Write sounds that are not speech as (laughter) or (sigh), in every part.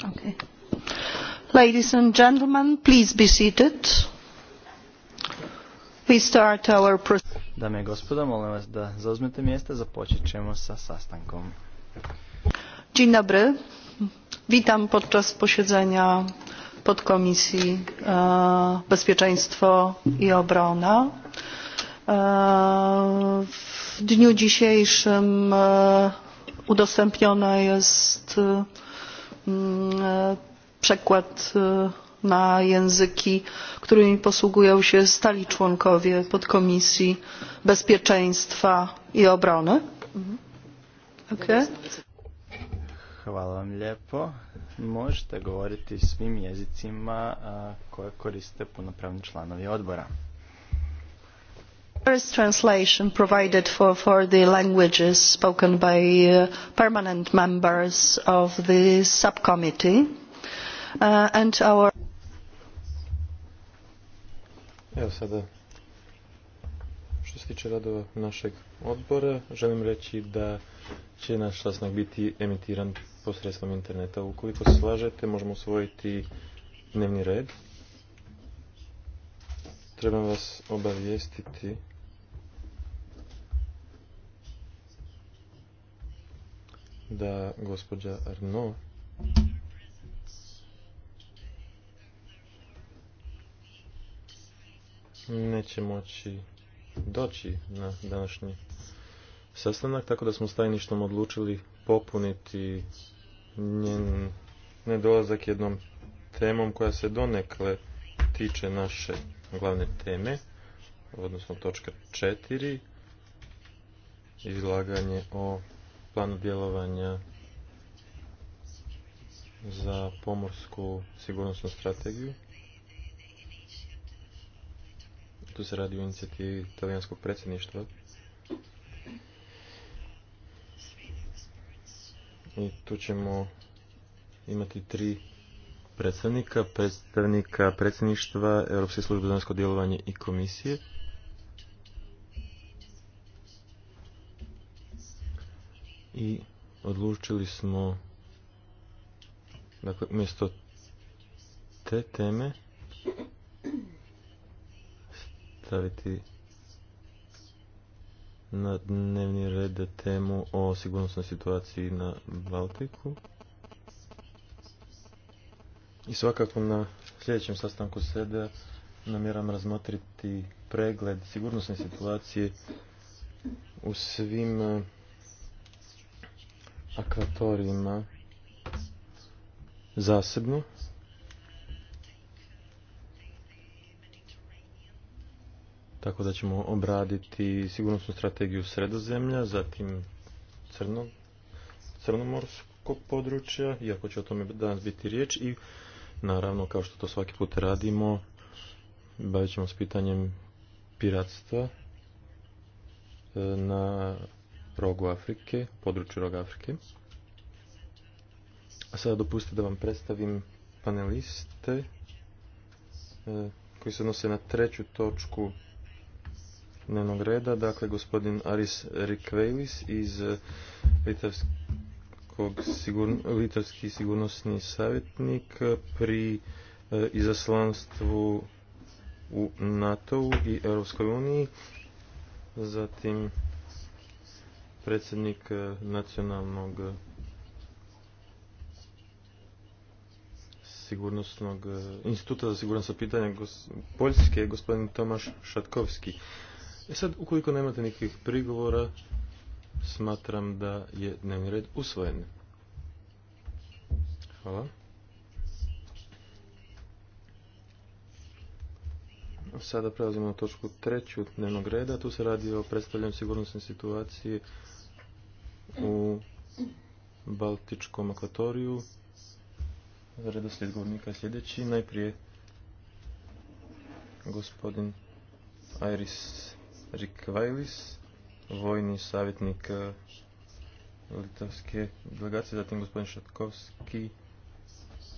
Okay. Ladies and gentlemen, please be seated. We start our... Dame i gospodo, molim vas da zauzmete mjesta, započet ćemo sa sastankom. Dzień dobry. Witam podczas posiedzenia podkomisji e, Bezpieczeństwo i Obrona. E, w dniu dzisiejszym e, udostępniony jest mm, e, przekład na języki którymi posługują się stali członkowie podkomisji bezpieczeństwa i obrony. Mhm. Hvala vam lijepo. Možete govoriti svim jezicima koje koriste punopravni članovi odbora first translation provided for, for the languages spoken by uh, permanent members of the subcommittee uh, and our Evo sada, što se tiče radova našeg odbora, želim reći da će naš sastanak biti emitiran posredstvom interneta. Ukoliko se slažete, možemo usvojiti dnevni red. Trebam vas obavijestiti da gospođa Arno neće moći doći na današnji sastanak, tako da smo s tajništvom odlučili popuniti njen nedolazak jednom temom koja se donekle tiče naše glavne teme, odnosno točka 4, izlaganje o planu djelovanja za pomorsku sigurnosnu strategiju. Tu se radi o inicijativi italijanskog predsjedništva. I tu ćemo imati tri predstavnika, predstavnika predsjedništva, Europske službe za vanjsko djelovanje i komisije. i odlučili smo dakle umjesto te teme staviti na dnevni red temu o sigurnosnoj situaciji na Baltiku. I svakako na sljedećem sastanku SEDA namjeram razmotriti pregled sigurnosne situacije u svim akvatorijima zasebno. Tako da ćemo obraditi sigurnosnu strategiju sredozemlja, zatim crno, crnomorskog područja, iako će o tome danas biti riječ i naravno kao što to svaki put radimo, bavit ćemo s pitanjem piratstva e, na rogu Afrike, području roga Afrike. A sada dopustite da vam predstavim paneliste e, koji se odnose na treću točku dnevnog reda, dakle gospodin Aris Rikvejlis iz e, Litavski sigurnosni savjetnik pri e, izaslanstvu u NATO-u i Europskoj uniji. Zatim predsjednik e, nacionalnog e, sigurnosnog e, instituta za sigurnosno pitanja Poljske, gospodin Tomaš Šatkovski. E sad, ukoliko nemate nikakvih prigovora, smatram da je dnevni red usvojen. Hvala. Sada prelazimo na točku treću dnevnog reda. Tu se radi o predstavljanju sigurnosne situacije u Baltičkom akvatoriju. Redoslijed govornika je sljedeći. Najprije gospodin Iris Rikvajlis, vojni savjetnik eh, litavske delegacije, zatim gospodin Šatkovski,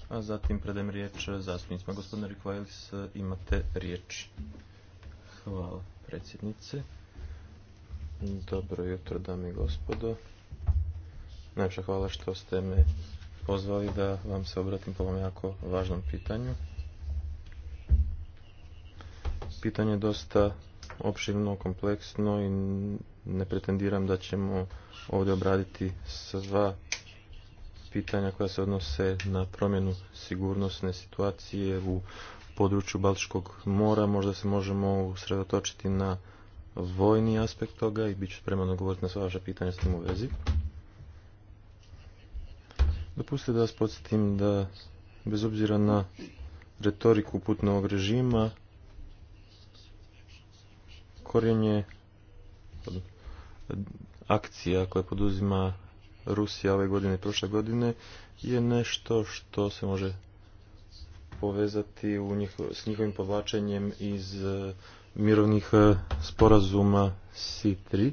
a zatim predajem riječ zastupnicima. Gospodin Rikvailis, eh, imate riječ. Hvala predsjednice. Dobro jutro, dame i gospodo. Najviše hvala što ste me pozvali da vam se obratim po ovom jako važnom pitanju. Pitanje je dosta opširno, kompleksno i ne pretendiram da ćemo ovdje obraditi sva pitanja koja se odnose na promjenu sigurnosne situacije u području Baltičkog mora. Možda se možemo usredotočiti na vojni aspekt toga i bit ću spreman odgovoriti na sva vaša pitanja s tim u vezi. Dopustite da vas podsjetim da, bez obzira na retoriku putnog režima, korijenje akcija koje poduzima Rusija ove godine i prošle godine je nešto što se može povezati u njiho, s njihovim povlačenjem iz eh, mirovnih eh, sporazuma C3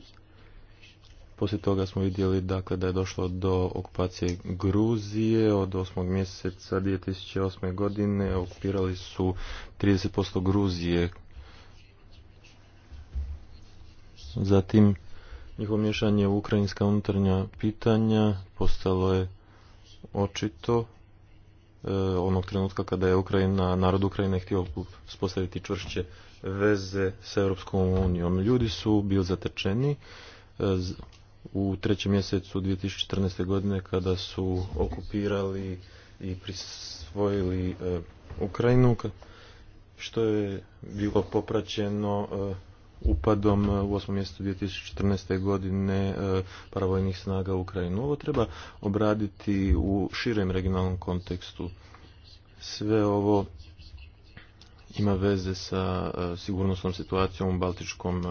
poslije toga smo vidjeli dakle, da je došlo do okupacije Gruzije od 8. mjeseca 2008. godine. Okupirali su 30% Gruzije. Zatim njihovo miješanje u ukrajinska unutarnja pitanja postalo je očito e, onog trenutka kada je Ukrajina, narod Ukrajine htio uspostaviti čvršće veze sa Europskom unijom. Ljudi su bili zatečeni, e, u trećem mjesecu 2014. godine kada su okupirali i prisvojili e, Ukrajinu što je bilo popraćeno e, upadom e, u 8. mjesecu 2014. godine paravojnih snaga u Ukrajinu. Ovo treba obraditi u širem regionalnom kontekstu. Sve ovo ima veze sa sigurnosnom situacijom u Baltičkom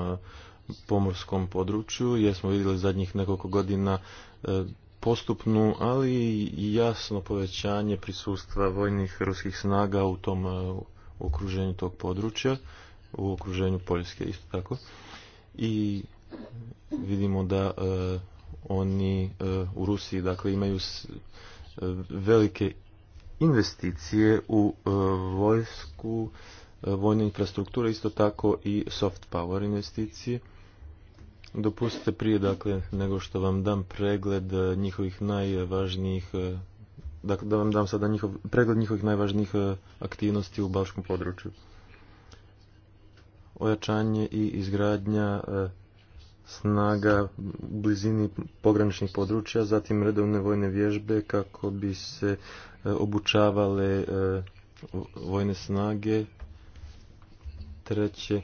pomorskom području jer smo vidjeli zadnjih nekoliko godina e, postupnu, ali i jasno povećanje prisustva vojnih ruskih snaga u tom e, okruženju tog područja, u okruženju Poljske isto tako. I vidimo da e, oni u Rusiji dakle imaju velike investicije u vojsku, vojne infrastrukture, isto tako i soft power investicije Dopustite prije, dakle, nego što vam dam pregled eh, njihovih najvažnijih, eh, dakle, da vam dam sada njihov, pregled njihovih najvažnijih eh, aktivnosti u Balškom području. Ojačanje i izgradnja snaga u blizini pograničnih područja, zatim redovne vojne vježbe kako bi se obučavale vojne snage. Treće,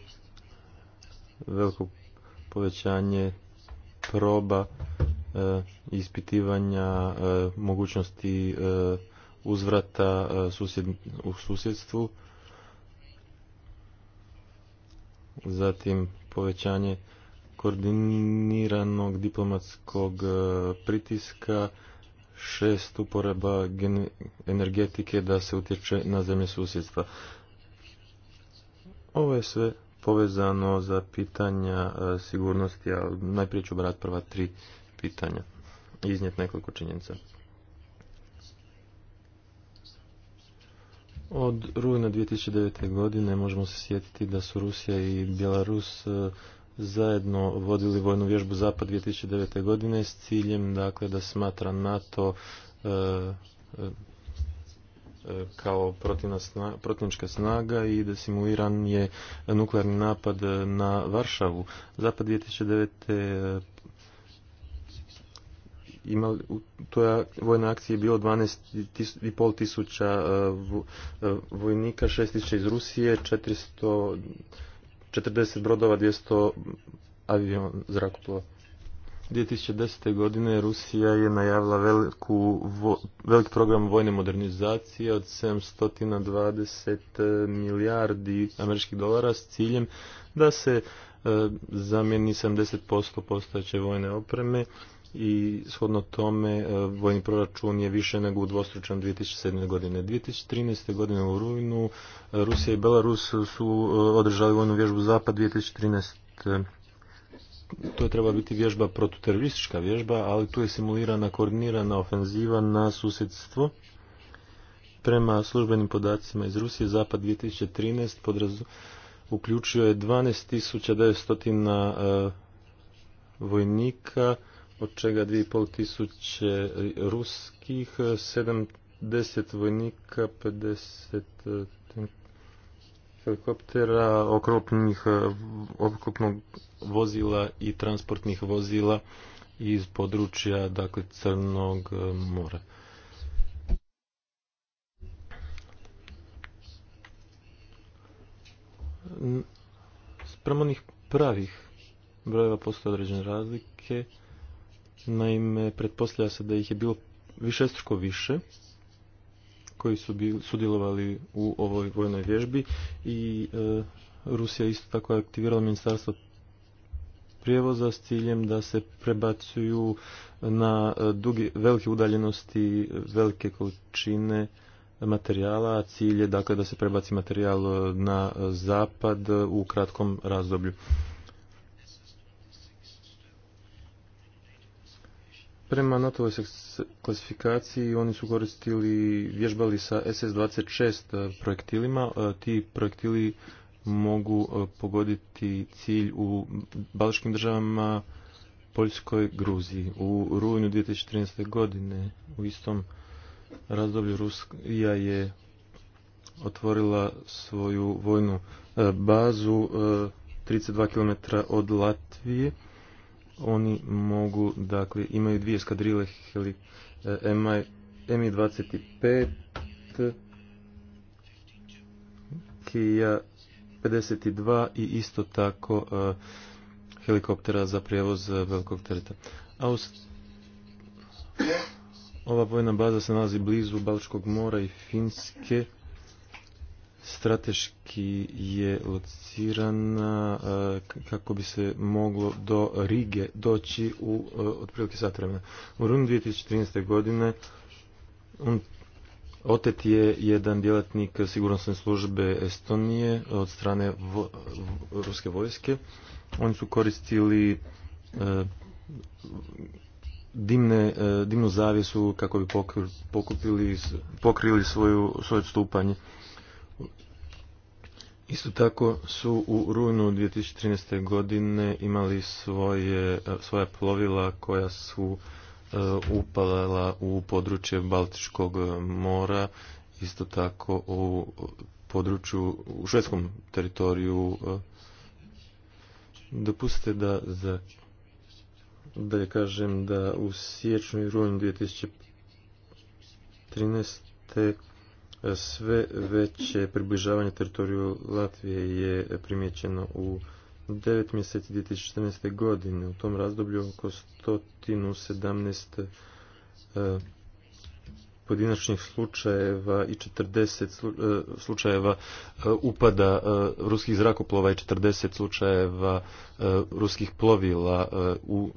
veliko povećanje proba e, ispitivanja e, mogućnosti e, uzvrata u susjedstvu zatim povećanje koordiniranog diplomatskog pritiska šest uporaba energetike da se utječe na zemlje susjedstva ovo je sve povezano za pitanja e, sigurnosti, ali najprije ću brati prva tri pitanja i iznijeti nekoliko činjenica. Od rujna 2009. godine možemo se sjetiti da su Rusija i Bjelarus e, zajedno vodili vojnu vježbu Zapad 2009. godine s ciljem dakle da smatra NATO e, E, kao protivnička snaga i da simuliran je nuklearni napad na Varšavu. Zapad 2009. E, Imali, u toj vojnoj akciji je bilo 12,5 tisuća e, vojnika, 6 tisuća iz Rusije, 440 brodova, 200 avion zrakoplova. 2010. godine Rusija je najavila veliku, program vojne modernizacije od 720 milijardi američkih dolara s ciljem da se e, zamijeni 70% postojeće vojne opreme i shodno tome e, vojni proračun je više nego u dvostručan 2007. godine. 2013. godine u rujnu e, Rusija i Belarus su e, održali vojnu vježbu Zapad 2013 to je treba biti vježba protuteroristička vježba, ali tu je simulirana koordinirana ofenziva na susjedstvo. Prema službenim podacima iz Rusije, Zapad 2013 podrazu, uključio je 12.900 eh, vojnika, od čega 2.500 eh, ruskih, 70 vojnika, 50 helikoptera, okropnih, e, oklopnog vozila i transportnih vozila iz područja dakle, Crnog e, mora. Sprem onih pravih brojeva postoje određene razlike. Naime, pretpostavlja se da ih je bilo višestruko više, koji su bili, sudjelovali u ovoj vojnoj vježbi i e, Rusija isto tako aktivirala ministarstvo prijevoza s ciljem da se prebacuju na e, dugi, velike udaljenosti, velike količine materijala, a cilj je dakle da se prebaci materijal e, na zapad u kratkom razdoblju. Prema NATO-voj klasifikaciji oni su koristili, vježbali sa SS-26 e, projektilima. E, ti projektili mogu e, pogoditi cilj u bališkim državama, Poljskoj, Gruziji. U rujnu 2013. godine u istom razdoblju Rusija je otvorila svoju vojnu bazu 32 km od Latvije oni mogu, dakle, imaju dvije skadrile MI-25, Kija 52 i isto tako eh, helikoptera za prijevoz eh, velikog tereta. Ova vojna baza se nalazi blizu Balčkog mora i Finske strateški je locirana e, kako bi se moglo do Rige doći u e, otprilike sat vremena. U rujnu 2013. godine mm, Otet je jedan djelatnik sigurnosne službe Estonije od strane ruske vojske. Oni su koristili e, dimne, dimnu zavjesu kako bi pokrili svoju, svoje odstupanje. Isto tako su u rujnu 2013. godine imali svoje, svoja plovila koja su e, upalala u područje Baltičkog mora, isto tako u području, u švedskom teritoriju. E. Dopustite da za da kažem da u siječnju i rujnu 2013 sve veće približavanje teritoriju Latvije je primjećeno u 9 mjeseci 2014. godine. U tom razdoblju oko 117 sedamnaest e, pojedinačnih slučajeva i 40 e, slučajeva e, upada ruskih zrakoplova i 40 slučajeva ruskih plovila u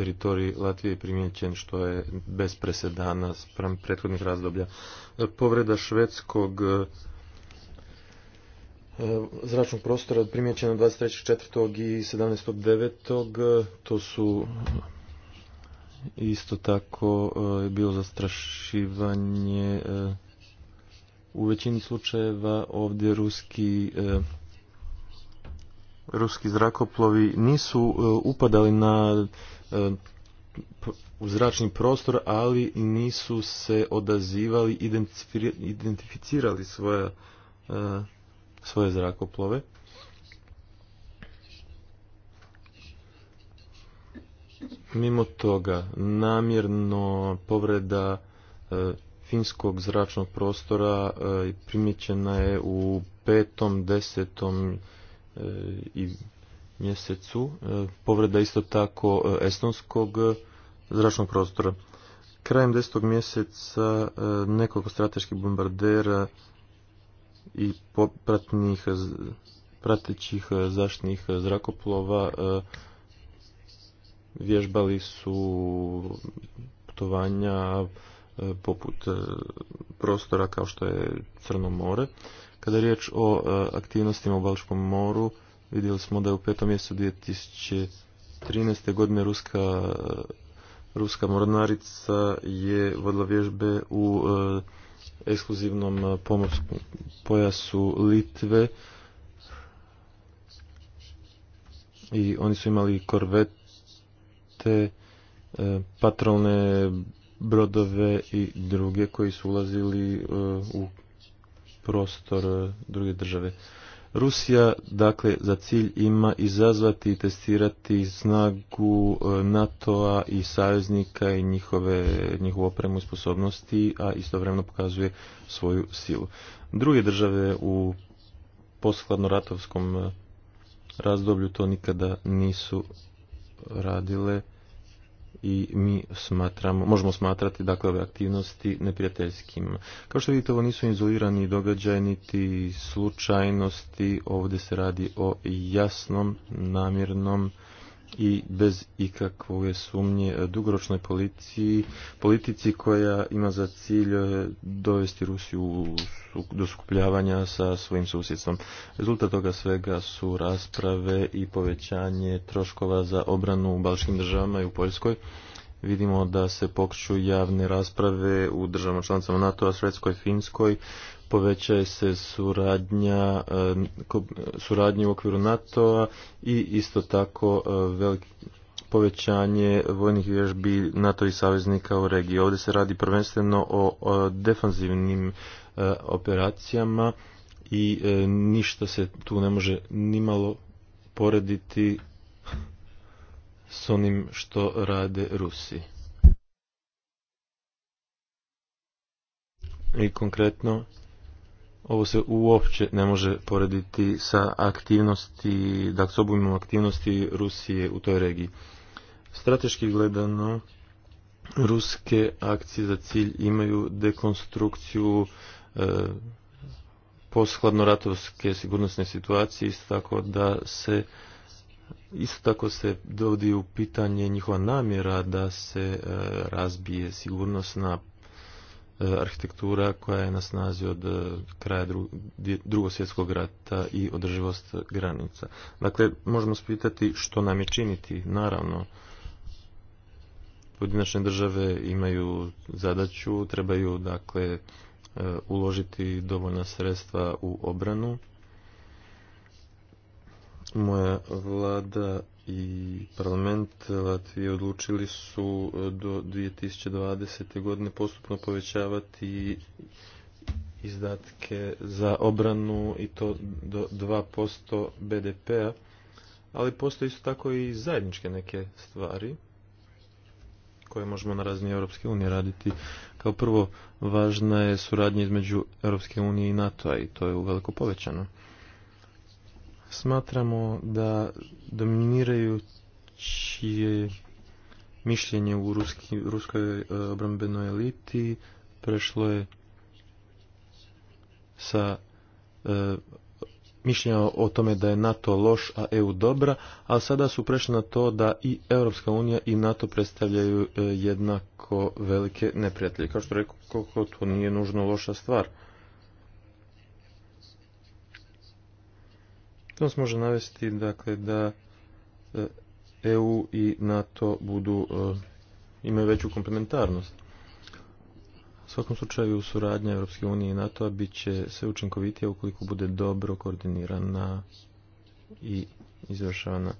teritorij Latvije primijećen što je bez presedana sprem prethodnih razdoblja. Povreda švedskog e, zračnog prostora primjećena 23.4. i 17.9. E, to su isto tako je bilo zastrašivanje e, u većini slučajeva ovdje ruski ruski zrakoplovi nisu upadali na u zračni prostor, ali nisu se odazivali, identificirali svoje, e, svoje zrakoplove. Mimo toga, namjerno povreda e, finskog zračnog prostora e, primjećena je u petom, desetom i mjesecu, e, povreda isto tako e, estonskog e, zračnog prostora. Krajem 10. mjeseca nekoliko strateških bombardera i popratnih pratećih zaštnih zrakoplova vježbali su putovanja poput prostora kao što je Crno more. Kada je riječ o aktivnostima u Balškom moru, Vidjeli smo da je u petom mjesecu 2013. godine ruska, ruska mornarica je vodila vježbe u e, ekskluzivnom pomorskom pojasu Litve i oni su imali korvete, e, patrolne brodove i druge koji su ulazili e, u prostor druge države. Rusija dakle za cilj ima izazvati i testirati snagu e, NATO-a i saveznika i njihove, njihovu opremu i sposobnosti, a istovremeno pokazuje svoju silu. Druge države u poskladno ratovskom e, razdoblju to nikada nisu radile i mi smatramo, možemo smatrati dakle ove aktivnosti neprijateljskim. Kao što vidite ovo nisu izolirani događaj niti slučajnosti, ovdje se radi o jasnom, namjernom i bez ikakve sumnje dugoročnoj politici, politici koja ima za cilj eh, dovesti Rusiju do skupljavanja sa svojim susjedstvom. Rezultat toga svega su rasprave i povećanje troškova za obranu u balškim državama i u Poljskoj. Vidimo da se pokuću javne rasprave u državama članicama NATO-a, Švedskoj, Finskoj, povećaje se suradnja, e, suradnja u okviru NATO-a i isto tako e, veliki povećanje vojnih vježbi NATO i saveznika u regiji. Ovdje se radi prvenstveno o, defanzivnim e, operacijama i ništa se tu ne može nimalo porediti s onim što rade Rusi. I konkretno ovo se uopće ne može porediti sa aktivnosti, dakle s aktivnosti Rusije u toj regiji. Strateški gledano, ruske akcije za cilj imaju dekonstrukciju e, ratovske sigurnosne situacije, isto tako da se Isto tako se dovodi u pitanje njihova namjera da se e, razbije sigurnosna E, arhitektura koja je na snazi od e, kraja drugog svjetskog rata i održivost granica. Dakle, možemo spitati što nam je činiti. Naravno, pojedinačne države imaju zadaću, trebaju dakle e, uložiti dovoljna sredstva u obranu. Moja vlada i parlament Latvije odlučili su e, do 2020. godine postupno povećavati izdatke za obranu i to do 2% BDP-a, ali postoje isto tako i zajedničke neke stvari koje možemo na razini Europske unije raditi. Kao prvo, važna je suradnja između Europske unije i NATO-a i to je uveliko povećano. Smatramo da dominirajući mišljenje u ruski, ruskoj e, obrambenoj eliti prešlo je sa e, mišljenja o tome da je NATO loš, a EU dobra, a sada su prešli na to da i Europska unija i NATO predstavljaju e, jednako velike neprijatelje. Kao što rekao, to nije nužno loša stvar. To može navesti dakle, da EU e i NATO budu, e, imaju veću komplementarnost. U svakom slučaju suradnja Europske unije i NATO-a bit će sve učinkovitija ukoliko bude dobro koordinirana i izvršavana.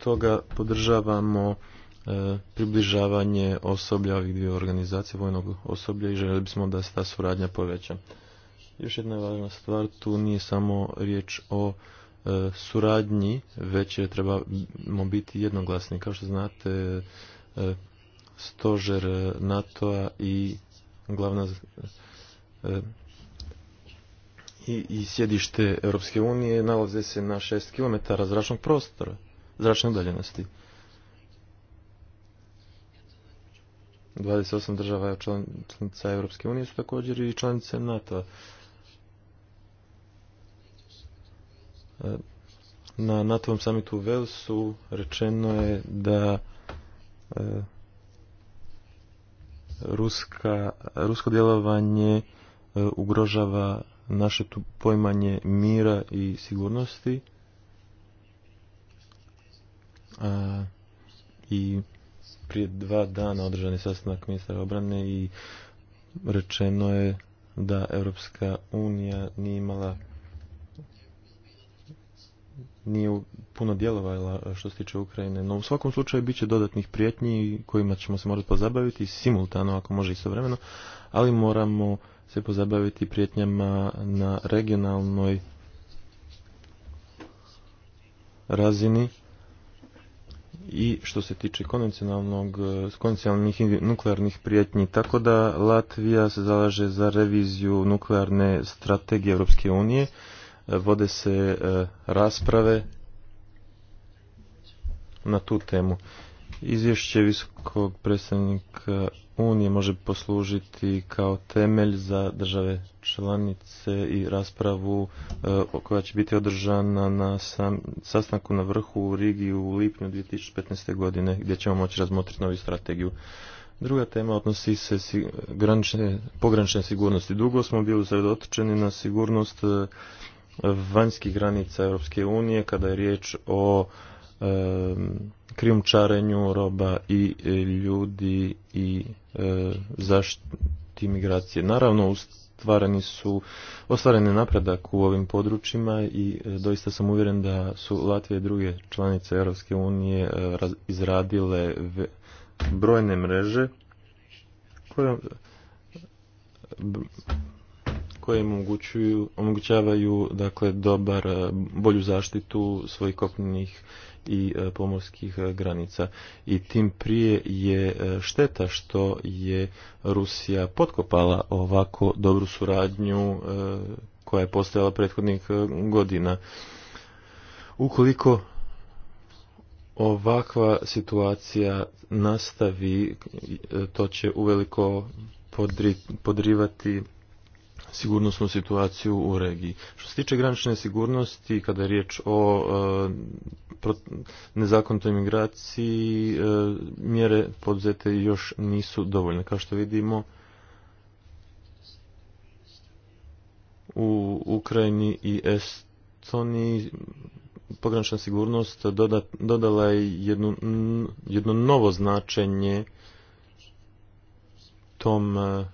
Stoga podržavamo e, približavanje osoblja ovih dvije organizacije vojnog osoblja i željeli bismo da se ta suradnja poveća. Još jedna važna stvar, tu nije samo riječ o e, suradnji, već je trebamo biti jednoglasni. Kao što znate, e, stožer NATO-a i glavna e, i, sjedište Europske unije nalaze se na 6 km zračnog prostora, zračne udaljenosti. 28 država članica Europske unije su također i članice NATO. Na nato summitu samitu u Velsu rečeno je da e, ruska, rusko djelovanje e, ugrožava naše pojmanje mira i sigurnosti a, i prije dva dana održan je sastanak ministra obrane i rečeno je da Europska unija nije imala nije puno djelovala e, što se tiče Ukrajine, no u svakom slučaju bit će dodatnih prijetnji kojima ćemo se morati pozabaviti simultano, ako može istovremeno, ali moramo se pozabaviti prijetnjama na regionalnoj razini i što se tiče konvencionalnog, e, konvencionalnih nuklearnih prijetnji. Tako da Latvija se zalaže za reviziju nuklearne strategije Europske unije vode se e, rasprave na tu temu. Izvješće visokog predstavnika Unije može poslužiti kao temelj za države članice i raspravu e, koja će biti održana na sam, sastanku na vrhu u Rigi u lipnju 2015. godine gdje ćemo moći razmotriti novu strategiju. Druga tema odnosi se si, pogranične sigurnosti. Dugo smo bili usredotočeni na sigurnost e, vanjskih granica Europske unije kada je riječ o e, krijumčarenju roba i e, ljudi i e, zaštiti migracije. Naravno, ostvareni su ostvareni napredak u ovim područjima i e, doista sam uvjeren da su Latvije i druge članice Europske unije izradile brojne mreže koje koje omogućuju, omogućavaju dakle, dobar, e, bolju zaštitu svojih kopnenih i e, pomorskih e, granica. I tim prije je šteta što je Rusija potkopala ovako dobru suradnju koja je postojala prethodnih godina. Ukoliko ovakva situacija nastavi, to će uveliko podrivati sigurnosnu situaciju u regiji. Što se tiče granične sigurnosti, kada je riječ o e, nezakonitoj migraciji, e, mjere podzete još nisu dovoljne. Kao što vidimo, u Ukrajini i Estoniji pogranična sigurnost dodala je jedno, novo značenje tom, e,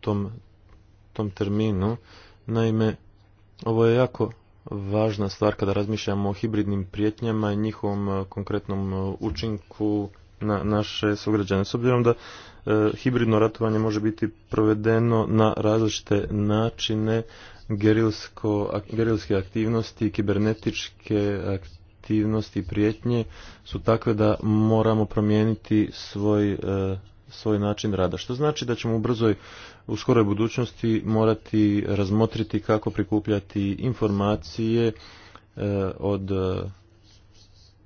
tom terminu. Naime, ovo je jako važna stvar kada razmišljamo o hibridnim prijetnjama i njihovom e, konkretnom e, učinku na naše sugrađane. S obzirom da e, hibridno ratovanje može biti provedeno na različite načine ak, gerilske aktivnosti, kibernetičke aktivnosti i prijetnje su takve da moramo promijeniti svoj, svoj način rada. Što znači da ćemo u brzoj u skoroj budućnosti morati razmotriti kako prikupljati informacije e, od e,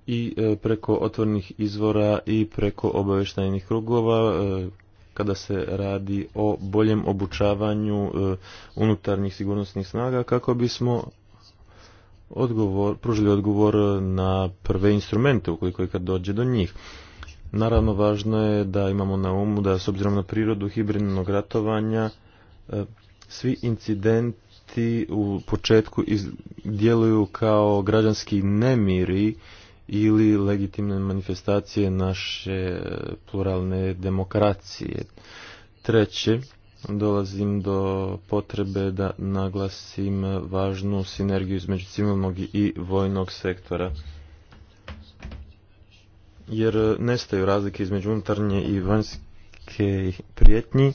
i e, preko otvornih izvora i preko obavještajnih krugova kada se radi o boljem obučavanju unutarnjih sigurnosnih snaga kako bismo pružili odgovor na prve instrumente ukoliko je kad dođe do njih. Naravno, važno je da imamo na umu da s obzirom na prirodu hibridnog ratovanja e, svi incidenti u početku djeluju kao građanski nemiri ili legitimne manifestacije naše e, pluralne demokracije. Treće, dolazim do potrebe da naglasim važnu sinergiju između civilnog i vojnog sektora jer e, nestaju razlike između unutarnje i vanjske prijetnji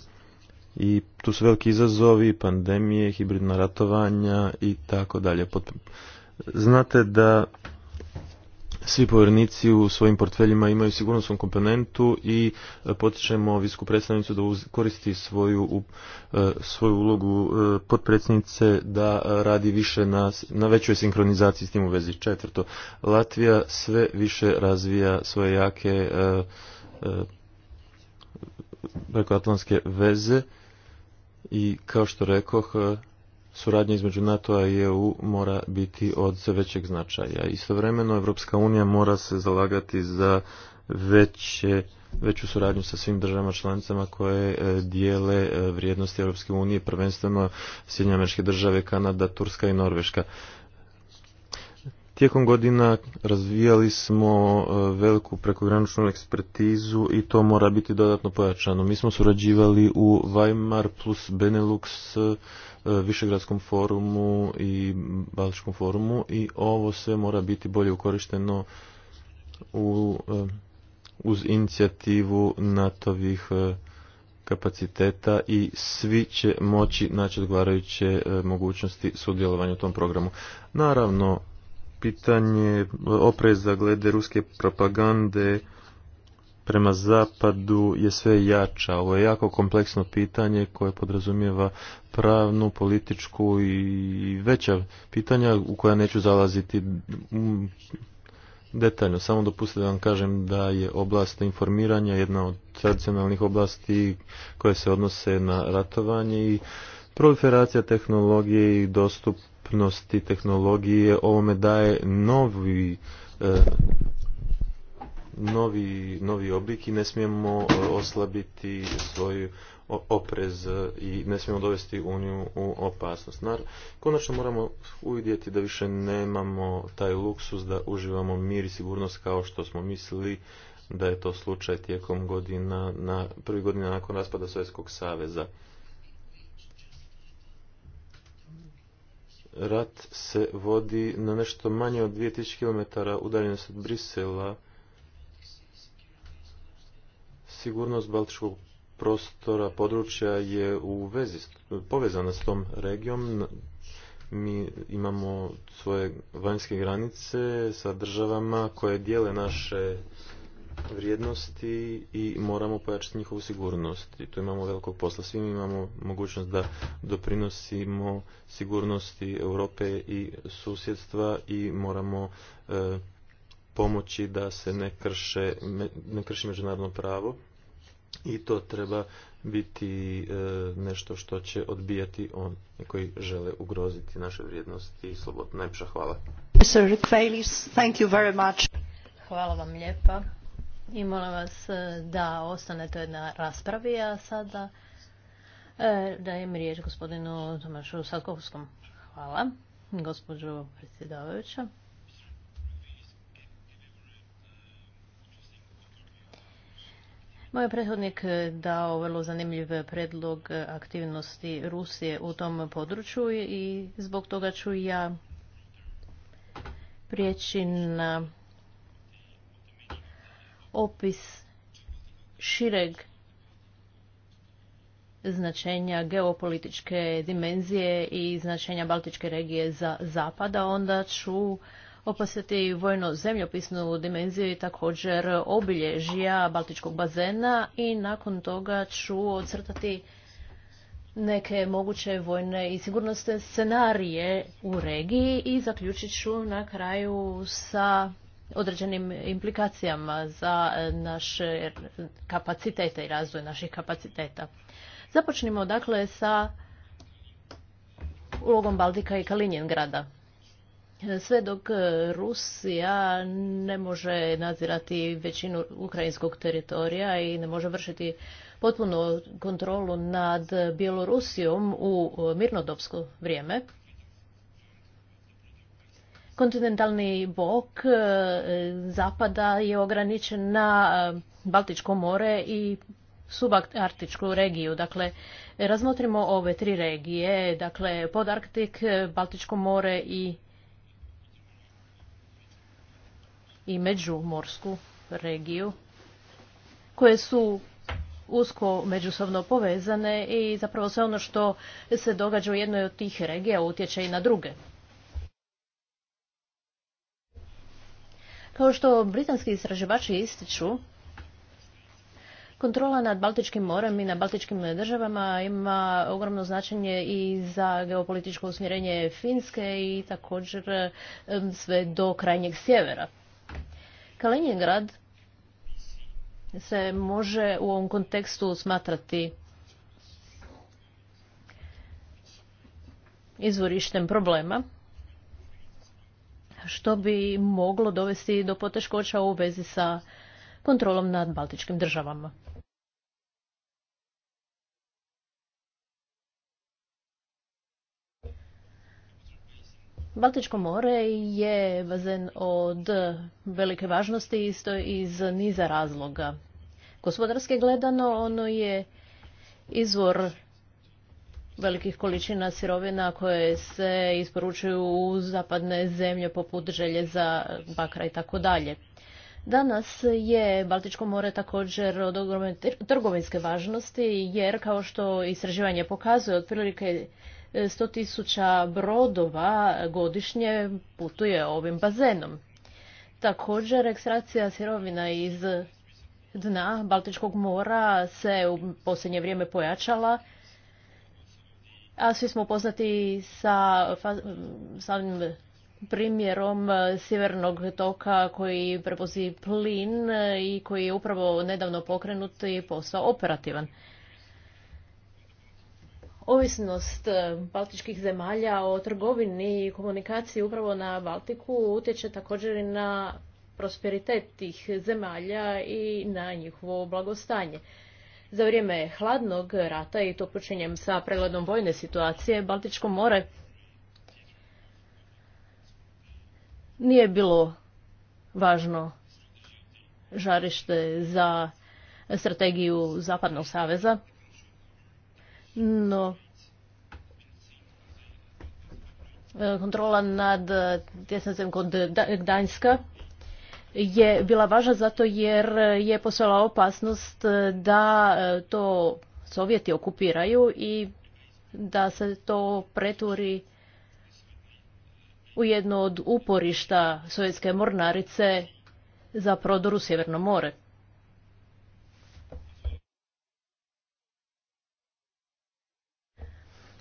i tu su veliki izazovi, pandemije, hibridna ratovanja i tako dalje. Znate da svi povjernici u svojim portfeljima imaju sigurnosnu komponentu i e, potičemo visku predstavnicu da koristi svoju, e, svoju ulogu e, potpredsjednice da radi više na, na većoj sinkronizaciji s tim u vezi. Četvrto, Latvija sve više razvija svoje jake prekoatlantske veze i kao što rekoh suradnja između NATO-a i EU mora biti od sve većeg značaja. Istovremeno Evropska unija mora se zalagati za veće, veću suradnju sa svim državama članicama koje e, dijele e, vrijednosti Europske unije, prvenstveno Sjedinjene države, Kanada, Turska i Norveška. Tijekom godina razvijali smo e, veliku prekograničnu ekspertizu i to mora biti dodatno pojačano. Mi smo surađivali u Weimar plus Benelux e, Višegradskom forumu i Baltičkom forumu i ovo sve mora biti bolje ukorišteno u, e, uz inicijativu nato kapaciteta i svi će moći naći odgovarajuće mogućnosti sudjelovanja u tom programu. Naravno, pitanje opreza glede ruske propagande prema zapadu je sve jača. Ovo je jako kompleksno pitanje koje podrazumijeva pravnu, političku i veća pitanja u koja neću zalaziti detaljno. Samo dopustite da vam kažem da je oblast informiranja jedna od tradicionalnih oblasti koje se odnose na ratovanje i proliferacija tehnologije i dostup dostupnosti tehnologije ovome daje novi e, novi, novi oblik i ne smijemo e, oslabiti svoj oprez i ne smijemo dovesti Uniju u opasnost. Nar, konačno moramo uvidjeti da više nemamo taj luksus da uživamo mir i sigurnost kao što smo mislili da je to slučaj tijekom godina, na, prvi godina nakon raspada Sovjetskog saveza. rat se vodi na nešto manje od 2000 km udaljenost od Brisela. Sigurnost Baltičkog prostora, područja je u vezi, povezana s tom regijom. Mi imamo svoje vanjske granice sa državama koje dijele naše vrijednosti i moramo pojačati njihovu sigurnost. I tu imamo velikog posla. Svi mi imamo mogućnost da doprinosimo sigurnosti Europe i susjedstva i moramo e, pomoći da se ne, krše, ne krši međunarodno pravo i to treba biti e, nešto što će odbijati oni koji žele ugroziti naše vrijednosti i slobodu. Najpša hvala. Hvala vam lijepa i molim vas e, da ostanete na raspravi, a sada e, dajem riječ gospodinu Tomašu Sadkovskom. Hvala, gospođo predsjedavajuća. Moj prethodnik dao vrlo zanimljiv predlog aktivnosti Rusije u tom području i zbog toga ću ja prijeći na opis šireg značenja geopolitičke dimenzije i značenja Baltičke regije za zapada, onda ću opasiti vojno-zemljopisnu dimenziju i također obilježja Baltičkog bazena i nakon toga ću ocrtati neke moguće vojne i sigurnosne scenarije u regiji i zaključit ću na kraju sa određenim implikacijama za e, naše kapacitete i razvoj naših kapaciteta. Započnimo dakle sa ulogom Baltika i Kaliningrada. Sve dok e, Rusija ne može nadzirati većinu ukrajinskog teritorija i ne može vršiti potpunu kontrolu nad Bjelorusijom u e, mirnodopsko vrijeme, kontinentalni bok e, zapada je ograničen na e, Baltičko more i subarktičku regiju. Dakle, razmotrimo ove tri regije, dakle Podarktik, e, Baltičko more i i međumorsku regiju koje su usko međusobno povezane i zapravo sve ono što se događa u jednoj od tih regija utječe i na druge. Kao što britanski istraživači ističu, Kontrola nad Baltičkim morem i na Baltičkim državama ima ogromno značenje i za geopolitičko usmjerenje Finske i također sve do krajnjeg sjevera. Kaliningrad se može u ovom kontekstu smatrati izvorištem problema što bi moglo dovesti do poteškoća u vezi sa kontrolom nad baltičkim državama. Baltičko more je bazen od velike važnosti isto iz niza razloga. Gospodarske gledano ono je izvor velikih količina sirovina koje se isporučuju u zapadne zemlje poput željeza, bakra i tako dalje. Danas je Baltičko more također od ogromne trgovinske važnosti jer kao što istraživanje pokazuje otprilike 100.000 e, brodova godišnje putuje ovim bazenom. Također ekstrakcija sirovina iz dna Baltičkog mora se u posljednje vrijeme pojačala a svi smo poznati sa samim primjerom e, sjevernog toka koji prevozi plin e, i koji je upravo nedavno pokrenut i postao operativan. Ovisnost e, baltičkih zemalja o trgovini i komunikaciji upravo na Baltiku utječe također i na prosperitet tih zemalja i na njihovo blagostanje. Za vrijeme hladnog rata, i to počinjem sa pregledom vojne situacije, Baltičko more nije bilo važno žarište za strategiju Zapadnog saveza, no e, kontrola nad tjesnicem kod Gdańska je bila važna zato jer je postojala opasnost da e, to Sovjeti okupiraju i da se to pretvori u jedno od uporišta sovjetske mornarice za prodor u Sjeverno more.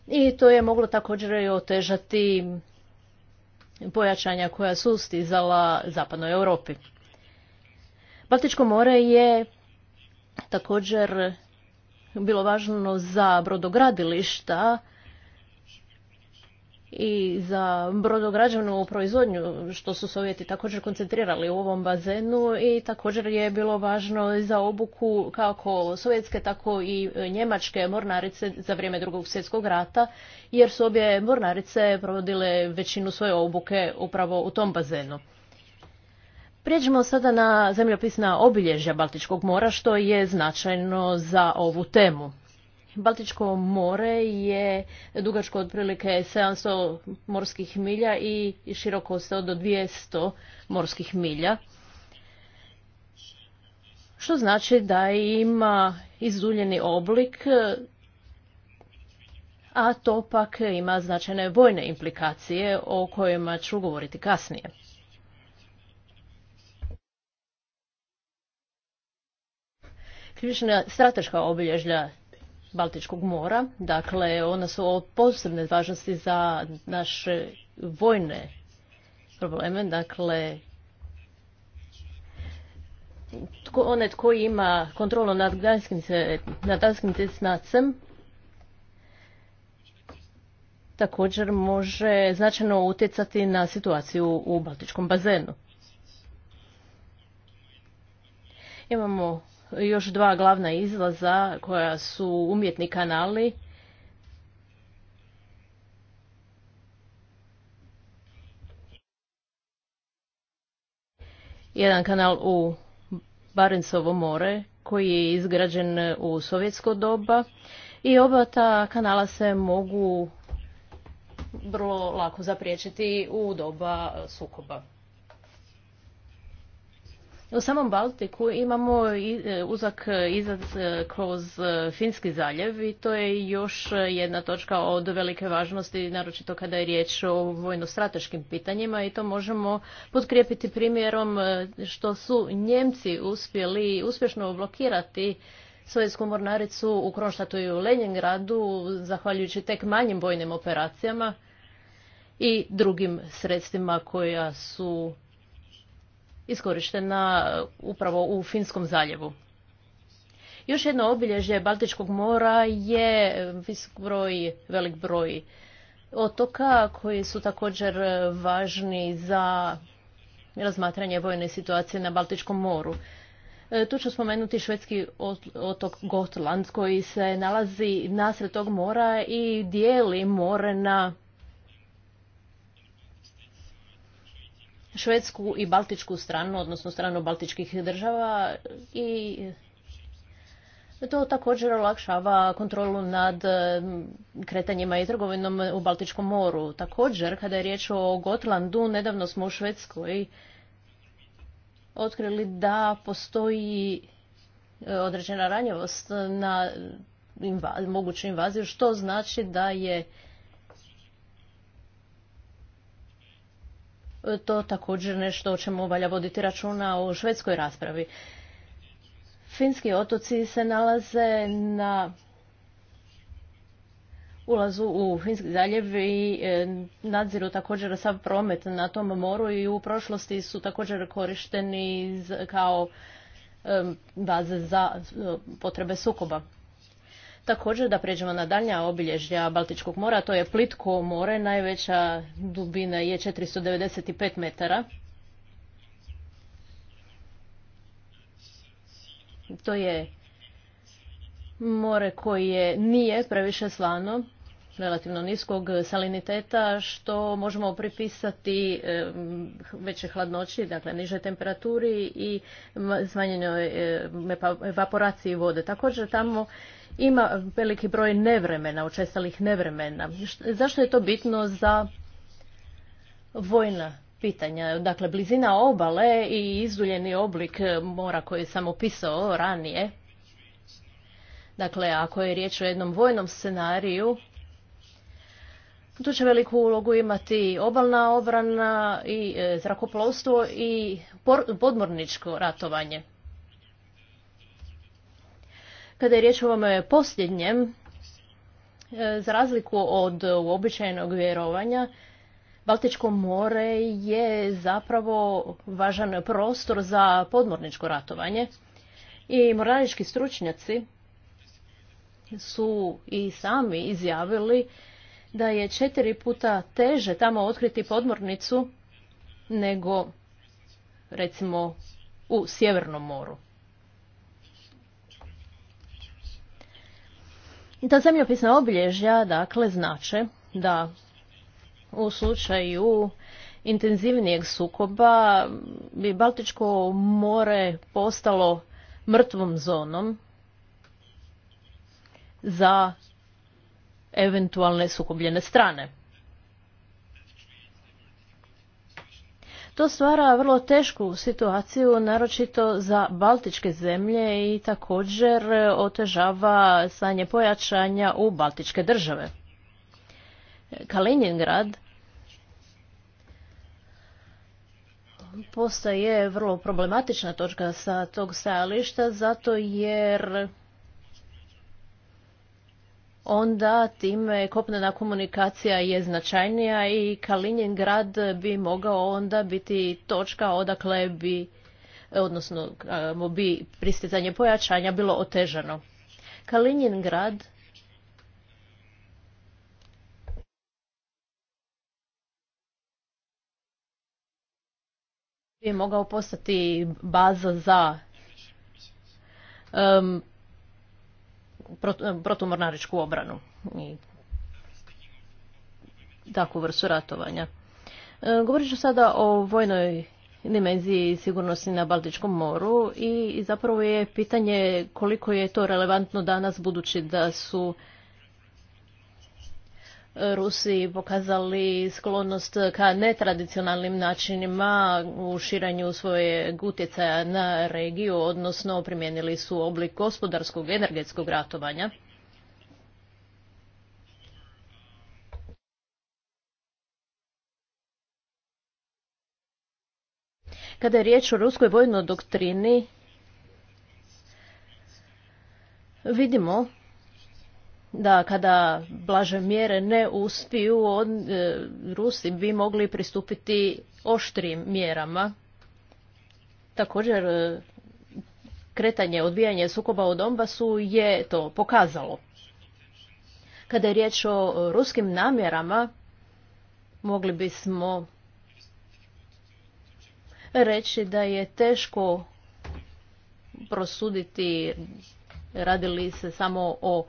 I to je moglo također otežati pojačanja koja su stizala zapadnoj Europi. Baltičko more je također bilo važno za brodogradilišta i za brodograđevnu proizvodnju, što su Sovjeti također koncentrirali u ovom bazenu i također je bilo važno i za obuku kako sovjetske, tako i e, njemačke mornarice za vrijeme drugog svjetskog rata, jer su obje mornarice provodile većinu svoje obuke upravo u tom bazenu. Prijeđemo sada na zemljopisna obilježja Baltičkog mora, što je značajno za ovu temu. Baltičko more je dugačko otprilike 700 morskih milja i široko se do 200 morskih milja. Što znači da ima izduljeni oblik, a to pak ima značajne vojne implikacije o kojima ću govoriti kasnije. ključna strateška obilježja Baltičkog mora. Dakle, ona su od posebne važnosti za naše vojne probleme. Dakle, one tko ima kontrolu nad danskim nad danskim tesnacem također može značajno utjecati na situaciju u Baltičkom bazenu. Imamo još dva glavna izlaza koja su umjetni kanali. Jedan kanal u Barencovo more koji je izgrađen u sovjetsko doba i oba ta kanala se mogu vrlo lako zapriječiti u doba sukoba. U samom Baltiku imamo e, uzak e, izlaz e, kroz Finski zaljev i to je još jedna točka od velike važnosti, naročito kada je riječ o vojno-strateškim pitanjima i to možemo podkrijepiti primjerom što su Njemci uspjeli uspješno blokirati Sovjetsku mornaricu u Kronštatu i u Leningradu, zahvaljujući tek manjim vojnim operacijama i drugim sredstvima koja su iskorištena upravo u Finskom zaljevu. Još jedno obilježje Baltičkog mora je visok eh, broj, velik broj otoka koji su također eh, važni za razmatranje vojne situacije na Baltičkom moru. Eh, tu ću spomenuti švedski otok Gotland koji se nalazi nasred tog mora i dijeli more na švedsku i baltičku stranu, odnosno stranu baltičkih država i to također olakšava kontrolu nad kretanjima i trgovinom u Baltičkom moru. Također, kada je riječ o Gotlandu, nedavno smo u Švedskoj otkrili da postoji e, određena ranjivost na moguću invaziju, što znači da je to također nešto o čemu valja voditi računa u švedskoj raspravi. Finski otoci se nalaze na ulazu u Finski zaljev i e, nadziru također sav promet na tom moru i u prošlosti su također korišteni kao e, baze za e, potrebe sukoba. Također da pređemo na daljnja obilježja Baltičkog mora, to je plitko more, najveća dubina je 495 metara. To je more koje nije previše slano, relativno niskog saliniteta što možemo pripisati veće hladnoći, dakle niže temperaturi i smanjenoj evaporaciji vode. Također tamo ima veliki broj nevremena, učestalih nevremena. Zašto je to bitno za vojna pitanja? Dakle, blizina obale i izduljeni oblik mora koji sam opisao ranije. Dakle, ako je riječ o jednom vojnom scenariju, tu će veliku ulogu imati obalna obrana i e, zrakoplovstvo i podmorničko ratovanje. Kada je riječ o ovome posljednjem, e, za razliku od uobičajenog vjerovanja, Baltičko more je zapravo važan prostor za podmorničko ratovanje i moranički stručnjaci su i sami izjavili da je četiri puta teže tamo otkriti podmornicu nego recimo u Sjevernom moru. I ta zemljopisna obilježja dakle znače da u slučaju intenzivnijeg sukoba bi Baltičko more postalo mrtvom zonom za eventualne sukobljene strane. To stvara vrlo tešku situaciju, naročito za baltičke zemlje i također otežava stanje pojačanja u baltičke države. Kaliningrad postaje vrlo problematična točka sa tog stajališta zato jer onda time kopnena komunikacija je značajnija i Kalinjen grad bi mogao onda biti točka odakle bi, odnosno bi pristizanje pojačanja bilo otežano. Kalinjen grad bi mogao postati baza za protumornaričku obranu i takvu vrstu ratovanja. E, govorit ću sada o vojnoj dimenziji sigurnosti na Baltičkom moru i zapravo je pitanje koliko je to relevantno danas budući da su Rusi pokazali sklonost ka netradicionalnim načinima u širanju svoje utjecaja na regiju, odnosno primijenili su oblik gospodarskog energetskog ratovanja. Kada je riječ o ruskoj vojnoj doktrini, vidimo da kada blaže mjere ne uspiju, on, e, Rusi bi mogli pristupiti oštrim mjerama. Također, e, kretanje, odbijanje sukoba u Donbasu je to pokazalo. Kada je riječ o ruskim namjerama, mogli bismo reći da je teško prosuditi radili se samo o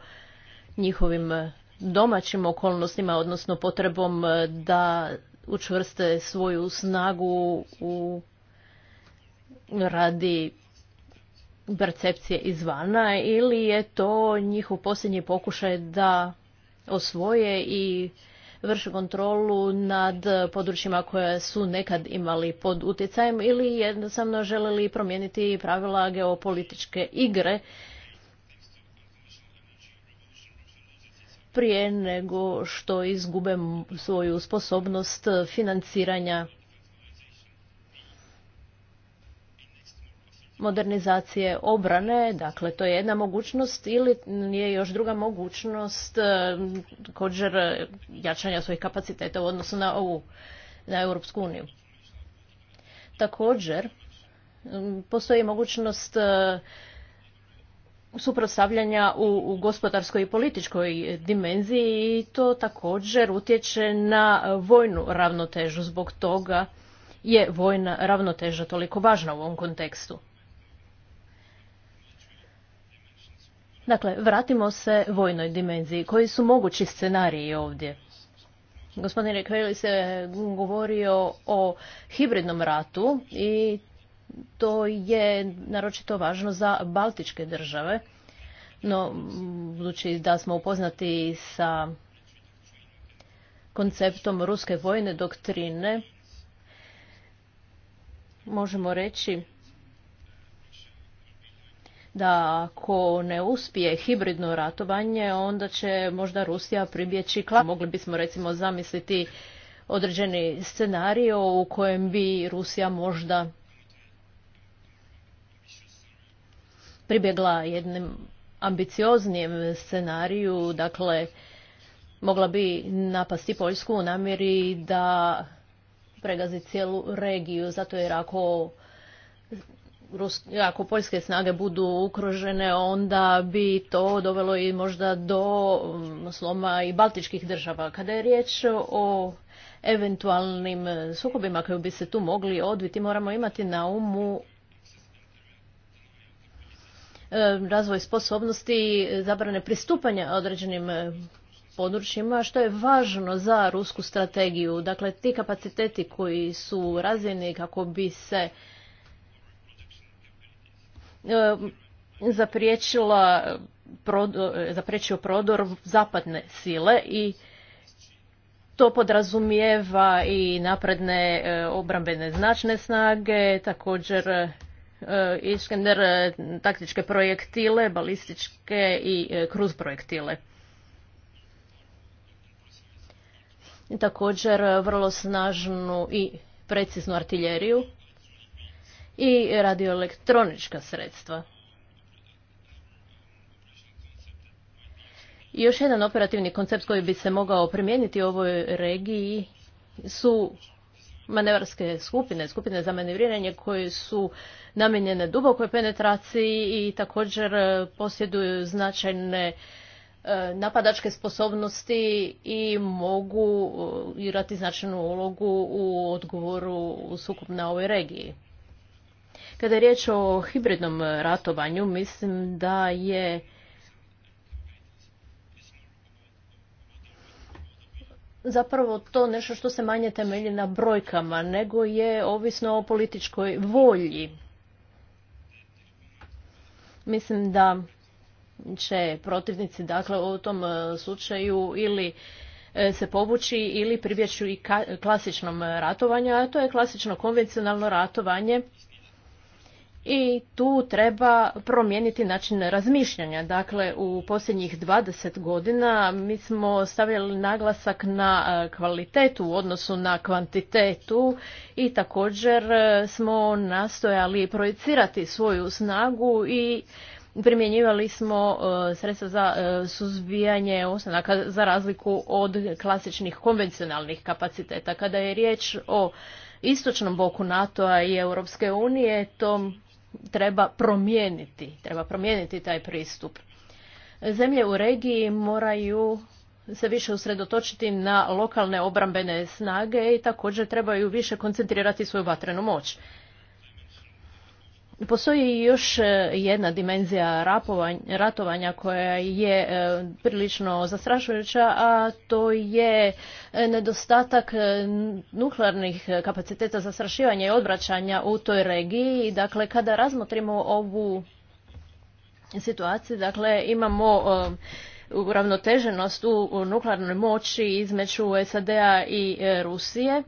njihovim e, domaćim okolnostima, odnosno potrebom e, da učvrste svoju snagu u radi percepcije izvana ili je to njihov posljednji pokušaj da osvoje i vrše kontrolu nad područjima koje su nekad imali pod utjecajem ili jednostavno želeli promijeniti pravila geopolitičke igre prije nego što izgube svoju sposobnost financiranja modernizacije obrane, dakle to je jedna mogućnost ili je još druga mogućnost e, također jačanja svojih kapaciteta u odnosu na ovu na Europsku uniju. Također postoji mogućnost e, suprotstavljanja u, gospodarskoj i političkoj dimenziji i to također utječe na vojnu ravnotežu. Zbog toga je vojna ravnoteža toliko važna u ovom kontekstu. Dakle, vratimo se vojnoj dimenziji. Koji su mogući scenariji ovdje? Gospodin Rekveli se govorio o hibridnom ratu i to je naročito važno za baltičke države. No, budući da smo upoznati sa konceptom ruske vojne doktrine, možemo reći da ako ne uspije hibridno ratovanje, onda će možda Rusija pribjeći klasu. Mogli bismo recimo zamisliti određeni scenario u kojem bi Rusija možda pribjegla jednom ambicioznijem scenariju, dakle mogla bi napasti Poljsku u namjeri da pregazi cijelu regiju, zato jer ako ako poljske snage budu ukružene, onda bi to dovelo i možda do mm, sloma i baltičkih država. Kada je riječ o eventualnim sukobima koji bi se tu mogli odviti, moramo imati na umu razvoj sposobnosti zabrane pristupanja određenim područjima, što je važno za rusku strategiju. Dakle, ti kapaciteti koji su razvijeni kako bi se zapriječila eh, zapriječio prodor zapadne sile i to podrazumijeva i napredne eh, obrambene značne snage, također E, Iskender e, taktičke projektile, balističke i e, kruz projektile. Također vrlo snažnu i preciznu artiljeriju i radioelektronička sredstva. I još jedan operativni koncept koji bi se mogao primijeniti u ovoj regiji su manevarske skupine, skupine za manevriranje koje su namijenjene dubokoj penetraciji i također e, posjeduju značajne e, napadačke sposobnosti i mogu e, igrati značajnu ulogu u odgovoru u sukup na ovoj regiji. Kada je riječ o hibridnom ratovanju, mislim da je zapravo to nešto što se manje temelji na brojkama, nego je ovisno o političkoj volji. Mislim da će protivnici dakle u tom e, slučaju ili e, se povući ili pribjeću i klasičnom ratovanju, a to je klasično konvencionalno ratovanje i tu treba promijeniti način razmišljanja. Dakle, u posljednjih 20 godina mi smo stavili naglasak na e, kvalitetu u odnosu na kvantitetu i također e, smo nastojali projicirati svoju snagu i primjenjivali smo e, sredstva za suzbijanje ostanaka za razliku od klasičnih konvencionalnih kapaciteta. Kada je riječ o istočnom boku NATO-a i Europske unije, to treba promijeniti, treba promijeniti taj pristup. Zemlje u regiji moraju se više usredotočiti na lokalne obrambene snage i također trebaju više koncentrirati svoju vatrenu moć. Postoji još e, jedna dimenzija ratovanja koja je e, prilično zastrašujuća, a to je e, nedostatak nuklearnih kapaciteta zastrašivanja i odvraćanja u toj regiji. Dakle, kada razmotrimo ovu situaciju, dakle, imamo uravnoteženost u nuklearnoj moći između SAD-a i Rusije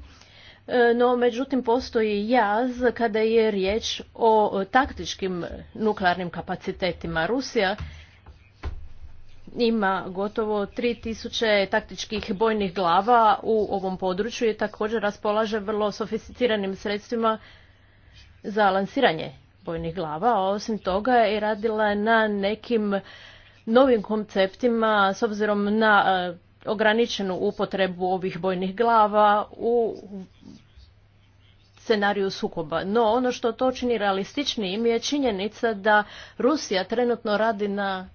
E, no međutim postoji jaz kada je riječ o taktičkim nuklearnim kapacitetima. Rusija ima gotovo 3000 taktičkih bojnih glava u ovom području i također raspolaže vrlo sofisticiranim sredstvima za lansiranje bojnih glava. A osim toga je radila na nekim novim konceptima s obzirom na e, ograničenu upotrebu ovih bojnih glava u scenariju sukoba. No ono što to čini realističnijim je činjenica da Rusija trenutno radi na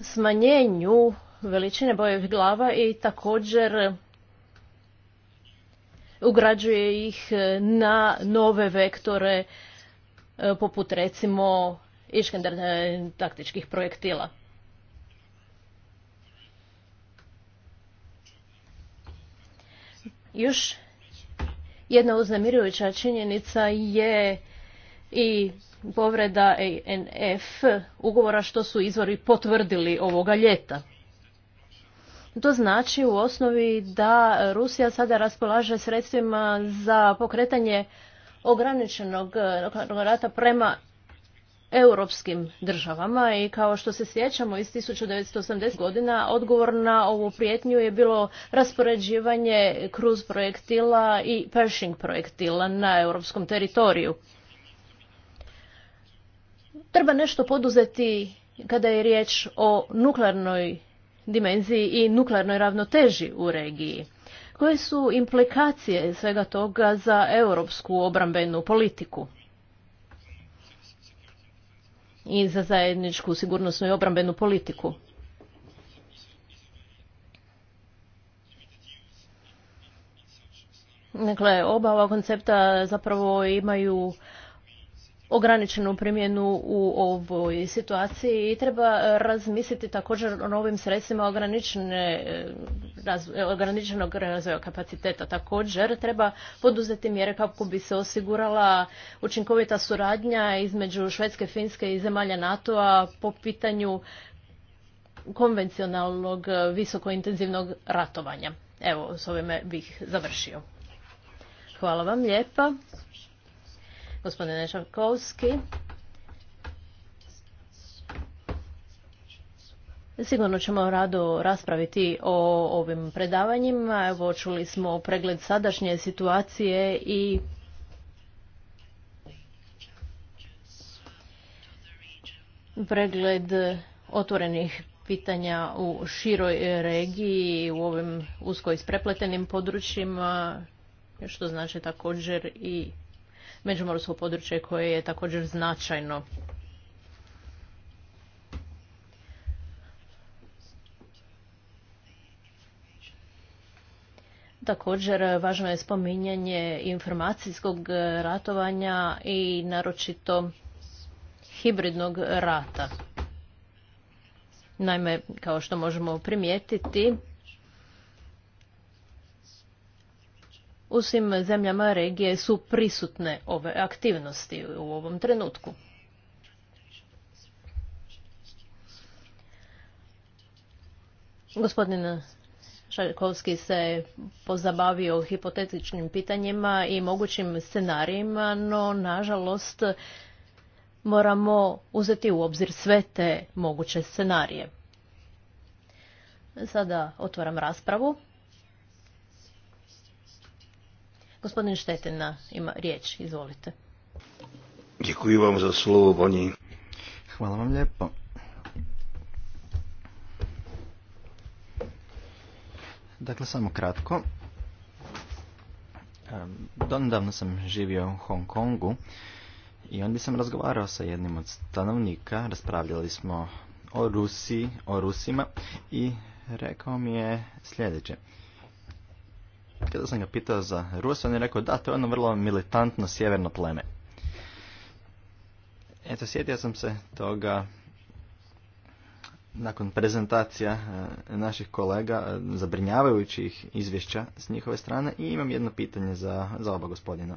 smanjenju veličine bojevih glava i također ugrađuje ih na nove vektore e, poput recimo iškender e, taktičkih projektila. Još jedna uznemirujuća činjenica je i povreda ANF ugovora što su izvori potvrdili ovoga ljeta. To znači u osnovi da Rusija sada raspolaže sredstvima za pokretanje ograničenog rata prema europskim državama i kao što se sjećamo iz 1980 godina odgovor na ovu prijetnju je bilo raspoređivanje kruz projektila i Pershing projektila na europskom teritoriju. Treba nešto poduzeti kada je riječ o nuklearnoj dimenziji i nuklearnoj ravnoteži u regiji. Koje su implikacije svega toga za europsku obrambenu politiku? i za zajedničku sigurnosnu i obrambenu politiku. Dakle, oba ova koncepta zapravo imaju ograničenu primjenu u ovoj situaciji i treba e, razmisliti također o novim sredstvima ograničene, e, e, ograničenog razvoja kapaciteta. Također treba poduzeti mjere kako bi se osigurala učinkovita suradnja između Švedske, Finske i zemalja NATO-a po pitanju konvencionalnog visokointenzivnog ratovanja. Evo, s ovime bih završio. Hvala vam lijepa. Gospodine Sigurno ćemo rado raspraviti o ovim predavanjima. Evo čuli smo pregled sadašnje situacije i pregled otvorenih pitanja u široj regiji u ovim usko isprepletenim područjima, što znači također i međumorsko područje koje je također značajno. Također, važno je spominjanje informacijskog ratovanja i naročito hibridnog rata. Naime, kao što možemo primijetiti, u svim zemljama regije su prisutne ove aktivnosti u ovom trenutku. Gospodin Šarkovski se pozabavio hipotetičnim pitanjima i mogućim scenarijima, no nažalost moramo uzeti u obzir sve te moguće scenarije. Sada otvaram raspravu. Gospodin Štetina ima riječ, izvolite. Děkuji vam za slovo, Bonji. Hvala vam lijepo. Dakle, samo kratko. Donedavno sam živio u Hong Kongu i onda sam razgovarao sa jednim od stanovnika, raspravljali smo o Rusiji, o Rusima i rekao mi je sljedeće. Kada sam ga pitao za Rusa, on je rekao da, to je ono vrlo militantno sjeverno pleme. Eto, sjetio sam se toga nakon prezentacija e, naših kolega, e, zabrinjavajućih izvješća s njihove strane i imam jedno pitanje za, za oba gospodina.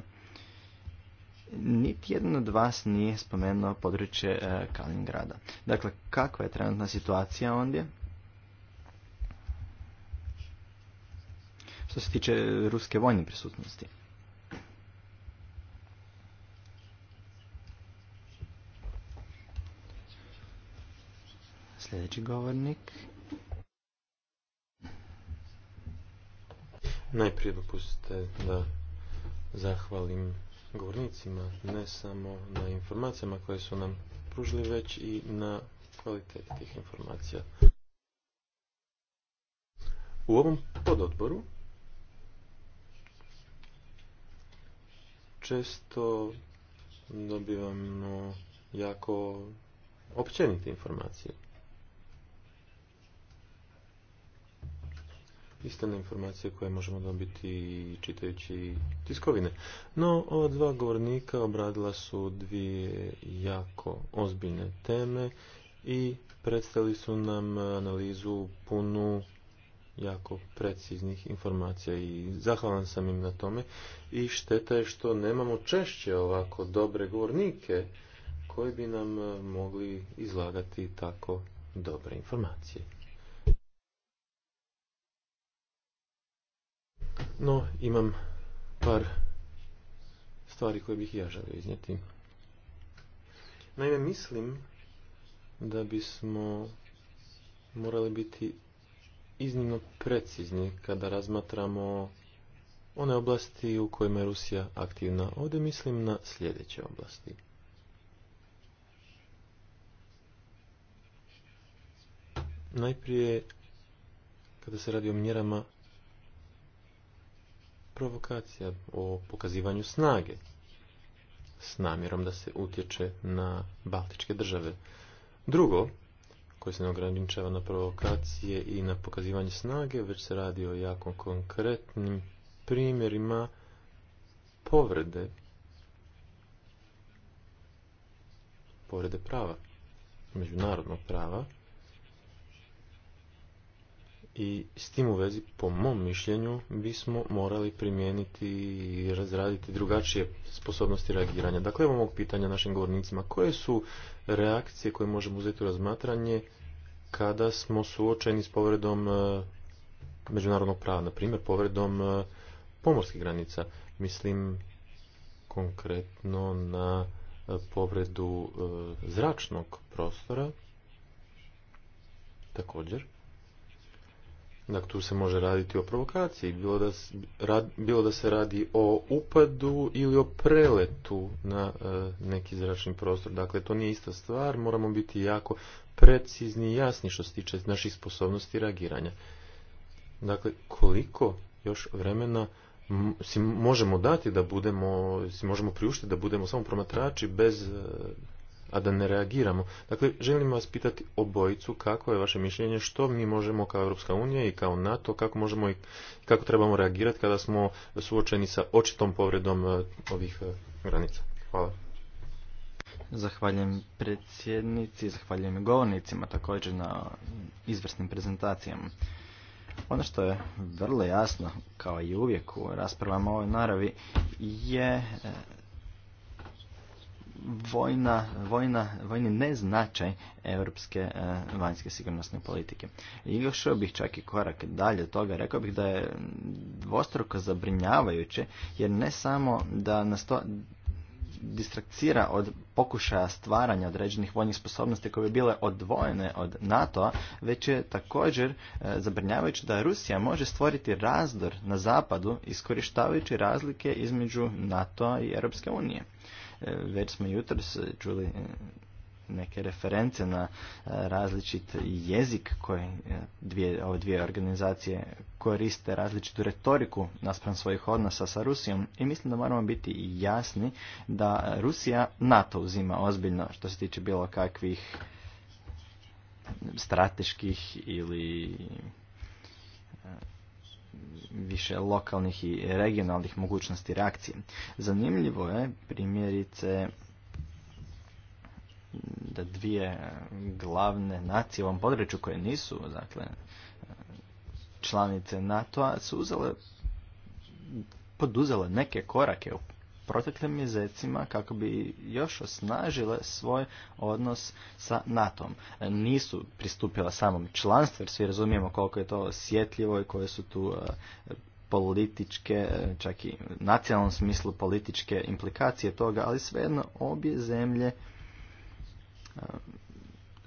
Niti jedan od vas nije spomenuo područje e, Kaliningrada. Dakle, kakva je trenutna situacija ondje? što se tiče ruske vojne prisutnosti. Sljedeći govornik. Najprije dopustite da zahvalim govornicima ne samo na informacijama koje su nam pružili već i na kvaliteti tih informacija. U ovom pododboru često dobivamo jako općenite informacije. istane informacije koje možemo dobiti čitajući tiskovine. No, ova dva govornika obradila su dvije jako ozbiljne teme i predstavili su nam analizu punu jako preciznih informacija i zahvalan sam im na tome i šteta je što nemamo češće ovako dobre govornike koji bi nam e, mogli izlagati tako dobre informacije. No, imam par stvari koje bih ja želio iznijeti. Naime, mislim da bismo morali biti iznimno precizni kada razmatramo one oblasti u kojima je Rusija aktivna. Ovdje mislim na sljedeće oblasti. Najprije, kada se radi o mjerama provokacija, o pokazivanju snage s namjerom da se utječe na baltičke države. Drugo, koji se ne ograničava na provokacije i na pokazivanje snage, već se radi o jako konkretnim primjerima povrede povrede prava, međunarodnog prava, i s tim u vezi, po mom mišljenju, bismo morali primijeniti i razraditi drugačije sposobnosti reagiranja. Dakle, imamo pitanja našim govornicima. Koje su reakcije koje možemo uzeti u razmatranje kada smo suočeni s povredom e, međunarodnog prava, na primjer povredom e, pomorskih granica? Mislim konkretno na e, povredu zračnog prostora također Dakle, tu se može raditi o provokaciji, bilo da, bilo da se radi o upadu ili o preletu na e, neki zračni prostor. Dakle, to nije ista stvar, moramo biti jako precizni i jasni što se tiče naših sposobnosti reagiranja. Dakle, koliko još vremena si možemo dati da budemo, si možemo priuštiti da budemo samo promatrači bez e, a da ne reagiramo. Dakle, želim vas pitati obojicu kako je vaše mišljenje, što mi možemo kao Europska unija i kao NATO, kako možemo i kako trebamo reagirati kada smo suočeni sa očitom povredom e, ovih e, granica. Hvala. Zahvaljujem predsjednici, zahvaljujem govornicima također na izvrsnim prezentacijama. Ono što je vrlo jasno, kao i uvijek u raspravama ovoj naravi, je e, vojna, vojna, vojni neznačaj europske e, vanjske sigurnosne politike. I još bih čak i korak dalje od toga, rekao bih da je dvostruko zabrinjavajuće, jer ne samo da nas to distrakcira od pokušaja stvaranja određenih vojnih sposobnosti koje bi bile odvojene od NATO-a, već je također e, zabrinjavajuće da Rusija može stvoriti razdor na zapadu iskorištavajući razlike između NATO-a i Europske unije. Već smo jutro čuli e, neke reference na e, različit jezik koji e, dvije, ove dvije organizacije koriste različitu retoriku naspram svojih odnosa sa Rusijom i mislim da moramo biti jasni da Rusija NATO uzima ozbiljno što se tiče bilo kakvih strateških ili više lokalnih i regionalnih mogućnosti reakcije. Zanimljivo je primjerice da dvije glavne nacije u ovom području koje nisu dakle, članice NATO-a su uzele poduzele neke korake u proteklim mjesecima kako bi još osnažile svoj odnos sa NATO-om. E, nisu pristupila samom članstvu jer svi razumijemo koliko je to osjetljivo i koje su tu e, političke, e, čak i u nacionalnom smislu političke implikacije toga, ali svejedno obje zemlje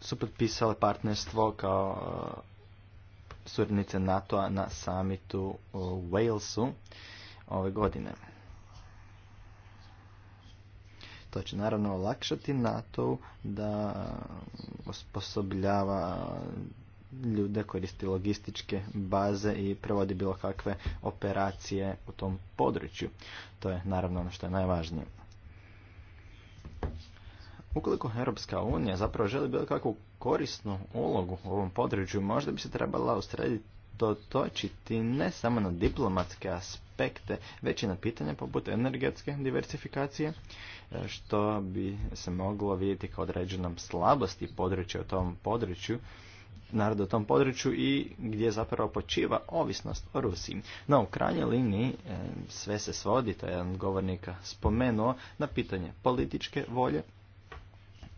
su potpisale partnerstvo kao suradnice NATO-a na samitu u Walesu ove godine. To će naravno olakšati NATO da osposobljava ljude, koristi logističke baze i provodi bilo kakve operacije u tom području. To je naravno ono što je najvažnije. Ukoliko Europska unija zapravo želi bilo kakvu korisnu ulogu u ovom području, možda bi se trebala ustrediti usredotočiti ne samo na diplomatske aspekte, već i na pitanja poput energetske diversifikacije, e, što bi se moglo vidjeti kao određenom slabosti područja u tom području, naroda u tom području i gdje zapravo počiva ovisnost o Rusiji. No, u krajnjoj liniji e, sve se svodi, to je jedan govornika spomenuo, na pitanje političke volje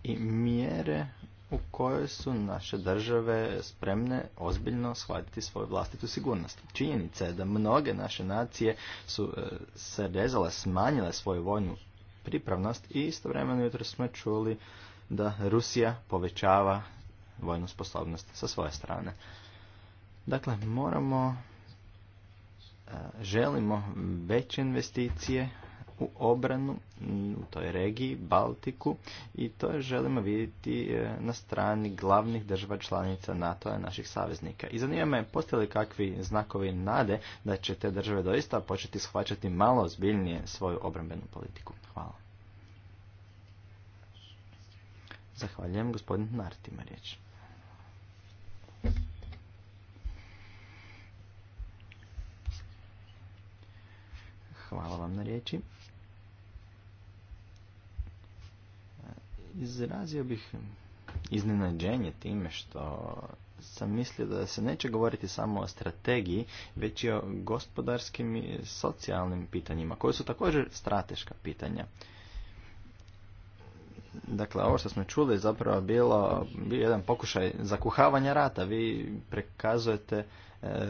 i mjere u kojoj su naše države spremne ozbiljno shvatiti svoju vlastitu sigurnost. Činjenica je da mnoge naše nacije su e, se rezale, smanjile svoju vojnu pripravnost i istovremeno jutro smo čuli da Rusija povećava vojnu sposobnost sa svoje strane. Dakle, moramo, e, želimo veće investicije u obranu mm, u toj regiji, Baltiku i to želimo vidjeti e, na strani glavnih država članica NATO-a naših saveznika. I zanima me, postoje li kakvi znakovi nade da će te države doista početi shvaćati malo ozbiljnije svoju obrambenu politiku? Hvala. Zahvaljujem gospodin Nartima riječ. Hvala vam na riječi. Izrazio bih iznenađenje time što sam mislio da se neće govoriti samo o strategiji, već i o gospodarskim i socijalnim pitanjima, koje su također strateška pitanja. Dakle, ovo što smo čuli je zapravo bilo, bio jedan pokušaj zakuhavanja rata. Vi prekazujete e,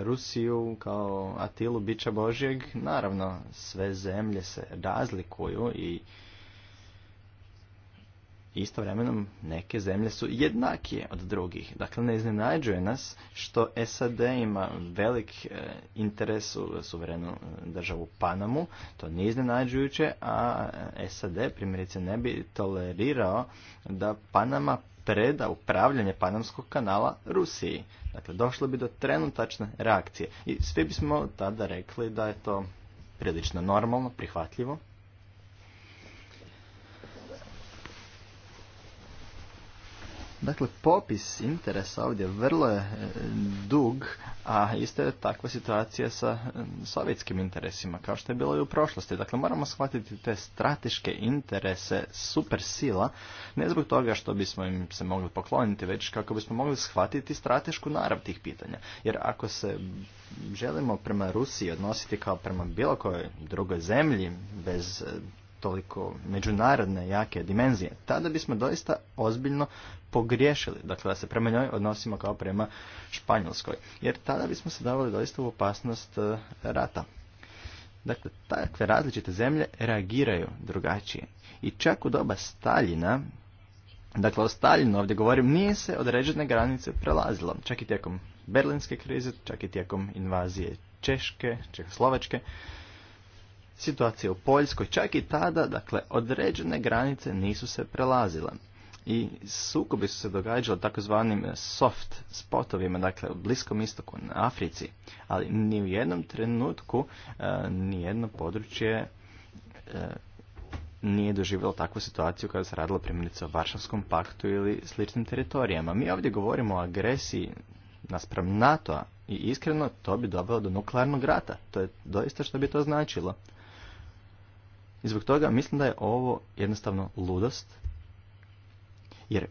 Rusiju kao Atilu bića Božijeg. Naravno, sve zemlje se razlikuju i istovremeno neke zemlje su jednakije od drugih. Dakle, ne iznenađuje nas što SAD ima velik e, interes u suverenu e, državu Panamu, to nije iznenađujuće, a e, SAD primjerice ne bi tolerirao da Panama preda upravljanje Panamskog kanala Rusiji. Dakle, došlo bi do trenutačne reakcije. I svi bismo tada rekli da je to prilično normalno, prihvatljivo, Dakle, popis interesa ovdje vrlo je dug, a isto je takva situacija sa e, sovjetskim interesima, kao što je bilo i u prošlosti. Dakle, moramo shvatiti te strateške interese supersila, ne zbog toga što bismo im se mogli pokloniti, već kako bismo mogli shvatiti stratešku narav tih pitanja. Jer ako se želimo prema Rusiji odnositi kao prema bilo kojoj drugoj zemlji, bez e, toliko međunarodne jake dimenzije, tada bismo doista ozbiljno pogriješili, dakle da se prema njoj odnosimo kao prema Španjolskoj, jer tada bismo se davali doista u opasnost e, rata. Dakle, takve različite zemlje reagiraju drugačije. I čak u doba Staljina, dakle o Staljinu ovdje govorim, nije se određene granice prelazilo. Čak i tijekom Berlinske krize, čak i tijekom invazije Češke, Čehoslovačke, situacija u Poljskoj, čak i tada, dakle, određene granice nisu se prelazile. I sukobi su se događali takozvanim soft spotovima, dakle u Bliskom istoku, na Africi. Ali ni u jednom trenutku e, ni jedno područje e, nije doživjelo takvu situaciju kada se radilo primjerice o Varšavskom paktu ili sličnim teritorijama. Mi ovdje govorimo o agresiji naspram NATO-a i iskreno to bi dovelo do nuklearnog rata. To je doista što bi to značilo. I zbog toga mislim da je ovo jednostavno ludost. Jer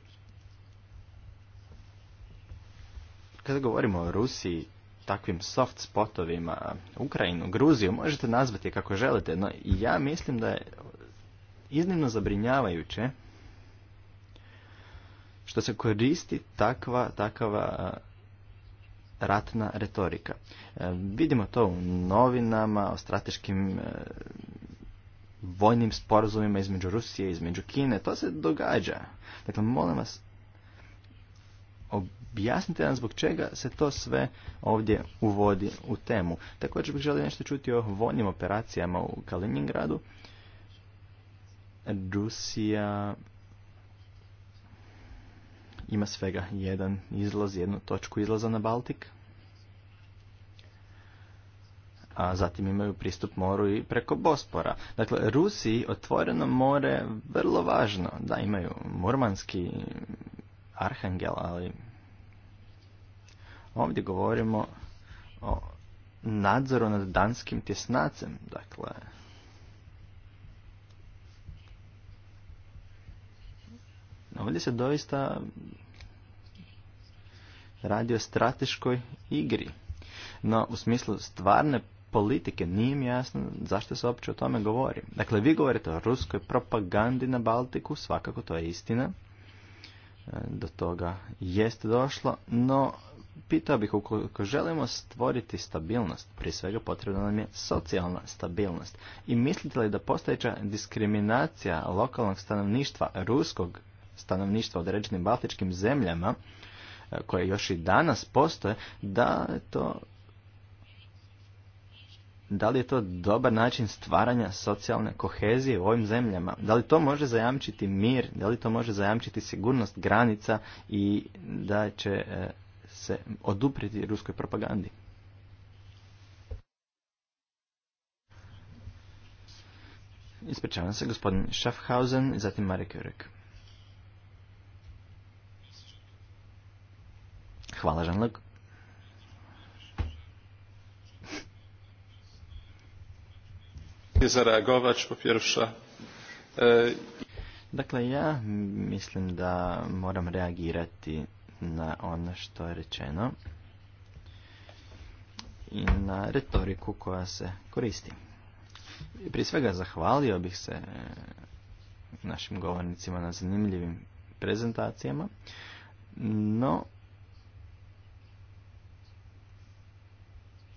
kada govorimo o Rusiji, takvim soft spotovima, Ukrajinu, Gruziju, možete nazvati kako želite, no ja mislim da je iznimno zabrinjavajuće što se koristi takva, takava ratna retorika. E, vidimo to u novinama, o strateškim e, vojnim sporazumima između Rusije i između Kine. To se događa. Dakle, molim vas, objasnite nam zbog čega se to sve ovdje uvodi u temu. Također bih želio nešto čuti o vojnim operacijama u Kaliningradu. Rusija ima svega jedan izlaz, jednu točku izlaza na Baltik a zatim imaju pristup moru i preko Bospora. Dakle, Rusiji otvoreno more vrlo važno. Da, imaju Murmanski Arhangel, ali ovdje govorimo o nadzoru nad danskim tjesnacem. Dakle, ovdje se doista radi o strateškoj igri. No, u smislu stvarne politike. Nije mi jasno zašto se uopće o tome govori. Dakle, vi govorite o ruskoj propagandi na Baltiku, svakako to je istina. E, do toga jeste došlo, no pitao bih ukoliko želimo stvoriti stabilnost, prije svega potrebna nam je socijalna stabilnost. I mislite li da postojeća diskriminacija lokalnog stanovništva, ruskog stanovništva određenim baltičkim zemljama, e, koje još i danas postoje, da je to da li je to dobar način stvaranja socijalne kohezije u ovim zemljama? Da li to može zajamčiti mir? Da li to može zajamčiti sigurnost granica i da će e, se odupriti ruskoj propagandi? Ispričavam se, gospodin Schaffhausen i zatim Marek Jurek. Hvala, Žanlog. Zareagovač po pierwsze. E, dakle, ja mislim da moram reagirati na ono što je rečeno i na retoriku koja se koristi. Prije svega zahvalio bih se našim govornicima na zanimljivim prezentacijama, no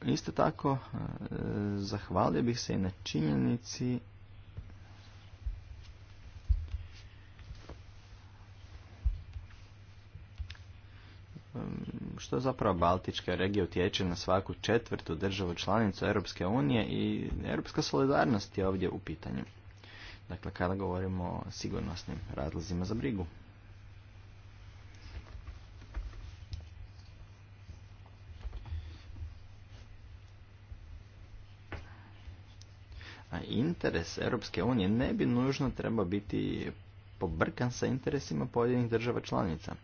Isto tako, e, zahvalio bih se i na činjenici što zapravo Baltička regija utječe na svaku četvrtu državu članicu Europske unije i europska solidarnost je ovdje u pitanju. Dakle, kada govorimo o sigurnosnim razlozima za brigu. A interes Europske unije ne bi nužno trebao biti pobrkan sa interesima pojedinih država članica.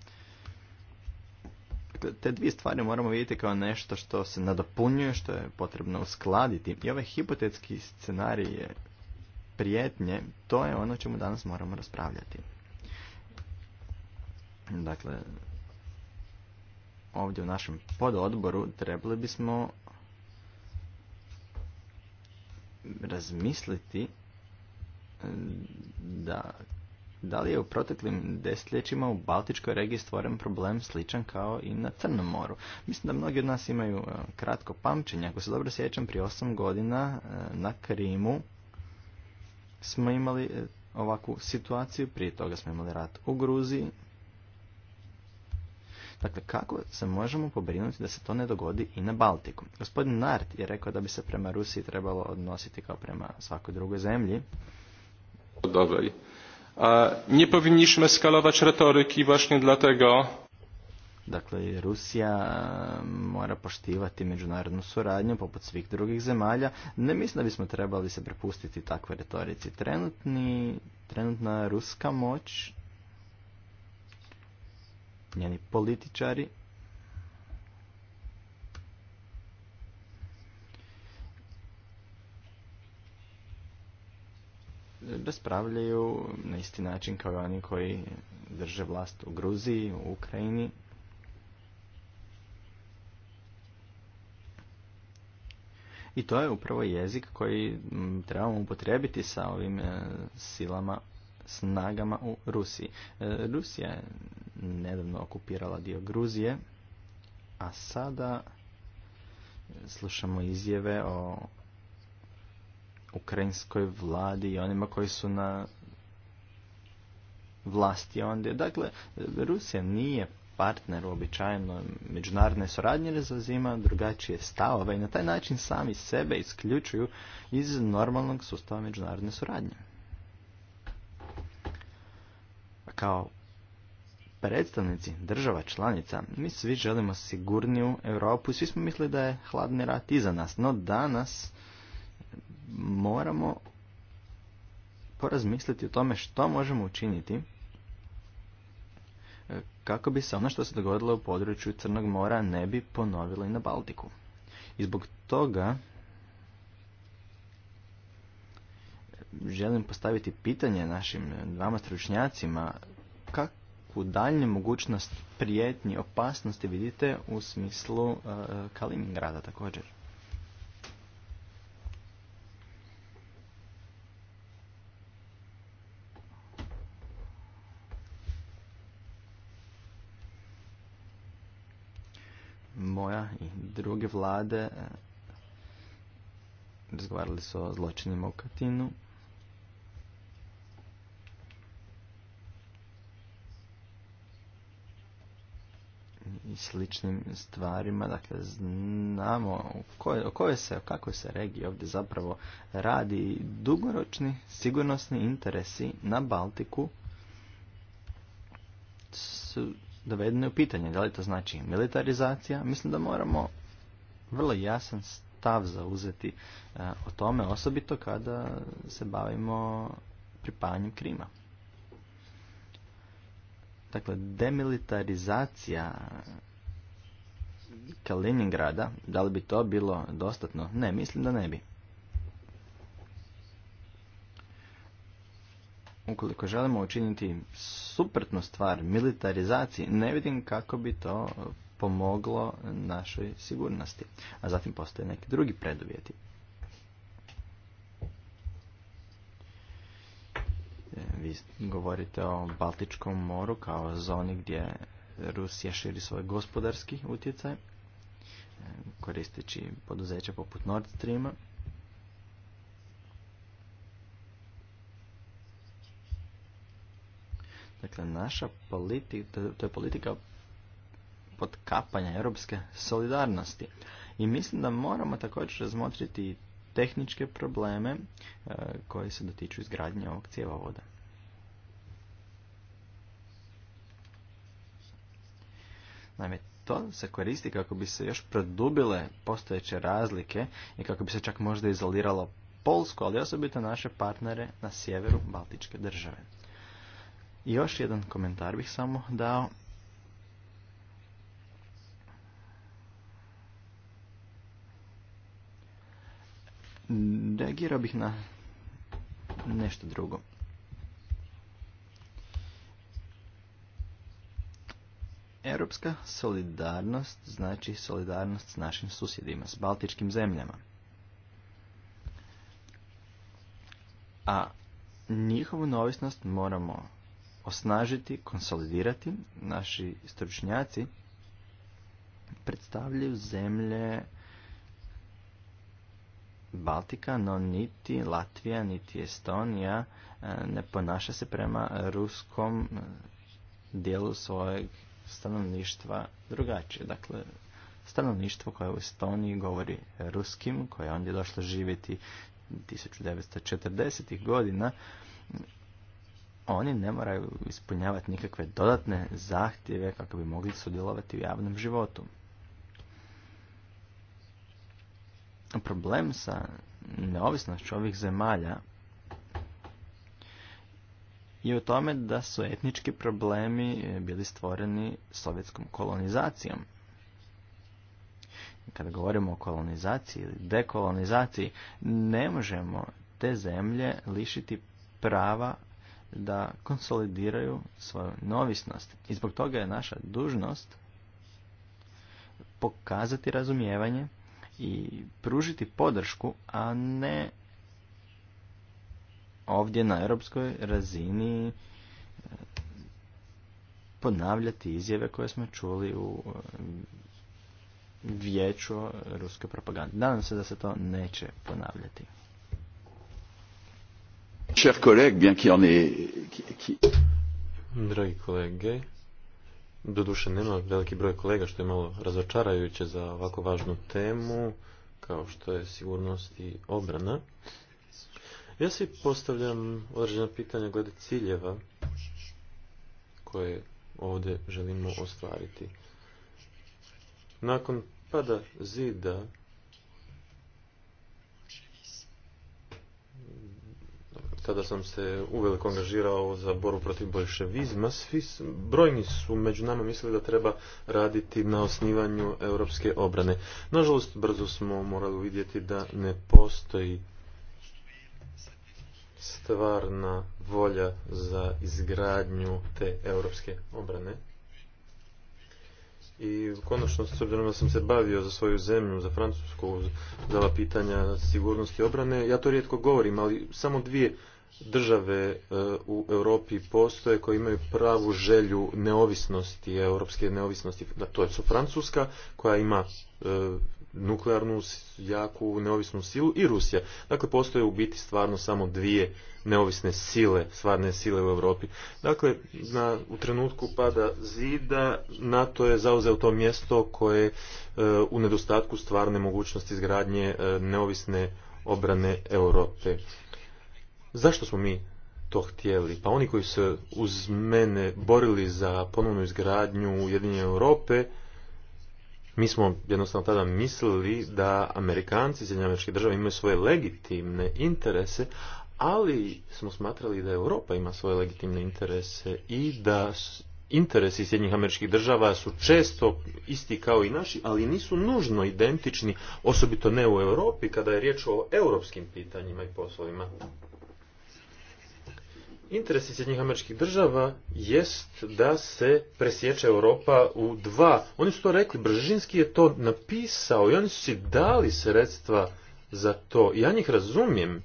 Te dvije stvari moramo vidjeti kao nešto što se nadopunjuje, što je potrebno uskladiti. I ovaj hipotetski scenarij je prijetnje, to je ono o čemu danas moramo raspravljati. Dakle, ovdje u našem pododboru trebali bismo razmisliti e, da, da li je u proteklim desetljećima u Baltičkoj regiji stvoren problem sličan kao i na Crnom moru. Mislim da mnogi od nas imaju e, kratko pamćenje. Ako se dobro sjećam, prije osam godina e, na Krimu smo imali ovakvu situaciju. Prije toga smo imali rat u Gruziji, Dakle, kako se možemo pobrinuti da se to ne dogodi i na Baltiku? Gospodin Nart je rekao da bi se prema Rusiji trebalo odnositi kao prema svakoj drugoj zemlji. A, powinniśmy dlatego. Dakle, Rusija e, mora poštivati međunarodnu suradnju poput svih drugih zemalja. Ne mislim da bismo trebali se prepustiti takvoj retorici. Trenutni, trenutna ruska moć njeni političari. raspravljaju na isti način kao i oni koji drže vlast u Gruziji, u Ukrajini. I to je upravo jezik koji trebamo upotrebiti sa ovim e, silama snagama u Rusiji. E, Rusija je nedavno okupirala dio Gruzije, a sada slušamo izjave o ukrajinskoj vladi i onima koji su na vlasti ondje. Dakle, Rusija nije partner uobičajeno međunarodne suradnje jer drugačije stavove i na taj način sami sebe isključuju iz normalnog sustava međunarodne suradnje kao predstavnici država članica, mi svi želimo sigurniju Europu i svi smo mislili da je hladni rat iza nas, no danas moramo porazmisliti o tome što možemo učiniti e, kako bi se ono što se dogodilo u području Crnog mora ne bi ponovilo i na Baltiku. I zbog toga želim postaviti pitanje našim dvama stručnjacima kakvu daljnju mogućnost prijetnji opasnosti vidite u smislu e, Kaliningrada također. Moja i druge vlade e, razgovarali su o zločinima u Katinu. sličnim stvarima. Dakle, znamo o kojoj se, o kakvoj se regiji ovdje zapravo radi dugoročni sigurnosni interesi na Baltiku su dovedene u pitanje. Da li to znači militarizacija? Mislim da moramo vrlo jasan stav zauzeti e, o tome, osobito kada se bavimo pripajanjem Krima. Dakle, demilitarizacija Kaliningrada, da li bi to bilo dostatno? Ne, mislim da ne bi. Ukoliko želimo učiniti suprotnu stvar militarizaciji, ne vidim kako bi to pomoglo našoj sigurnosti. A zatim postoje neki drugi preduvjeti. E, vi govorite o Baltičkom moru kao zoni gdje Rusija širi svoj gospodarski utjecaj e, koristeći poduzeća poput Nord Streama. Dakle, naša politika, to je politika potkapanja europske solidarnosti. I mislim da moramo također razmotriti tehničke probleme e, koji se dotiču izgradnje ovog voda. Naime, to se koristi kako bi se još produbile postojeće razlike i kako bi se čak možda izoliralo Polsku, ali osobito naše partnere na sjeveru Baltičke države. još jedan komentar bih samo dao. Reagirao bih na nešto drugo. Europska solidarnost znači solidarnost s našim susjedima, s baltičkim zemljama. A njihovu novisnost moramo osnažiti, konsolidirati. Naši stručnjaci predstavljaju zemlje Baltika, no niti Latvija, niti Estonija eh, ne ponaša se prema ruskom eh, dijelu svojeg stanovništva drugačije. Dakle, stanovništvo koje u Estoniji govori ruskim, koje je ondje došlo živjeti 1940. godina, oni ne moraju ispunjavati nikakve dodatne zahtjeve kako bi mogli sudjelovati u javnom životu. Problem sa neovisnošću ovih zemalja je u tome da su etnički problemi e, bili stvoreni sovjetskom kolonizacijom. Kada govorimo o kolonizaciji ili dekolonizaciji, ne možemo te zemlje lišiti prava da konsolidiraju svoju novisnost. I zbog toga je naša dužnost pokazati razumijevanje i pružiti podršku, a ne ovdje na europskoj razini e, ponavljati izjave koje smo čuli u e, vijeću ruske propagande. Nadam se da se to neće ponavljati. Cher bien qu'il Dragi kolege, doduše nema veliki broj kolega što je malo razočarajuće za ovako važnu temu kao što je sigurnost i obrana. Ja si postavljam određena pitanja glede ciljeva koje ovdje želimo ostvariti. Nakon pada zida tada sam se uveliko angažirao za boru protiv bolševizma, svi brojni su među nama mislili da treba raditi na osnivanju europske obrane. Nažalost, brzo smo morali vidjeti da ne postoji stvarna volja za izgradnju te europske obrane. I konačno, s obzirom da sam se bavio za svoju zemlju, za Francusku, za ova pitanja sigurnosti obrane, ja to rijetko govorim, ali samo dvije države e, u Europi postoje koje imaju pravu želju neovisnosti, europske neovisnosti. to su Francuska koja ima e, nuklearnu jaku neovisnu silu i Rusija. Dakle, postoje u biti stvarno samo dvije neovisne sile, stvarne sile u Europi. Dakle, u trenutku pada zida NATO je zauzeo to mjesto koje e, u nedostatku stvarne mogućnosti izgradnje e, neovisne obrane Europe. Zašto smo mi to htjeli? Pa oni koji su uz mene borili za ponovnu izgradnju Ujedinjene Europe, mi smo jednostavno tada mislili da Amerikanci, SAD države imaju svoje legitimne interese, ali smo smatrali da Europa ima svoje legitimne interese i da interesi Sjednjih američkih država su često isti kao i naši, ali nisu nužno identični, osobito ne u Europi, kada je riječ o europskim pitanjima i poslovima interes Sjedinjenih američkih država jest da se presječe Europa u dva. Oni su to rekli, Bržinski je to napisao i oni su si dali sredstva za to. Ja njih razumijem,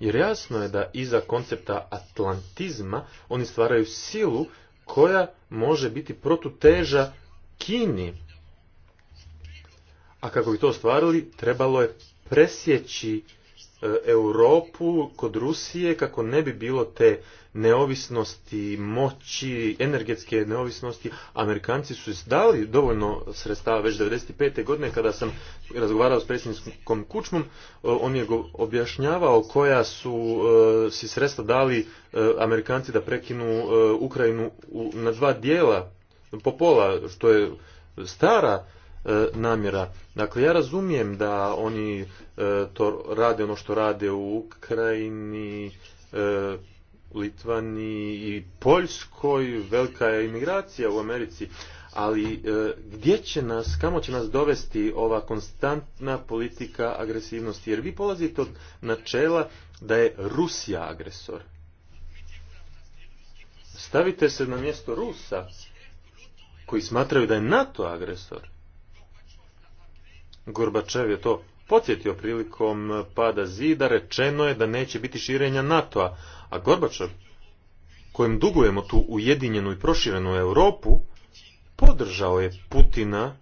jer jasno je da iza koncepta atlantizma oni stvaraju silu koja može biti protuteža Kini. A kako bi to ostvarili, trebalo je presjeći Europu kod Rusije kako ne bi bilo te neovisnosti, moći, energetske neovisnosti. Amerikanci su dali dovoljno sredstava već 1995. godine kada sam razgovarao s predsjednikom Kučmom. E, on je objašnjavao koja su e, si sredstva dali e, Amerikanci da prekinu Ukrajinu na dva dijela, po pola, što je stara E, namjera. Dakle, ja razumijem da oni e, to rade ono što rade u Ukrajini, e, Litvani i Poljskoj, velika je imigracija u Americi, ali gdje će nas, kamo će nas dovesti ova konstantna politika agresivnosti? Jer vi polazite od načela da je Rusija agresor. Stavite se na mjesto Rusa koji smatraju da je NATO agresor. Gorbačev je to podsjetio prilikom pada zida, rečeno je da neće biti širenja NATO-a, a Gorbačev, kojem dugujemo tu ujedinjenu i proširenu Europu, podržao je Putina,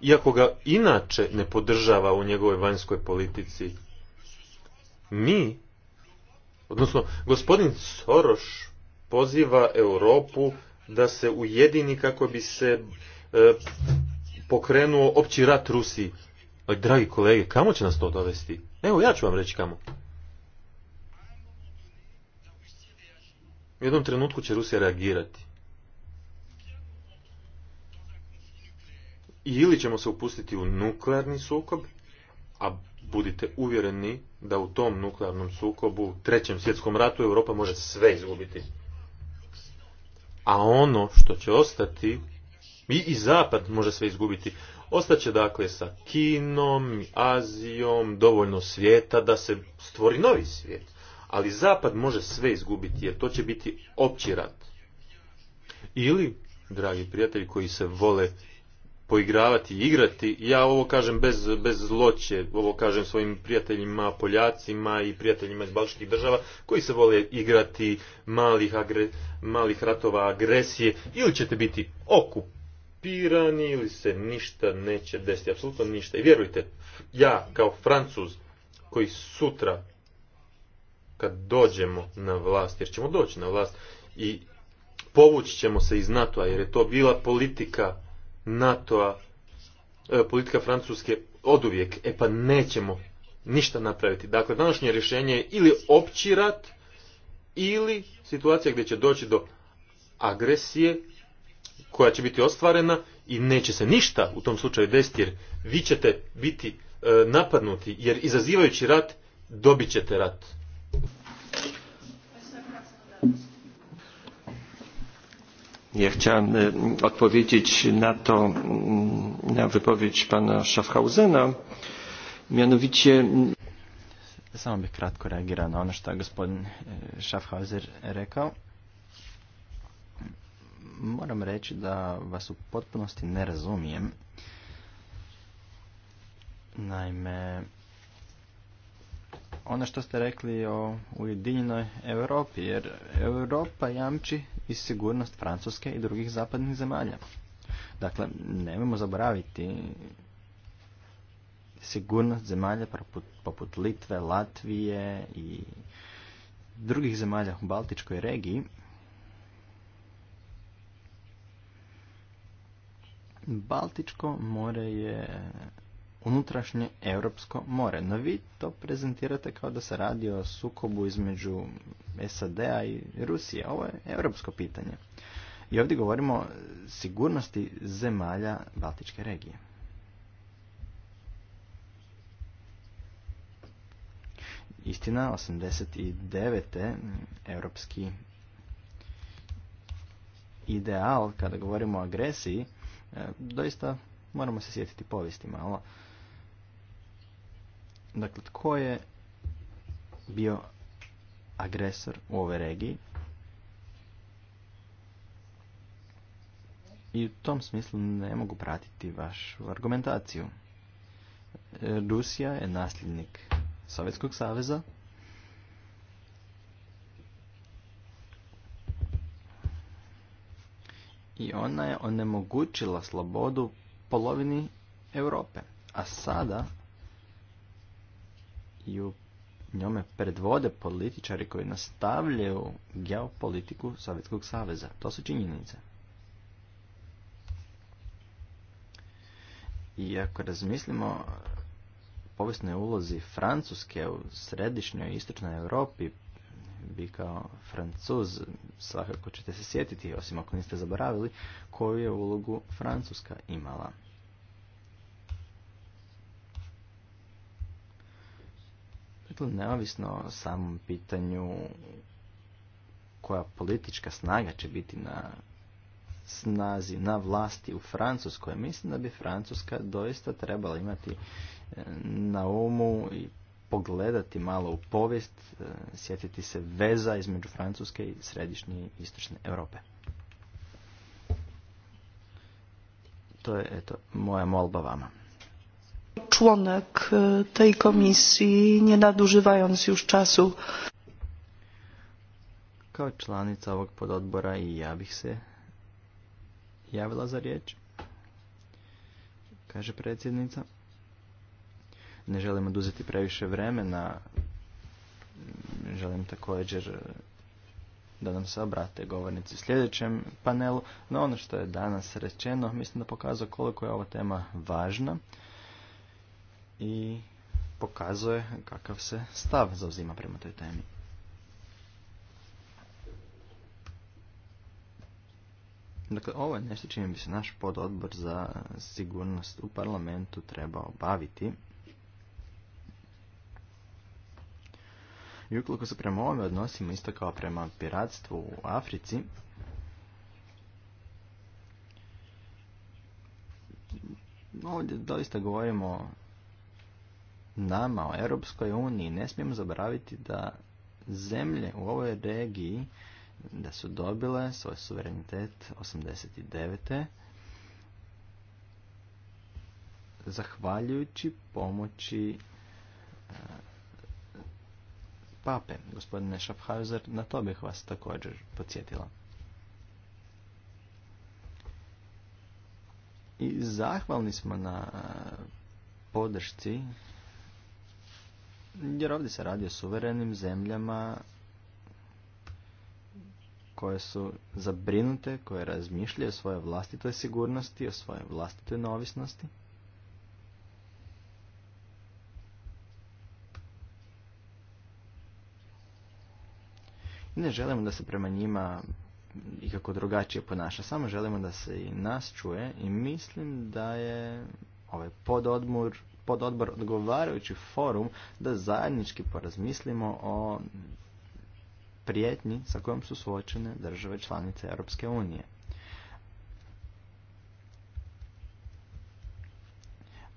iako ga inače ne podržava u njegovoj vanjskoj politici. Mi, odnosno gospodin Soroš, poziva Europu da se ujedini kako bi se e, pokrenuo opći rat Rusiji. Ali, dragi kolege, kamo će nas to dovesti? Evo, ja ću vam reći kamo. U jednom trenutku će Rusija reagirati. Ili ćemo se upustiti u nuklearni sukob, a budite uvjereni da u tom nuklearnom sukobu, u trećem svjetskom ratu, Europa može sve izgubiti. A ono što će ostati, i, i Zapad može sve izgubiti. Ostat će dakle sa Kinom, Azijom, dovoljno svijeta da se stvori novi svijet. Ali Zapad može sve izgubiti jer to će biti opći rat. Ili, dragi prijatelji koji se vole poigravati i igrati, ja ovo kažem bez, bez zloće, ovo kažem svojim prijateljima Poljacima i prijateljima iz Balških država koji se vole igrati malih, malih ratova agresije ili ćete biti okup pirani ili se ništa neće desiti, apsolutno ništa. I vjerujte, ja kao francuz koji sutra kad dođemo na vlast, jer ćemo doći na vlast i povući ćemo se iz NATO-a jer je to bila politika NATO-a, e, politika Francuske oduvijek, e pa nećemo ništa napraviti. Dakle, današnje rješenje je ili opći rat, ili situacija gdje će doći do agresije koja će biti ostvarena i neće se ništa u tom slučaju desiti jer vi ćete biti e, napadnuti jer izazivajući rat dobit ćete rat. Ja chciałem e, odpowiedzieć na to, mm, na wypowiedź pana Schaffhausena. Mianowicie... Samo bih kratko reagirao na ono što gospodin e, Schaffhauser rekao moram reći da vas u potpunosti ne razumijem. Naime, ono što ste rekli o Ujedinjenoj Europi, jer Europa jamči i sigurnost Francuske i drugih zapadnih zemalja. Dakle, nemojmo zaboraviti sigurnost zemalja poput, Litve, Latvije i drugih zemalja u Baltičkoj regiji, Baltičko more je unutrašnje europsko more, no vi to prezentirate kao da se radi o sukobu između SAD-a i Rusije. Ovo je europsko pitanje. I ovdje govorimo o sigurnosti zemalja Baltičke regije. Istina, 89. europski ideal, kada govorimo o agresiji, E, doista moramo se sjetiti povijesti malo. Dakle, tko je bio agresor u ovoj regiji? I u tom smislu ne mogu pratiti vašu argumentaciju. E, Rusija je nasljednik Sovjetskog saveza, i ona je onemogućila slobodu polovini Europe. A sada ju njome predvode političari koji nastavljaju geopolitiku Sovjetskog saveza. To su činjenice. I ako razmislimo povijesnoj ulozi Francuske u središnjoj i istočnoj Europi vi kao francuz svakako ćete se sjetiti, osim ako niste zaboravili, koju je ulogu Francuska imala. Dakle, neovisno o samom pitanju koja politička snaga će biti na snazi, na vlasti u Francuskoj, mislim da bi Francuska doista trebala imati e, na umu i pogledati malo u povijest, e, sjetiti se veza između Francuske i središnje i istočne Europe. To je eto, moja molba vama. Członek e, tej komisji, nie nadużywając już czasu. Kao članica ovog pododbora i ja bih se javila za riječ, kaže predsjednica. Ne želim oduzeti previše vremena. Želim također e, da nam se obrate govornici u sljedećem panelu. No ono što je danas rečeno, mislim da pokazuje koliko je ova tema važna i pokazuje kakav se stav zauzima prema toj temi. Dakle, ovo je nešto čime bi se naš pododbor za sigurnost u parlamentu trebao baviti. I ukoliko se prema ovome odnosimo isto kao prema piratstvu u Africi, ovdje doista govorimo nama, o Europskoj uniji. Ne smijemo zaboraviti da zemlje u ovoj regiji da su dobile svoj suverenitet 89 zahvaljujući pomoći eh, pape. Gospodine Schaffhauser, na to bih vas također podsjetila. I zahvalni smo na podršci, jer ovdje se radi o suverenim zemljama koje su zabrinute, koje razmišljaju o svojoj vlastitoj sigurnosti, o svojoj vlastitoj neovisnosti. Ne želimo da se prema njima ikako drugačije ponaša, samo želimo da se i nas čuje i mislim da je ovaj pododmor, pododbor odgovarajući forum da zajednički porazmislimo o prijetnji sa kojom su suočene države članice Europske unije.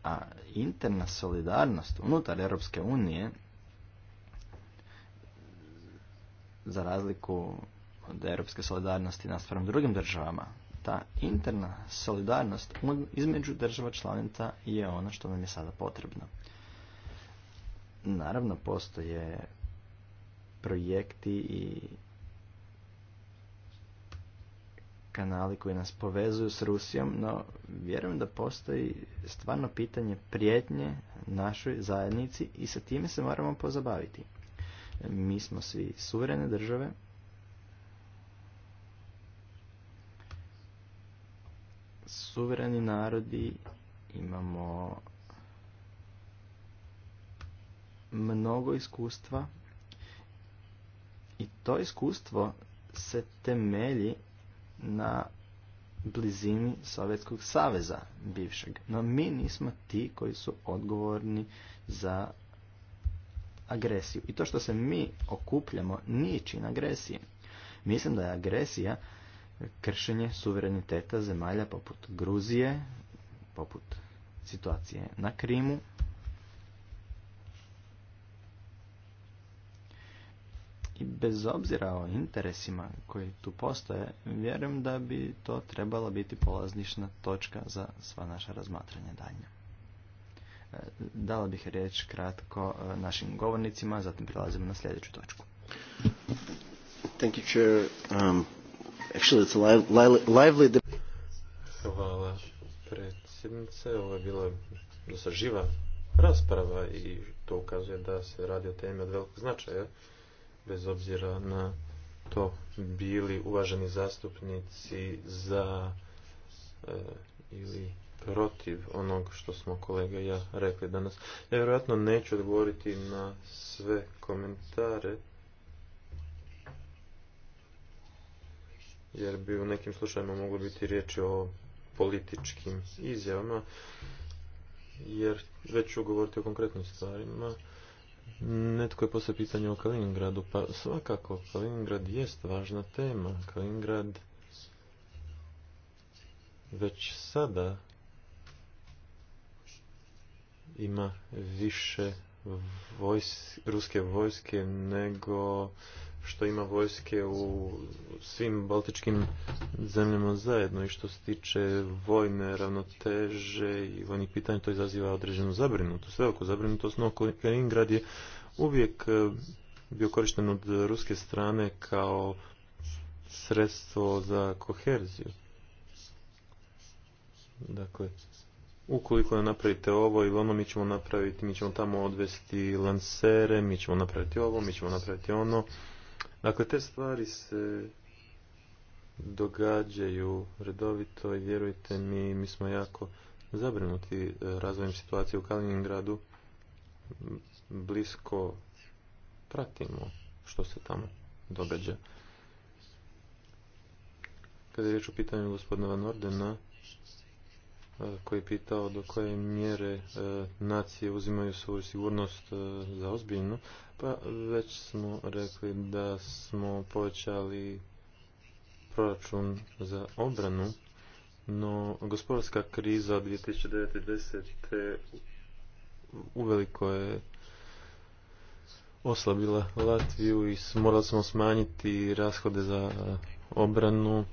A interna solidarnost unutar Europske unije za razliku od europske solidarnosti naspram drugim državama, ta interna solidarnost između država članica je ono što nam je sada potrebno. Naravno, postoje projekti i kanali koji nas povezuju s Rusijom, no vjerujem da postoji stvarno pitanje prijetnje našoj zajednici i sa time se moramo pozabaviti. Mi smo svi suverene države. Suvereni narodi imamo mnogo iskustva i to iskustvo se temelji na blizini Sovjetskog saveza bivšeg. No mi nismo ti koji su odgovorni za agresiju. I to što se mi okupljamo nije čin agresije. Mislim da je agresija kršenje suvereniteta zemalja poput Gruzije, poput situacije na Krimu. I bez obzira o interesima koji tu postoje, vjerujem da bi to trebala biti polaznišna točka za sva naša razmatranja daljnja Dala bih riječ kratko e, našim govornicima, zatim prelazimo na sljedeću točku. Thank you, Chair. Um, actually, lively, lively... Hvala, predsjednice. Ovo je bila dosta živa rasprava i to ukazuje da se radi o temi od velikog značaja, bez obzira na to bili uvaženi zastupnici za e, ili protiv onog što smo kolega ja rekli danas. Ja vjerojatno neću odgovoriti na sve komentare, jer bi u nekim slučajevima moglo biti riječi o političkim izjavama, jer već ću govoriti o konkretnim stvarima. Netko je poslije pitanje o Kaliningradu, pa svakako Kaliningrad jest važna tema. Kaliningrad već sada ima više ruske vojske nego što ima vojske u svim baltičkim zemljama zajedno i što se tiče vojne ravnoteže i vojnih pitanja to izaziva određenu zabrinutost. Veliku zabrinutost, no Leningrad je uvijek e, bio korišten od ruske strane kao sredstvo za koherziju. Dakle, ukoliko ne napravite ovo ili ono, mi ćemo napraviti, mi ćemo tamo odvesti lansere, mi ćemo napraviti ovo, mi ćemo napraviti ono. Dakle, te stvari se događaju redovito i vjerujte mi, mi smo jako zabrinuti e, razvojem situacije u Kaliningradu. Blisko pratimo što se tamo događa. Kada je riječ o pitanju gospodina Van E, koji je pitao do koje mjere e, nacije uzimaju svoju sigurnost e, za ozbiljnu, pa već smo rekli da smo povećali proračun za obranu, no gospodarska kriza 2009-2010 uveliko je oslabila Latviju i morali smo smanjiti rashode za obranu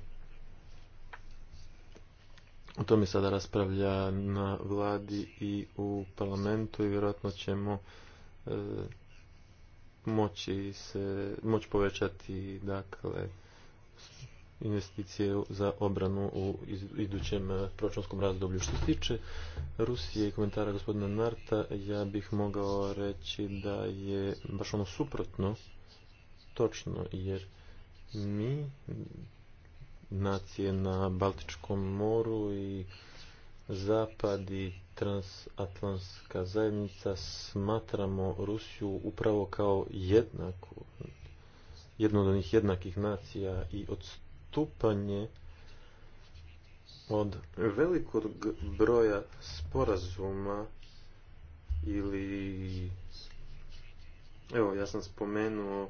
o tome sada raspravlja na vladi i u parlamentu i vjerojatno ćemo e, moći se, moći povećati dakle investicije za obranu u idućem e, proračunskom razdoblju. Što se tiče Rusije i komentara gospodina Narta, ja bih mogao reći da je baš ono suprotno točno, jer mi nacije na Baltičkom moru i Zapad i transatlantska zajednica smatramo Rusiju upravo kao jednaku, jednu od onih jednakih nacija i odstupanje od velikog broja sporazuma ili evo ja sam spomenuo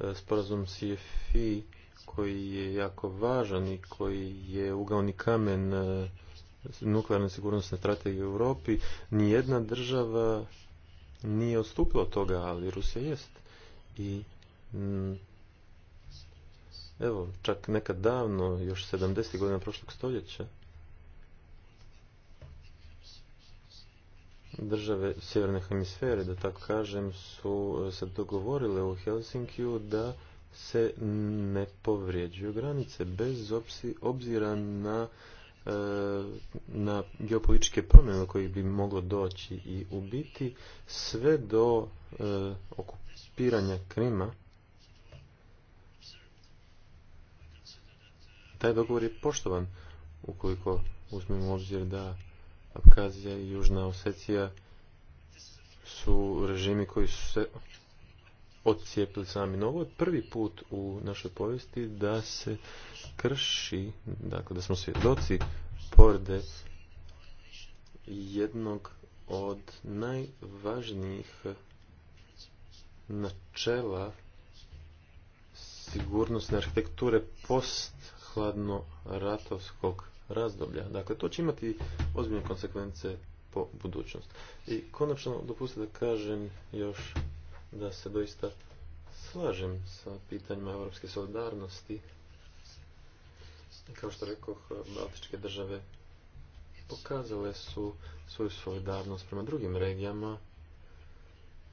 e, sporazum CFI koji je jako važan i koji je ugalni kamen e, nuklearne sigurnosne strategije u Europi, nijedna država nije odstupila od toga, ali Rusija jest. I mm, evo, čak nekad davno, još 70. godina prošlog stoljeća, države sjeverne hemisfere, da tako kažem, su e, se dogovorile u Helsinkiju da se ne povrijeđuju granice bez obzira na e, na geopolitičke promjene koji bi moglo doći i ubiti sve do e, okupiranja Krima taj dogovor je poštovan ukoliko uzmemo obzir da Abkazija i Južna Osecija su režimi koji su se odcijepili sami. No, ovo je prvi put u našoj povijesti da se krši, dakle da smo svjedoci povrede jednog od najvažnijih načela sigurnosne arhitekture post hladno ratovskog razdoblja. Dakle, to će imati ozbiljne konsekvence po budućnost. I konačno dopustite da kažem još da se doista slažem sa pitanjima europske solidarnosti. Kao što rekao Baltičke države pokazale su svoju solidarnost prema drugim regijama,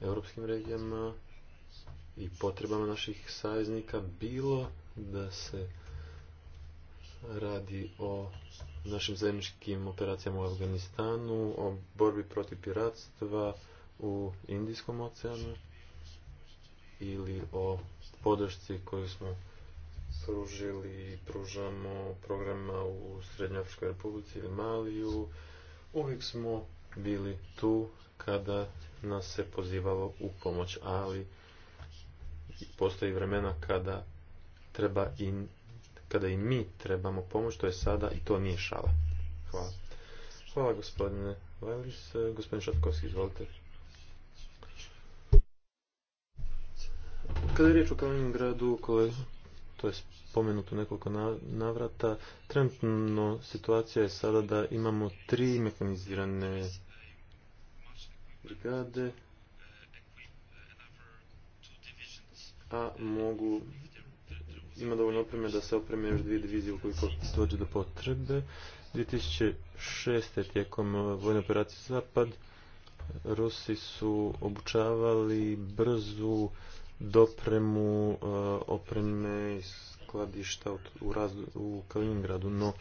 europskim regijama i potrebama naših saveznika bilo da se radi o našim zajedničkim operacijama u Afganistanu, o borbi protiv piratstva u Indijskom oceanu ili o podršci koju smo pružili i pružamo programa u Srednjoafričkoj republici ili Maliju. Uvijek smo bili tu kada nas se pozivalo u pomoć, ali postoji vremena kada treba i kada i mi trebamo pomoć, to je sada i to nije šala. Hvala. Hvala gospodine Vajliš. Gospodin Šatkovski, izvolite. Kada je riječ o Kaliningradu, koje, to je spomenuto nekoliko navrata, trenutno situacija je sada da imamo tri mekanizirane brigade, a mogu ima dovoljno opreme da se opreme još dvije divizije ukoliko dođe do potrebe. 2006. tijekom uh, vojne operacije Zapad Rusi su obučavali brzu dopremu e, opreme skladišta u, Kaliningradu, no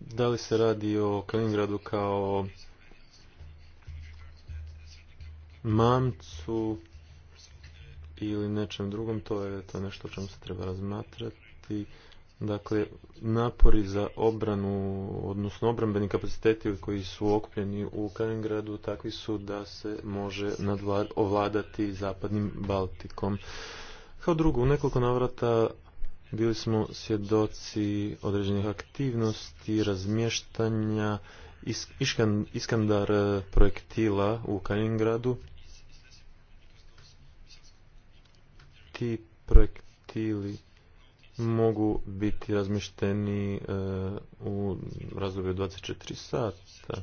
da li se radi o Kaliningradu kao mamcu ili nečem drugom, to je to nešto o čemu se treba razmatrati. Dakle, napori za obranu, odnosno obrambeni kapaciteti koji su okupljeni u Kaliningradu takvi su da se može ovladati zapadnim Baltikom. Kao drugo, u nekoliko navrata bili smo svjedoci određenih aktivnosti, razmještanja, iskandar e, projektila u Kaliningradu. Ti projektili mogu biti razmišteni e, u razdoblju 24 sata.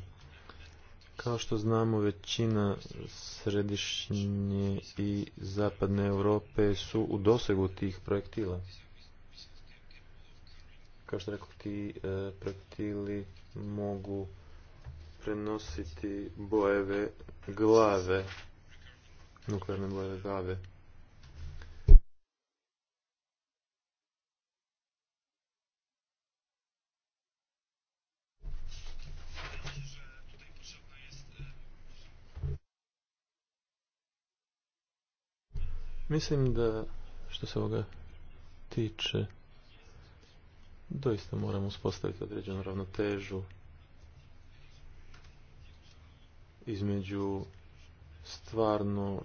Kao što znamo, većina središnje i zapadne Europe su u dosegu tih projektila. Kao što rekao, ti e, projektili mogu prenositi bojeve glave, nuklearne bojeve glave. Mislim da što se ovoga tiče doista moramo uspostaviti određenu ravnotežu između stvarno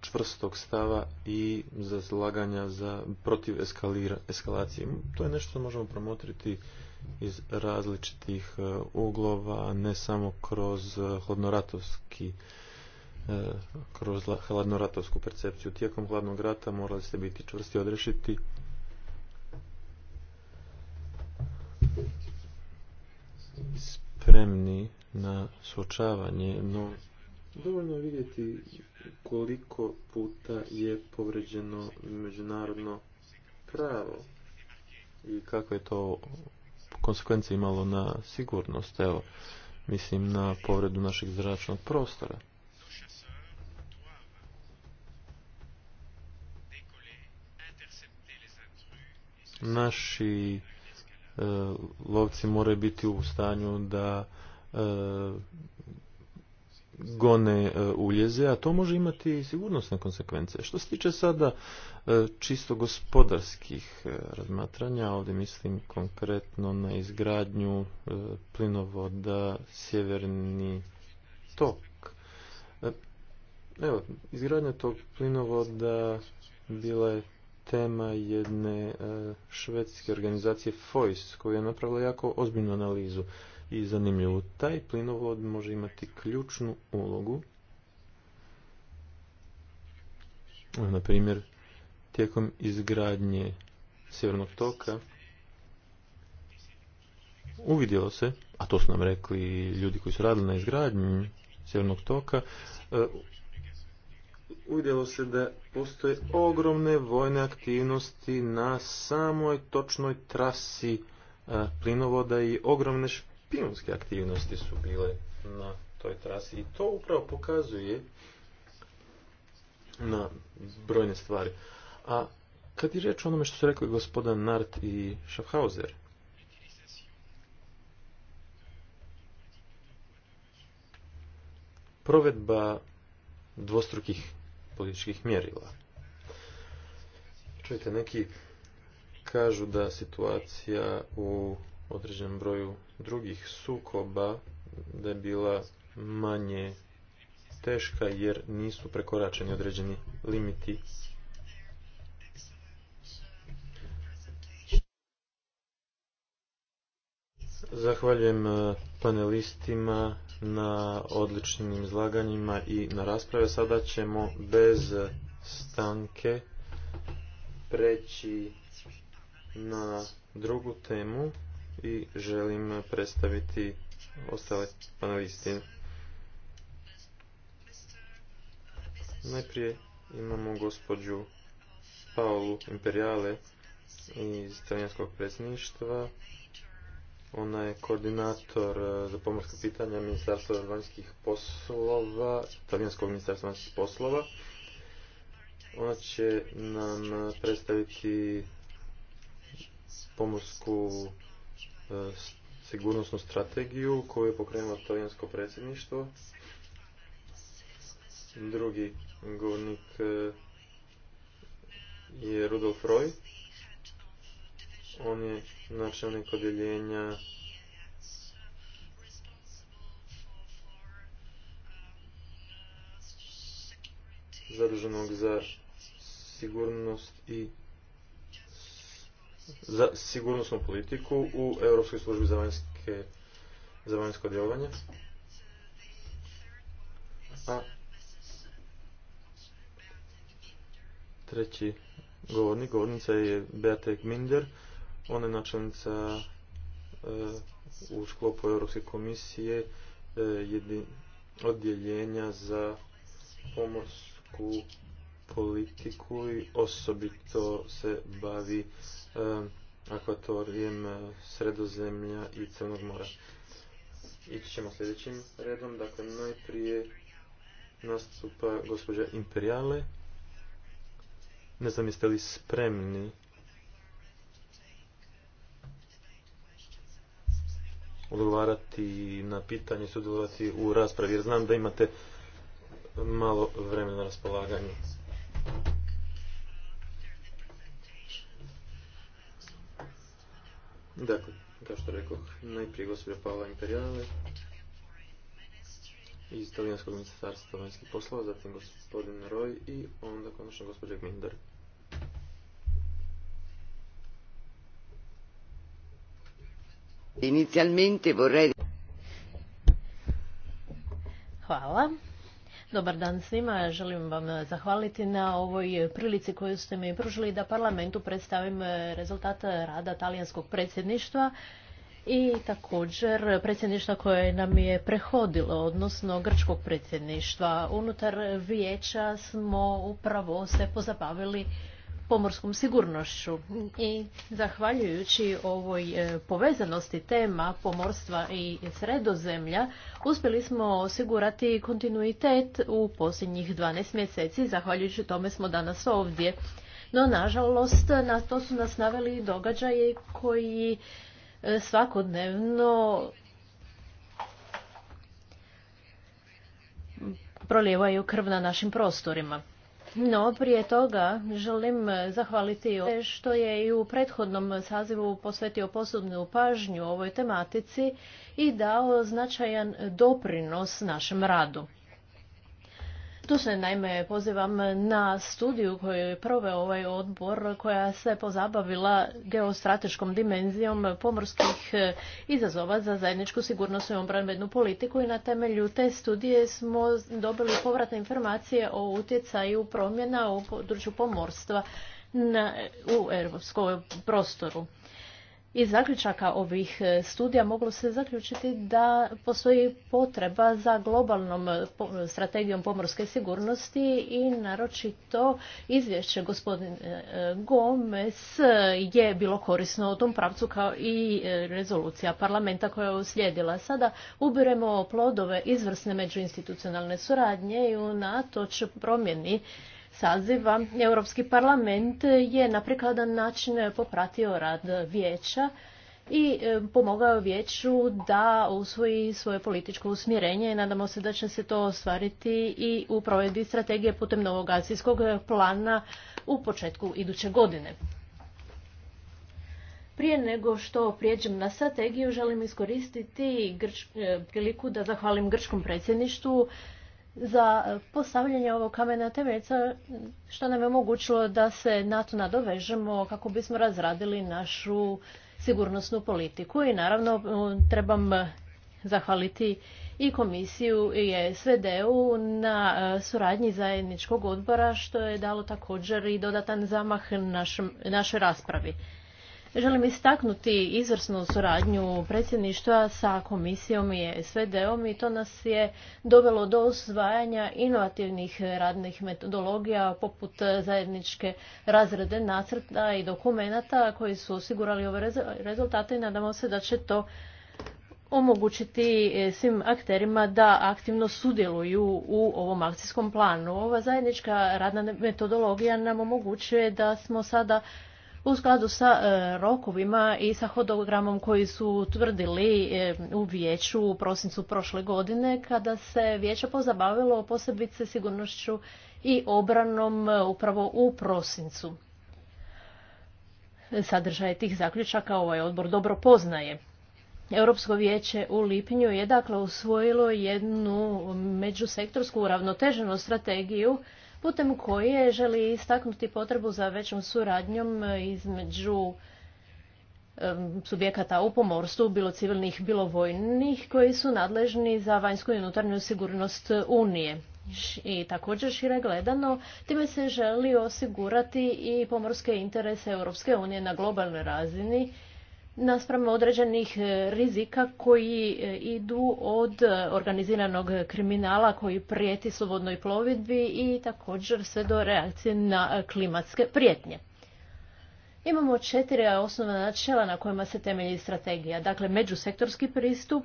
čvrstog stava i za zlaganja za protiv eskalacije. To je nešto što možemo promotriti iz različitih e, uglova, ne samo kroz e, hodnoratovski. E, kroz hladnoratovsku percepciju. Tijekom hladnog rata morali ste biti čvrsti odrešiti spremni na suočavanje, no dovoljno vidjeti koliko puta je povređeno međunarodno pravo i kako je to konsekvence imalo na sigurnost. Evo, mislim na povredu našeg zračnog prostora. naši e, lovci moraju biti u stanju da e, gone e, uljeze, a to može imati sigurnosne konsekvence. Što se tiče sada čisto gospodarskih razmatranja, ovdje mislim konkretno na izgradnju plinovoda Sjeverni tok. Evo, izgradnja tog plinovoda bila je tema jedne e, švedske organizacije FOIS koja je napravila jako ozbiljnu analizu i zanimljivu. Taj plinovod može imati ključnu ulogu. Na primjer, tijekom izgradnje sjevernog toka uvidjelo se, a to su nam rekli ljudi koji su radili na izgradnji sjevernog toka, e, uvidjelo se da postoje ogromne vojne aktivnosti na samoj točnoj trasi e, plinovoda i ogromne špijunske aktivnosti su bile na toj trasi i to upravo pokazuje na brojne stvari. A kad je reč o onome što su rekli gospoda Nart i Schaffhauser, provedba dvostrukih političkih mjerila. Čujte, neki kažu da situacija u određenom broju drugih sukoba da je bila manje teška jer nisu prekoračeni određeni limiti. Zahvaljujem eh, panelistima na odličnim izlaganjima i na rasprave. Sada ćemo bez stanke preći na drugu temu i želim predstaviti ostale panelisti. Najprije imamo gospođu Paolu Imperiale iz talijanskog predsjedništva ona je koordinator e, za pomorska pitanja Ministarstva vanjskih poslova, Italijanskog ministarstva vanjskih poslova. Ona će nam predstaviti pomorsku e, sigurnosnu strategiju koju je pokrenulo talijansko predsjedništvo. Drugi govornik e, je Rudolf Roy on je načelnik odjeljenja zaduženog za sigurnost i za sigurnosnu politiku u Europskoj službi za, vanjske, za vanjsko djelovanje. A treći govornik, govornica je Beate Minder, ona je načelnica e, u sklopu Europske komisije e, odjeljenja za pomorsku politiku i osobito se bavi e, akvatorijem Sredozemlja i Crnog mora. Ići ćemo sljedećim redom, dakle najprije nastupa gospođa Imperiale. Ne znam jeste li spremni odgovarati na pitanje, sudjelovati u raspravi, jer znam da imate malo vremena na raspolaganju. Dakle, kao što rekao, najprije gospođa Pavla Imperiale iz Italijanskog ministarstva vanjskih poslova, zatim gospodin Roy i onda konačno gospođa Gminder. Hvala. Dobar dan svima. Želim vam zahvaliti na ovoj prilici koju ste mi pružili da parlamentu predstavim rezultat rada talijanskog predsjedništva i također predsjedništva koje nam je prehodilo, odnosno grčkog predsjedništva. Unutar vijeća smo upravo se pozabavili pomorskom sigurnošću. I zahvaljujući ovoj e, povezanosti tema pomorstva i sredozemlja, uspjeli smo osigurati kontinuitet u posljednjih 12 mjeseci. Zahvaljujući tome smo danas ovdje. No, nažalost, na to su nas naveli događaje koji e, svakodnevno prolijevaju krv na našim prostorima. No, prije toga želim zahvaliti što je i u prethodnom sazivu posvetio posebnu pažnju ovoj tematici i dao značajan doprinos našem radu. Tu se naime pozivam na studiju koju je proveo ovaj odbor koja se pozabavila geostrateškom dimenzijom pomorskih e, izazova za zajedničku sigurnost i obrambenu politiku i na temelju te studije smo dobili povratne informacije o utjecaju promjena u području pomorstva u europskom prostoru iz zaključaka ovih e, studija moglo se zaključiti da postoji potreba za globalnom e, strategijom pomorske sigurnosti i naročito izvješće gospodin e, Gomez je bilo korisno u tom pravcu kao i rezolucija parlamenta koja je uslijedila. Sada ubiremo plodove izvrsne međuinstitucionalne suradnje i unatoč promjeni saziva Europski parlament je na prikladan način popratio rad vijeća i e, pomogao vijeću da usvoji svoje političko usmjerenje i nadamo se da će se to ostvariti i u provedbi strategije putem novog azijskog plana u početku iduće godine. Prije nego što prijeđem na strategiju, želim iskoristiti e, priliku da zahvalim grčkom predsjedništvu za postavljanje ovog kamena temeljica što nam je omogućilo da se NATO nadovežemo kako bismo razradili našu sigurnosnu politiku i naravno trebam zahvaliti i komisiju i SVD-u na e, suradnji zajedničkog odbora što je dalo također i dodatan zamah našoj raspravi. Želim istaknuti izvrsnu suradnju predsjedništva sa komisijom i SVD-om i to nas je dovelo do osvajanja inovativnih radnih metodologija poput zajedničke razrede nacrta i dokumenata koji su osigurali ove rezultate i nadamo se da će to omogućiti e, svim akterima da aktivno sudjeluju u ovom akcijskom planu. Ova zajednička radna metodologija nam omogućuje da smo sada u skladu sa e, rokovima i sa hodogramom koji su tvrdili e, u vijeću u prosincu prošle godine kada se vijeće pozabavilo posebice sigurnošću i obranom e, upravo u prosincu. Sadržaj tih zaključaka ovaj odbor dobro poznaje. Europsko vijeće u lipnju je dakle usvojilo jednu međusektorsku uravnoteženu strategiju putem koje želi istaknuti potrebu za većom suradnjom između subjekata u pomorstvu, bilo civilnih, bilo vojnih, koji su nadležni za vanjsku i unutarnju sigurnost Unije. I također šire gledano, time se želi osigurati i pomorske interese Europske unije na globalnoj razini naspram određenih e, rizika koji e, idu od e, organiziranog kriminala koji prijeti slobodnoj plovidbi i također sve do reakcije na klimatske prijetnje. Imamo četiri osnovna načela na kojima se temelji strategija. Dakle, međusektorski pristup,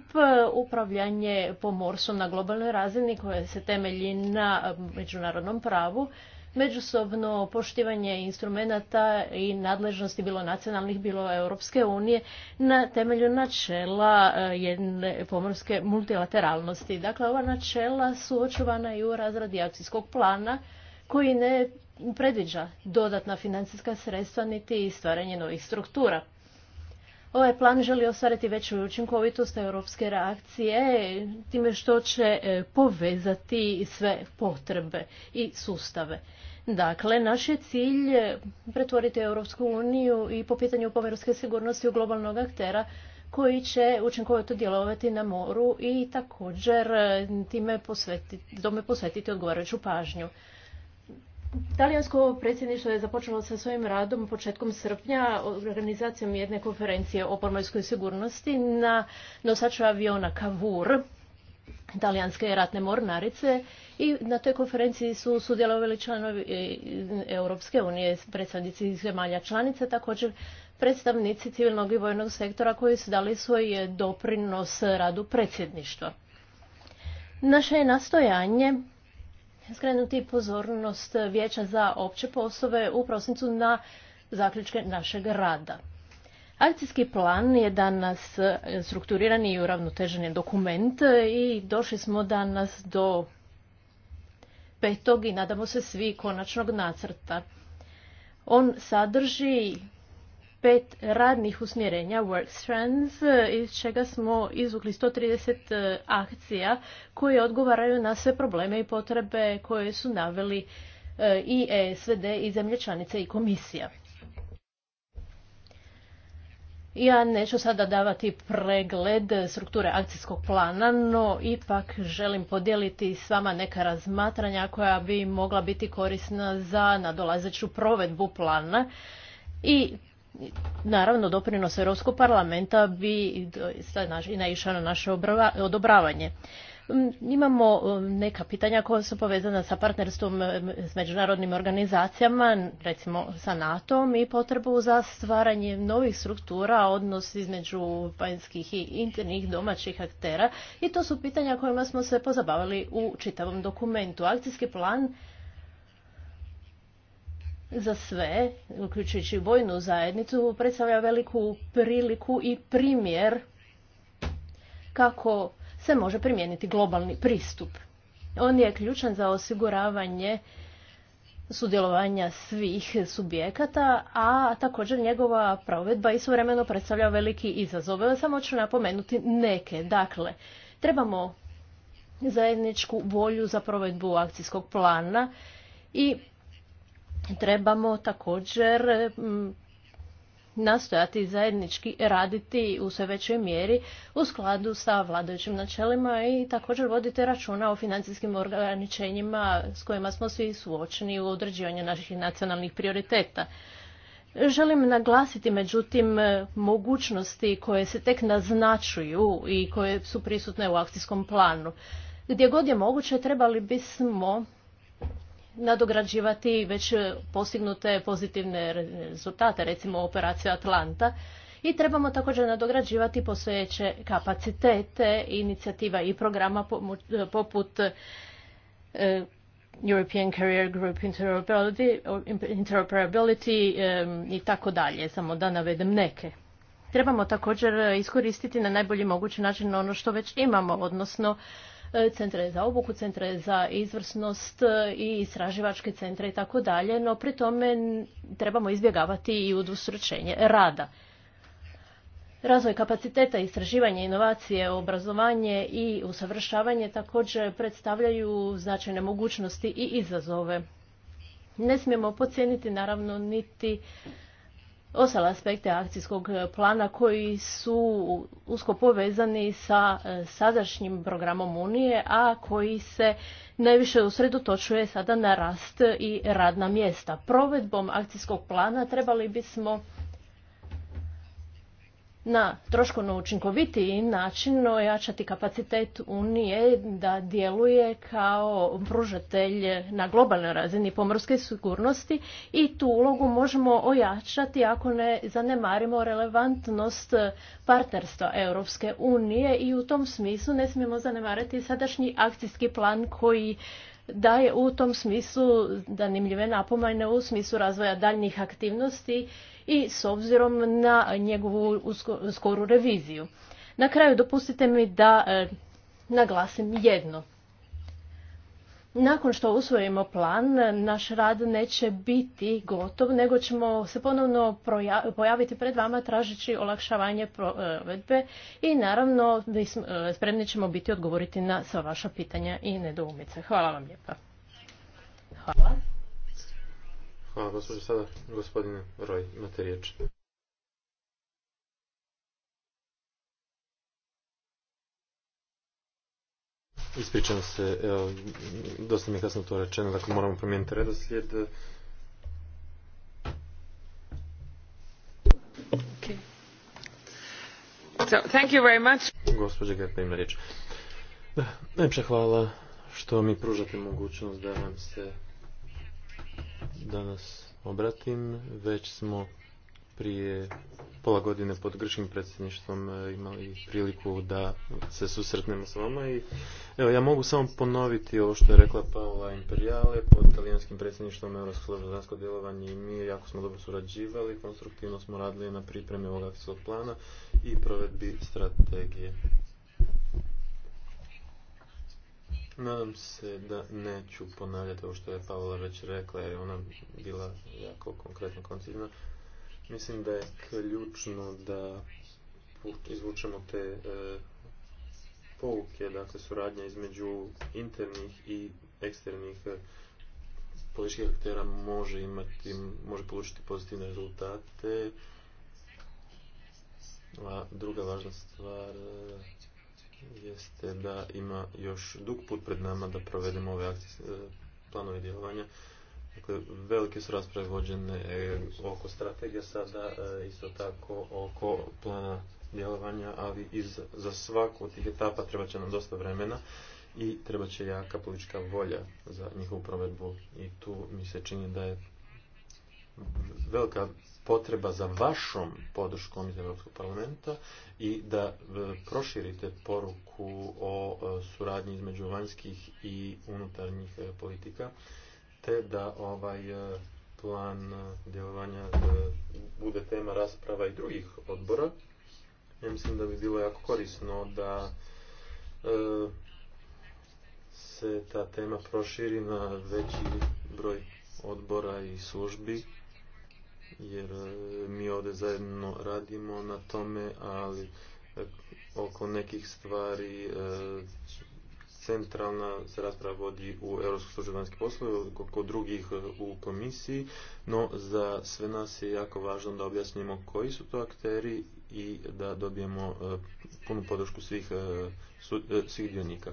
upravljanje pomorstvom na globalnoj razini koje se temelji na međunarodnom pravu, međusobno poštivanje instrumenata i nadležnosti bilo nacionalnih, bilo Europske unije na temelju načela e, jedne pomorske multilateralnosti. Dakle, ova načela su očuvana i u razradi akcijskog plana koji ne predviđa dodatna financijska sredstva niti stvaranje novih struktura. Ovaj plan želi ostvariti veću učinkovitost europske reakcije time što će e, povezati sve potrebe i sustave. Dakle, naš je cilj e, pretvoriti Europsku uniju i po pitanju pomorske sigurnosti u globalnog aktera koji će učinkovito djelovati na moru i također e, time posvetiti, posvetiti odgovarajuću pažnju. Talijansko predsjedništvo je započelo sa svojim radom početkom srpnja organizacijom jedne konferencije o pomorskoj sigurnosti na nosaču aviona Cavour italijanske ratne mornarice i na toj konferenciji su sudjelovali članovi e, Europske unije, predstavnici zemalja članica, također predstavnici civilnog i vojnog sektora koji su dali svoj doprinos radu predsjedništva. Naše je nastojanje skrenuti pozornost Vijeća za opće poslove u prosincu na zaključke našeg rada. Akcijski plan je danas strukturirani i uravnoteženi dokument i došli smo danas do petog i nadamo se svi konačnog nacrta. On sadrži pet radnih usmjerenja Work Trends iz čega smo izvukli 130 e, akcija koje odgovaraju na sve probleme i potrebe koje su naveli e, i e SVD i zemlje i komisija. Ja neću sada davati pregled strukture akcijskog plana, no ipak želim podijeliti s vama neka razmatranja koja bi mogla biti korisna za nadolazeću provedbu plana i naravno doprinos Europskog parlamenta bi naišao na naše odobravanje. Mm, imamo mm, neka pitanja koja su povezana sa partnerstvom mm, s međunarodnim organizacijama, recimo sa NATO-om i potrebu za stvaranje novih struktura, odnos između vanjskih i internih domaćih aktera i to su pitanja kojima smo se pozabavili u čitavom dokumentu. Akcijski plan za sve, uključujući vojnu zajednicu, predstavlja veliku priliku i primjer kako se može primijeniti globalni pristup. On je ključan za osiguravanje sudjelovanja svih subjekata, a također njegova provedba istovremeno predstavlja veliki izazov. Samo ću napomenuti neke. Dakle, trebamo zajedničku volju za provedbu akcijskog plana i trebamo također mm, nastojati zajednički raditi u sve većoj mjeri u skladu sa vladajućim načelima i također voditi računa o financijskim ograničenjima s kojima smo svi suočeni u određivanju naših nacionalnih prioriteta. Želim naglasiti međutim mogućnosti koje se tek naznačuju i koje su prisutne u akcijskom planu. Gdje god je moguće trebali bismo nadograđivati već postignute pozitivne rezultate, recimo operaciju Atlanta. I trebamo također nadograđivati postojeće kapacitete, inicijativa i programa poput e, European Career Group Interoperability e, i tako dalje, samo da navedem neke. Trebamo također iskoristiti na najbolji mogući način ono što već imamo, odnosno E, centre za obuku, centre za izvrsnost e, i istraživačke centre i tako dalje, no pri tome trebamo izbjegavati i udvostručenje rada. Razvoj kapaciteta, istraživanje, inovacije, obrazovanje i usavršavanje također predstavljaju značajne mogućnosti i izazove. Ne smijemo pocijeniti naravno niti ostale aspekte akcijskog plana koji su usko povezani sa e, sadašnjim programom Unije, a koji se najviše usredotočuje sada na rast i radna mjesta. Provedbom akcijskog plana trebali bismo na troškovno učinkovitiji način ojačati kapacitet Unije da djeluje kao pružatelj na globalnoj razini pomorske sigurnosti i tu ulogu možemo ojačati ako ne zanemarimo relevantnost partnerstva Europske unije i u tom smislu ne smijemo zanemariti sadašnji akcijski plan koji daje u tom smislu zanimljive napomene u smislu razvoja daljnjih aktivnosti i s obzirom na njegovu skoru reviziju. Na kraju dopustite mi da e, naglasim jedno. Nakon što usvojimo plan, naš rad neće biti gotov, nego ćemo se ponovno pojaviti pred vama tražeći olakšavanje provedbe i naravno e, spremni ćemo biti odgovoriti na sva vaša pitanja i nedoumice. Hvala vam lijepa. Hvala. Hvala gospodine Roj, imate Ispričavam se, evo, dosta mi je kasno to rečeno, dakle moramo promijeniti redoslijed. Okay. So, thank you very much. Gospođe ima riječ. hvala što mi pružate mogućnost da vam se danas obratim. Već smo prije pola godine pod grčkim predsjedništvom e, imali priliku da se susretnemo s vama i evo ja mogu samo ponoviti ovo što je rekla Paola Imperiale pod talijanskim predsjedništvom europskog slovensko djelovanje i mi jako smo dobro surađivali, konstruktivno smo radili na pripremi ovog akcijskog plana i provedbi strategije. Nadam se da neću ponavljati ovo što je Paola već rekla jer je ona bila jako konkretno koncizna. Mislim da je ključno da izvučemo te e, pouke, dakle suradnja između internih i eksternih e, političkih aktera može imati, može polučiti pozitivne rezultate. A druga važna stvar e, jeste da ima još dug put pred nama da provedemo ove akcije, e, planove djelovanja. Dakle, velike su rasprave vođene e, oko strategija sada, e, isto tako oko plana djelovanja, ali za svaku od tih etapa treba će nam dosta vremena i treba će jaka politička volja za njihovu provedbu i tu mi se čini da je velika potreba za vašom podrškom iz Europskog parlamenta i da e, proširite poruku o suradnji između vanjskih i unutarnjih politika da ovaj e, plan djelovanja e, bude tema rasprava i drugih odbora. Ja mislim da bi bilo jako korisno da e, se ta tema proširi na veći broj odbora i službi jer mi ovdje zajedno radimo na tome, ali oko nekih stvari centralna se rasprava vodi u Europskoj službi vanjskih poslova, kod drugih e, u komisiji, no za sve nas je jako važno da objasnimo koji su to akteri i da dobijemo e, punu podršku svih, e, svih dionika.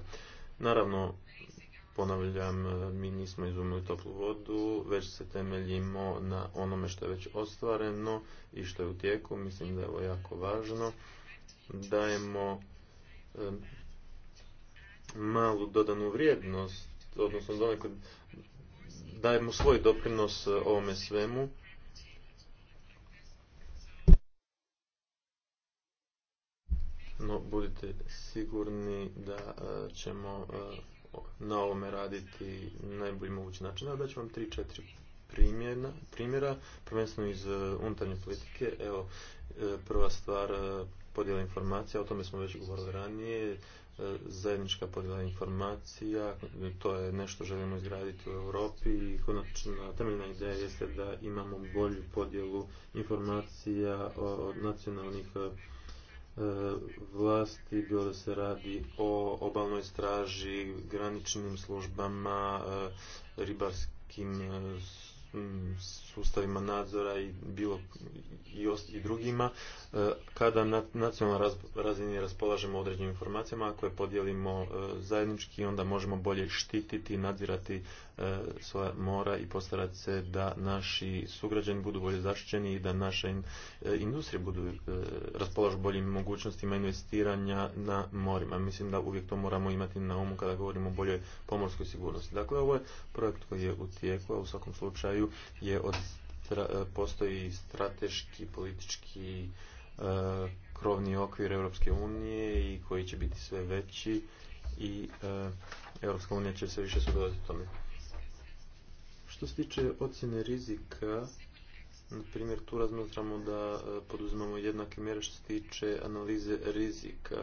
Naravno, ponavljam, mi nismo izumili toplu vodu, već se temeljimo na onome što je već ostvareno i što je u tijeku. Mislim da je ovo jako važno. Dajemo malu dodanu vrijednost, odnosno donekle dajemo svoj doprinos e, ovome svemu. No, budite sigurni da e, ćemo e, na ovome raditi najbolji mogući način. Evo ću vam 3-4 primjera, primjera, prvenstveno iz unutarnje politike. Evo, prva stvar, podjela informacija, o tome smo već govorili ranije, E, zajednička podjela informacija, to je nešto želimo izgraditi u Europi i konačna temeljna ideja jeste da imamo bolju podjelu informacija od nacionalnih e, e, vlasti, bilo da se radi o obalnoj straži, graničnim službama, ribarskim Mm, sustavima nadzora i, bilo, i, i drugima, e, kada na nacionalnoj razini raspolažemo određenim informacijama, ako je podijelimo e, zajednički, onda možemo bolje štititi i nadzirati E, svoja mora i postarati se da naši sugrađani budu bolje zaštićeni i da naše industrije budu e, raspolažu boljim mogućnostima investiranja na morima. Mislim da uvijek to moramo imati na umu kada govorimo o boljoj pomorskoj sigurnosti. Dakle, ovo je projekt koji je u tijeku, a u svakom slučaju je od e, postoji strateški, politički krovni okvir Europske unije i koji će biti sve veći i Europska unija će se više sudjelovati tome. Što se tiče ocjene rizika, na primjer tu razmatramo da e, poduzmemo jednake mjere što se tiče analize rizika.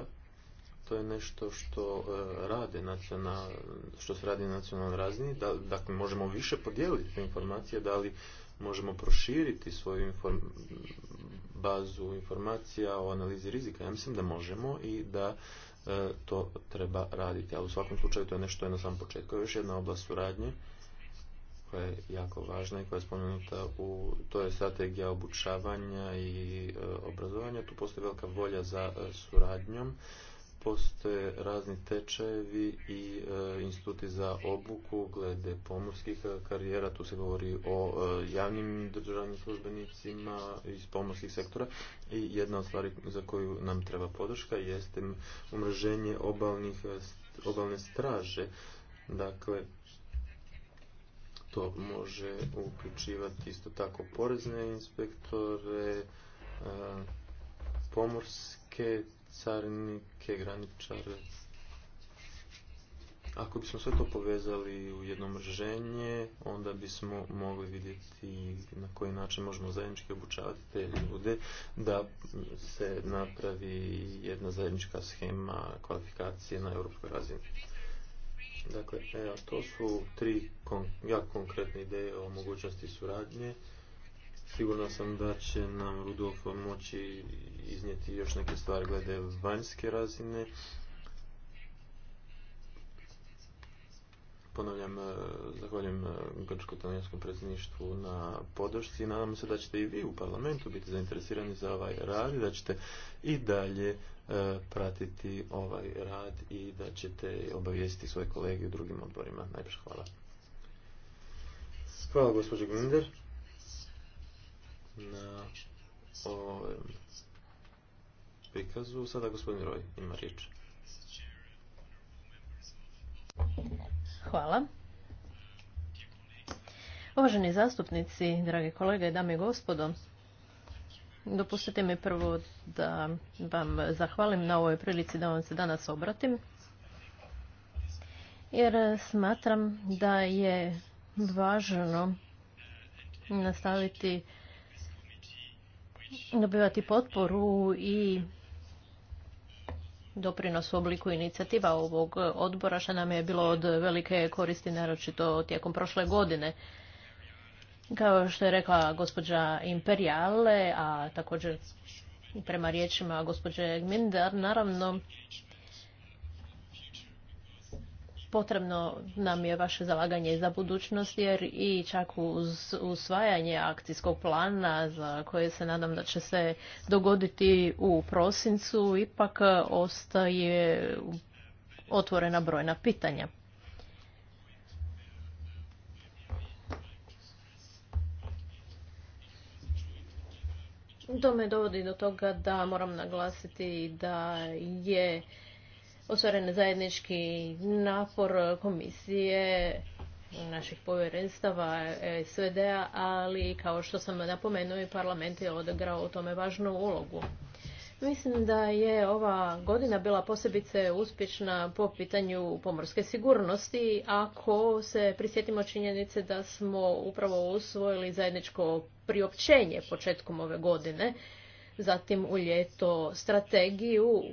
To je nešto što e, rade što se radi na nacionalnoj razini. dakle, možemo više podijeliti te informacije, da li možemo proširiti svoju bazu informacija o analizi rizika. Ja mislim da možemo i da e, to treba raditi. Ali u svakom slučaju to je nešto na samom početku. Još jedna oblast suradnje koja je jako važna i koja je spomenuta u to je strategija obučavanja i e, obrazovanja. Tu postoji velika volja za e, suradnjom. Postoje razni tečajevi i e, instituti za obuku glede pomorskih karijera. Tu se govori o javnim državnim službenicima iz pomorskih sektora. I jedna od stvari za koju nam treba podrška jeste umreženje obalnih, obalne straže. Dakle, to može uključivati isto tako porezne inspektore, e, pomorske carinike, graničare. Ako bismo sve to povezali u jedno mrženje, onda bismo mogli vidjeti na koji način možemo zajednički obučavati te ljude da se napravi jedna zajednička schema kvalifikacije na europskoj razini. Dakle, evo, to su tri kon jako konkretne ideje o mogućnosti suradnje. Sigurno sam da će nam Rudolf moći iznijeti još neke stvari glede vanjske razine. Ponavljam, e, zahvaljujem e, grčko-talijanskom predsjedništvu na podršci. Nadam se da ćete i vi u parlamentu biti zainteresirani za ovaj rad i da ćete i dalje E, pratiti ovaj rad i da ćete obavijestiti svoje kolege u drugim odborima. Najprej hvala. Hvala gospođe Grinder na ovom prikazu. Sada gospodin Roj ima riječ. Hvala. Uvaženi zastupnici, drage kolege, dame i gospodo, Dopustite mi prvo da vam zahvalim na ovoj prilici da vam se danas obratim. Jer smatram da je važno nastaviti dobivati potporu i doprinos u obliku inicijativa ovog odbora, što nam je bilo od velike koristi, naročito tijekom prošle godine. Kao što je rekla gospođa Imperiale, a također prema riječima gospođe Gminder, naravno potrebno nam je vaše zalaganje za budućnost jer i čak uz usvajanje akcijskog plana za koje se nadam da će se dogoditi u prosincu ipak ostaje otvorena brojna pitanja. To me dovodi do toga da moram naglasiti da je ostvaren zajednički napor komisije naših povjerenstava SVD-a, ali kao što sam napomenuo i parlament je odigrao u tome važnu ulogu. Mislim da je ova godina bila posebice uspješna po pitanju pomorske sigurnosti ako se prisjetimo činjenice da smo upravo usvojili zajedničko priopćenje početkom ove godine, zatim u ljeto strategiju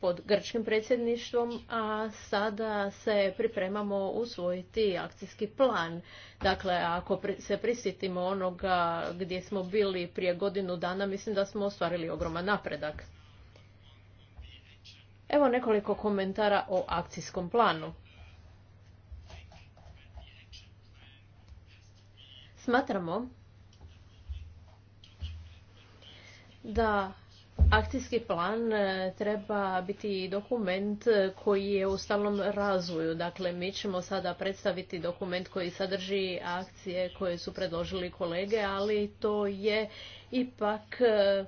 pod grčkim predsjedništvom, a sada se pripremamo usvojiti akcijski plan. Dakle, ako se prisjetimo onoga gdje smo bili prije godinu dana, mislim da smo ostvarili ogroman napredak. Evo nekoliko komentara o akcijskom planu. Smatramo da Akcijski plan e, treba biti dokument e, koji je u stalnom razvoju. Dakle, mi ćemo sada predstaviti dokument koji sadrži akcije koje su predložili kolege, ali to je ipak e,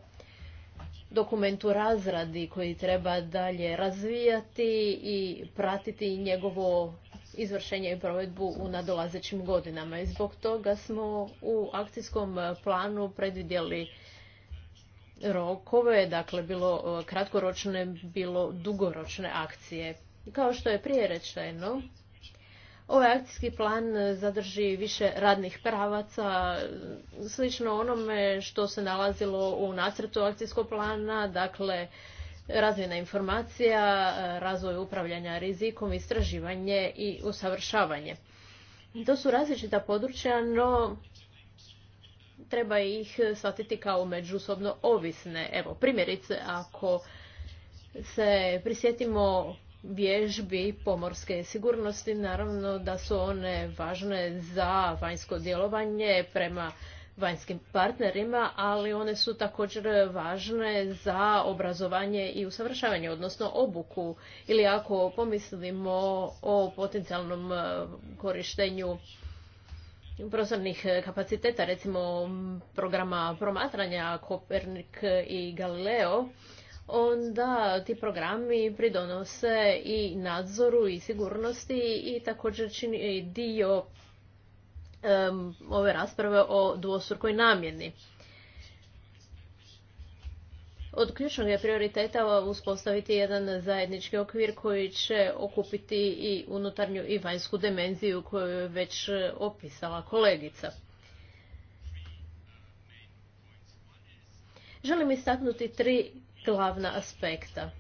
dokument u razradi koji treba dalje razvijati i pratiti njegovo izvršenje i provedbu u nadolazećim godinama. I zbog toga smo u akcijskom planu predvidjeli rokove, dakle bilo e, kratkoročne, bilo dugoročne akcije. Kao što je prije rečeno, ovaj akcijski plan zadrži više radnih pravaca, slično onome što se nalazilo u nacrtu akcijskog plana, dakle razvijena informacija, razvoj upravljanja rizikom, istraživanje i usavršavanje. To su različita područja, no treba ih e, shvatiti kao međusobno ovisne. Evo, primjerice, ako se prisjetimo vježbi pomorske sigurnosti, naravno da su one važne za vanjsko djelovanje prema vanjskim partnerima, ali one su također važne za obrazovanje i usavršavanje, odnosno obuku. Ili ako pomislimo o potencijalnom e, korištenju prostornih e, kapaciteta, recimo programa promatranja Kopernik i Galileo, onda ti programi pridonose i nadzoru i sigurnosti i također čini e, dio ove rasprave o dvostrukoj namjeni. Od ključnog je prioriteta uspostaviti jedan zajednički okvir koji će okupiti i unutarnju i vanjsku demenziju koju je već opisala kolegica. Želim istaknuti tri glavna aspekta.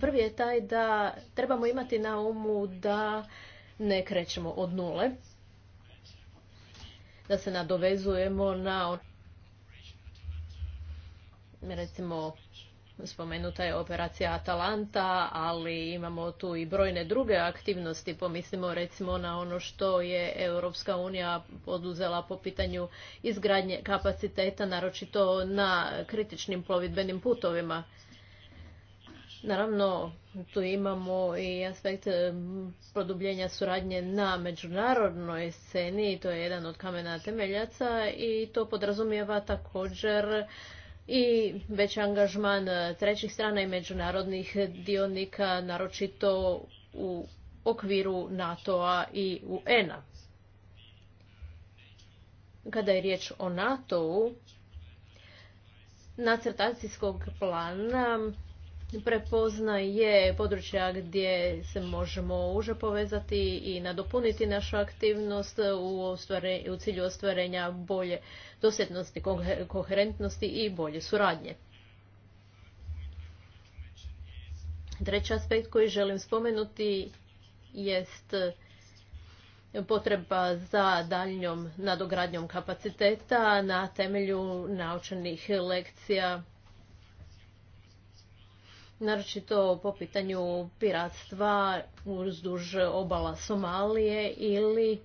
Prvi je taj da trebamo imati na umu da ne krećemo od nule, da se nadovezujemo na ono recimo spomenuta je operacija Atalanta, ali imamo tu i brojne druge aktivnosti. Pomislimo recimo na ono što je Europska unija poduzela po pitanju izgradnje kapaciteta, naročito na kritičnim plovidbenim putovima. Naravno, tu imamo i aspekt produbljenja suradnje na međunarodnoj sceni, to je jedan od kamena temeljaca i to podrazumijeva također i veći angažman e, trećih strana i međunarodnih dionika, naročito u okviru NATO-a i UN-a. Kada je riječ o NATO-u, nacrt plana prepoznaje područja gdje se možemo uže povezati i nadopuniti našu aktivnost u, u cilju ostvarenja bolje dosjetnosti, koherentnosti i bolje suradnje. Treći aspekt koji želim spomenuti jest potreba za daljnjom nadogradnjom kapaciteta na temelju naučenih lekcija naročito po pitanju piratstva uzduž obala Somalije ili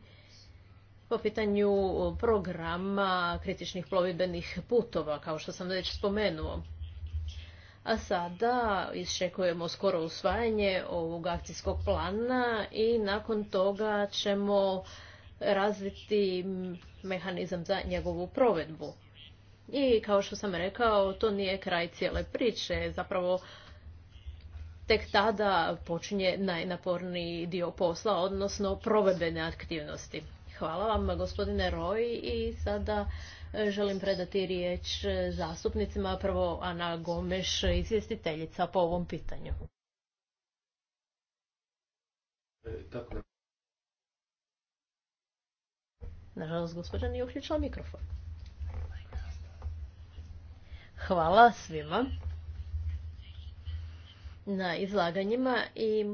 po pitanju programa kritičnih plovidbenih putova, kao što sam već spomenuo. A sada iščekujemo skoro usvajanje ovog akcijskog plana i nakon toga ćemo razviti mehanizam za njegovu provedbu. I kao što sam rekao, to nije kraj cijele priče. Zapravo tek tada počinje najnaporniji dio posla, odnosno provedbene aktivnosti. Hvala vam gospodine Roy i sada e, želim predati riječ zastupnicima. Prvo Ana Gomeš, izvjestiteljica po ovom pitanju. Nažalost, gospođa nije uključila mikrofon. Hvala svima na izlaganjima i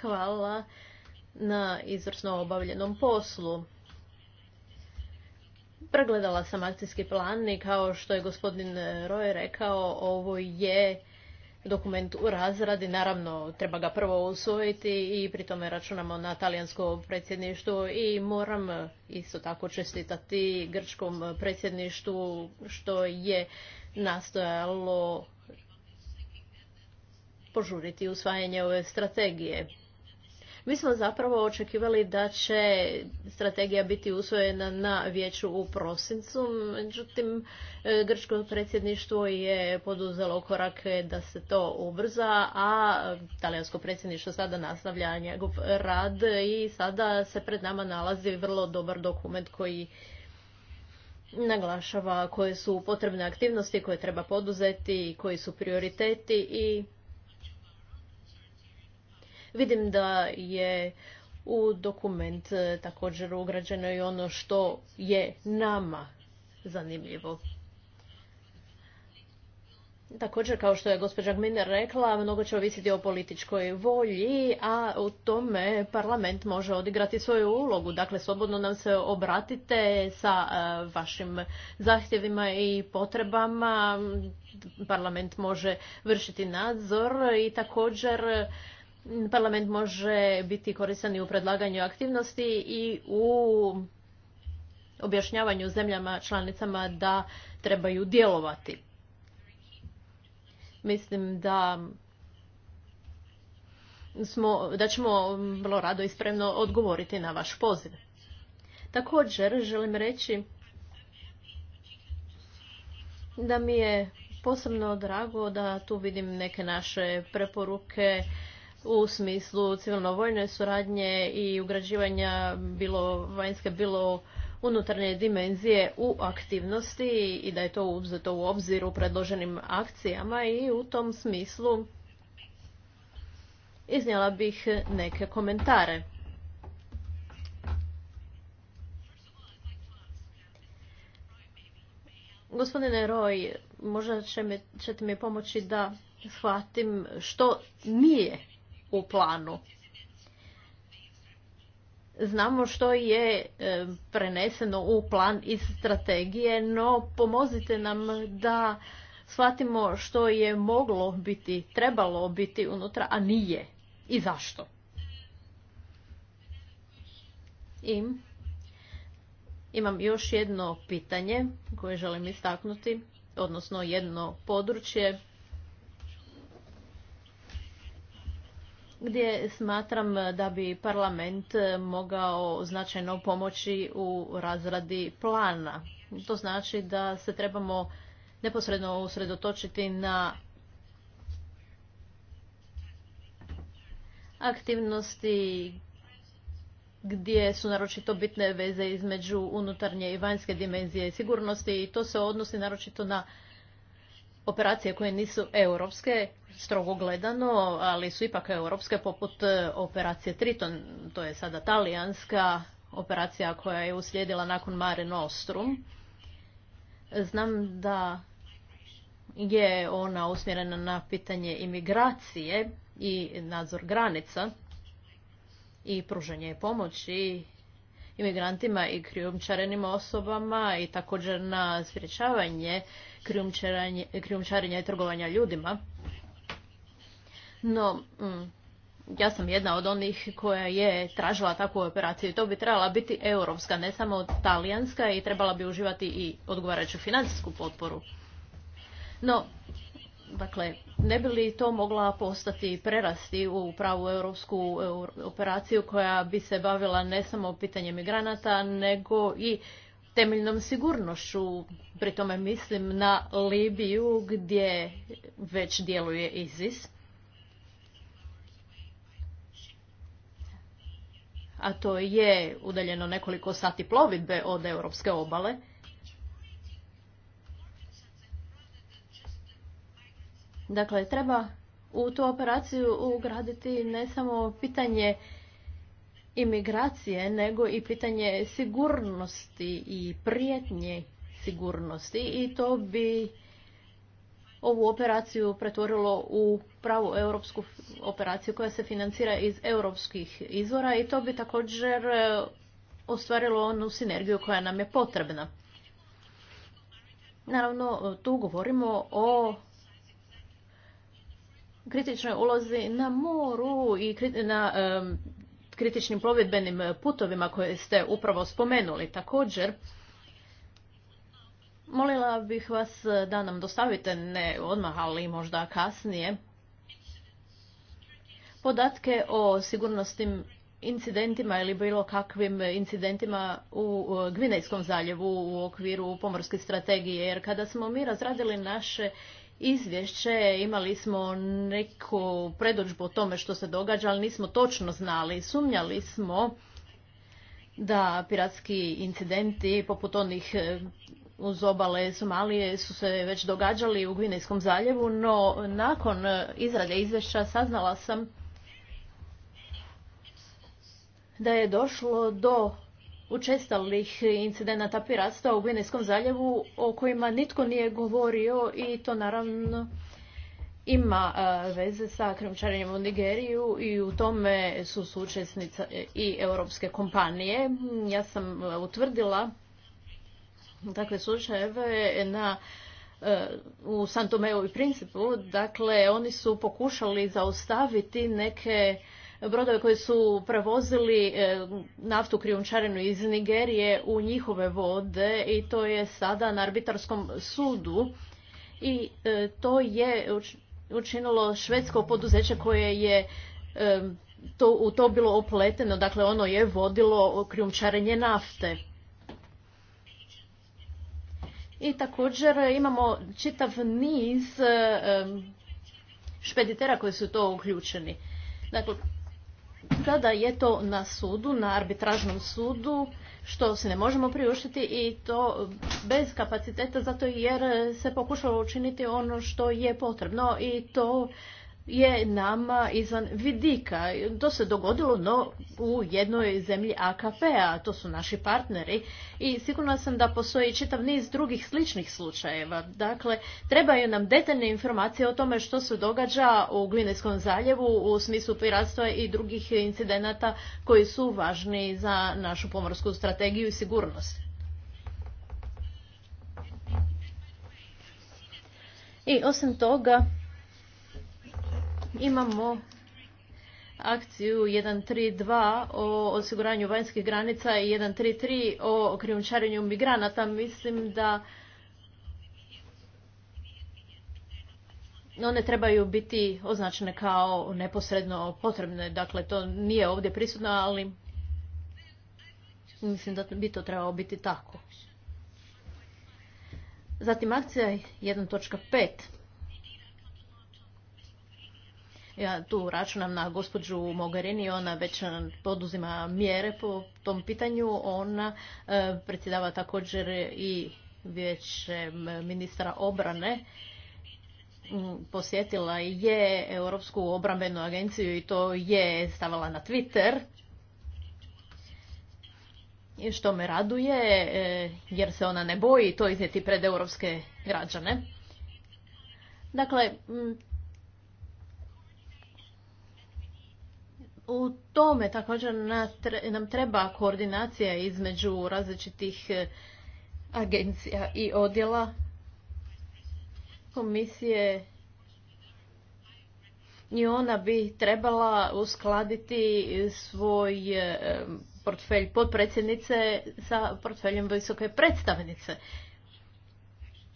hvala na izvrsno obavljenom poslu. Pregledala sam akcijski plan i kao što je gospodin Roy rekao, ovo je dokument u razradi. Naravno, treba ga prvo usvojiti i pri tome računamo na talijansko predsjedništvo i moram isto tako čestitati grčkom predsjedništvu što je nastojalo požuriti usvajanje ove strategije. Mi smo zapravo očekivali da će strategija biti usvojena na vijeću u prosincu, međutim e, grčko predsjedništvo je poduzelo korake da se to ubrza, a talijansko predsjedništvo sada nastavlja njegov rad i sada se pred nama nalazi vrlo dobar dokument koji naglašava koje su potrebne aktivnosti koje treba poduzeti, i koji su prioriteti i Vidim da je u dokument e, također ugrađeno i ono što je nama zanimljivo. Također, kao što je gospođa Gminer rekla, mnogo će ovisiti o političkoj volji, a u tome parlament može odigrati svoju ulogu. Dakle, slobodno nam se obratite sa e, vašim zahtjevima i potrebama. Parlament može vršiti nadzor i također parlament može biti koristan i u predlaganju aktivnosti i u objašnjavanju zemljama članicama da trebaju djelovati. Mislim da smo, da ćemo vrlo rado i spremno odgovoriti na vaš poziv. Također želim reći da mi je posebno drago da tu vidim neke naše preporuke u smislu civilno-vojne suradnje i ugrađivanja bilo vanjske, bilo unutarnje dimenzije u aktivnosti i da je to uzeto u obzir u predloženim akcijama i u tom smislu iznijela bih neke komentare. Gospodine Roy, možda ćete mi pomoći da shvatim što nije u planu. Znamo što je e, preneseno u plan iz strategije, no pomozite nam da shvatimo što je moglo biti, trebalo biti unutra, a nije. I zašto? I imam još jedno pitanje koje želim istaknuti, odnosno jedno područje gdje smatram da bi parlament eh, mogao značajno pomoći u razradi plana. To znači da se trebamo neposredno usredotočiti na aktivnosti gdje su naročito bitne veze između unutarnje i vanjske dimenzije i sigurnosti i to se odnosi naročito na operacije koje nisu europske, strogo gledano, ali su ipak europske, poput e, operacije Triton, to je sada talijanska operacija koja je uslijedila nakon Mare Nostrum. Znam da je ona usmjerena na pitanje imigracije i nadzor granica i pružanje pomoći imigrantima i krijumčarenim osobama i također na sprječavanje krijumčarenja i trgovanja ljudima. No, mm, ja sam jedna od onih koja je tražila takvu operaciju to bi trebala biti europska, ne samo talijanska i trebala bi uživati i odgovarajuću financijsku potporu. No, dakle, ne bi li to mogla postati prerasti u pravu europsku operaciju koja bi se bavila ne samo pitanjem migranata, nego i temeljnom sigurnošću. Pri tome mislim na Libiju gdje već djeluje ISIS. A to je udaljeno nekoliko sati plovidbe od europske obale. Dakle, treba u tu operaciju ugraditi ne samo pitanje imigracije, nego i pitanje sigurnosti i prijetnje sigurnosti i to bi ovu operaciju pretvorilo u pravu europsku operaciju koja se financira iz europskih izvora i to bi također e, ostvarilo onu sinergiju koja nam je potrebna. Naravno, tu govorimo o kritičnoj ulozi na moru i na kritičnim plovidbenim e, putovima koje ste upravo spomenuli. Također, molila bih vas e, da nam dostavite, ne odmah, ali možda kasnije, podatke o sigurnosnim incidentima ili bilo kakvim incidentima u e, Gvinejskom zaljevu u okviru pomorske strategije. Jer kada smo mi razradili naše izvješće, imali smo neku predođbu o tome što se događa, ali nismo točno znali. Sumnjali smo da piratski incidenti poput onih e, uz obale Somalije su se već događali u Gvinejskom zaljevu, no nakon izrade izvješća saznala sam da je došlo do učestalih incidenata piratstva u Gvinejskom zaljevu o kojima nitko nije govorio i to naravno ima e, veze sa krimčarenjem u Nigeriju i u tome su sučesnice i europske kompanije. Ja sam e, utvrdila takve slučajeve na e, u Santomeu i Principu, dakle oni su pokušali zaustaviti neke brodove koji su prevozili e, naftu krijumčarenu iz Nigerije u njihove vode i to je sada na arbitarskom sudu i e, to je učinilo švedsko poduzeće koje je e, to, u to bilo opleteno, dakle ono je vodilo krijumčarenje nafte. I također imamo čitav niz špeditera koji su to uključeni. Dakle, Sada je to na sudu, na arbitražnom sudu, što se ne možemo priuštiti i to bez kapaciteta zato jer se pokušalo učiniti ono što je potrebno i to je nama izvan vidika. To se dogodilo no, u jednoj zemlji AKP-a, to su naši partneri i sigurno sam da postoji čitav niz drugih sličnih slučajeva. Dakle, trebaju nam detaljne informacije o tome što se događa u Gvinejskom zaljevu u smislu piratstva i drugih incidenata koji su važni za našu pomorsku strategiju i sigurnost. I osim toga, imamo akciju 132 o osiguranju vanjskih granica i 133 o krijumčarenju migranata. Mislim da one trebaju biti označene kao neposredno potrebne. Dakle, to nije ovdje prisutno, ali mislim da bi to trebalo biti tako. Zatim akcija 1.5. Ja tu računam na gospođu Mogherini, ona već eh, poduzima mjere po tom pitanju. Ona eh, predsjedava također i već ministra obrane mm, posjetila je Europsku obrambenu agenciju i to je stavila na Twitter. I što me raduje, eh, jer se ona ne boji to iznijeti pred europske građane. Dakle, mm, u tome također nam treba koordinacija između različitih e, agencija i odjela komisije i ona bi trebala uskladiti svoj e, portfelj potpredsjednice sa portfeljem visoke predstavnice.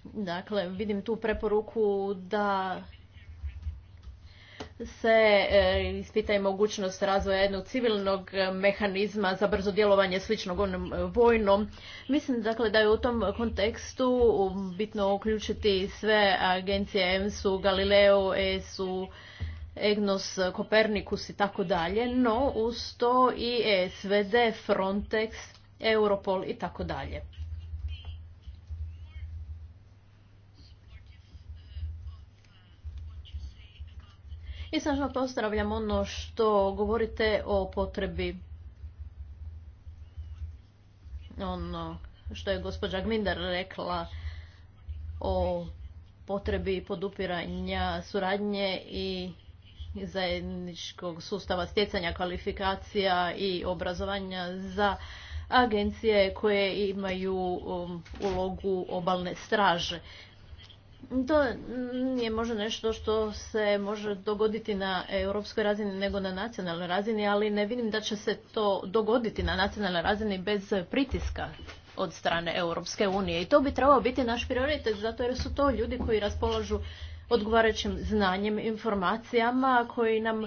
Dakle, vidim tu preporuku da se e, ispita i mogućnost razvoja jednog civilnog e, mehanizma za brzo djelovanje sličnog onom e, vojnom. Mislim dakle da je u tom kontekstu bitno uključiti sve agencije EMSU, Galileo, ESU, EGNOS, Kopernikus i tako dalje, no uz to i SVD, Frontex, Europol i tako dalje. I snažno pozdravljam ono što govorite o potrebi ono što je gospođa Gmindar rekla o potrebi podupiranja suradnje i zajedničkog sustava stjecanja kvalifikacija i obrazovanja za agencije koje imaju um, ulogu obalne straže. To nije možda nešto što se može dogoditi na europskoj razini nego na nacionalnoj razini, ali ne vidim da će se to dogoditi na nacionalnoj razini bez pritiska od strane Europske unije. I to bi trebao biti naš prioritet, zato jer su to ljudi koji raspolažu odgovarajućim znanjem, informacijama koji nam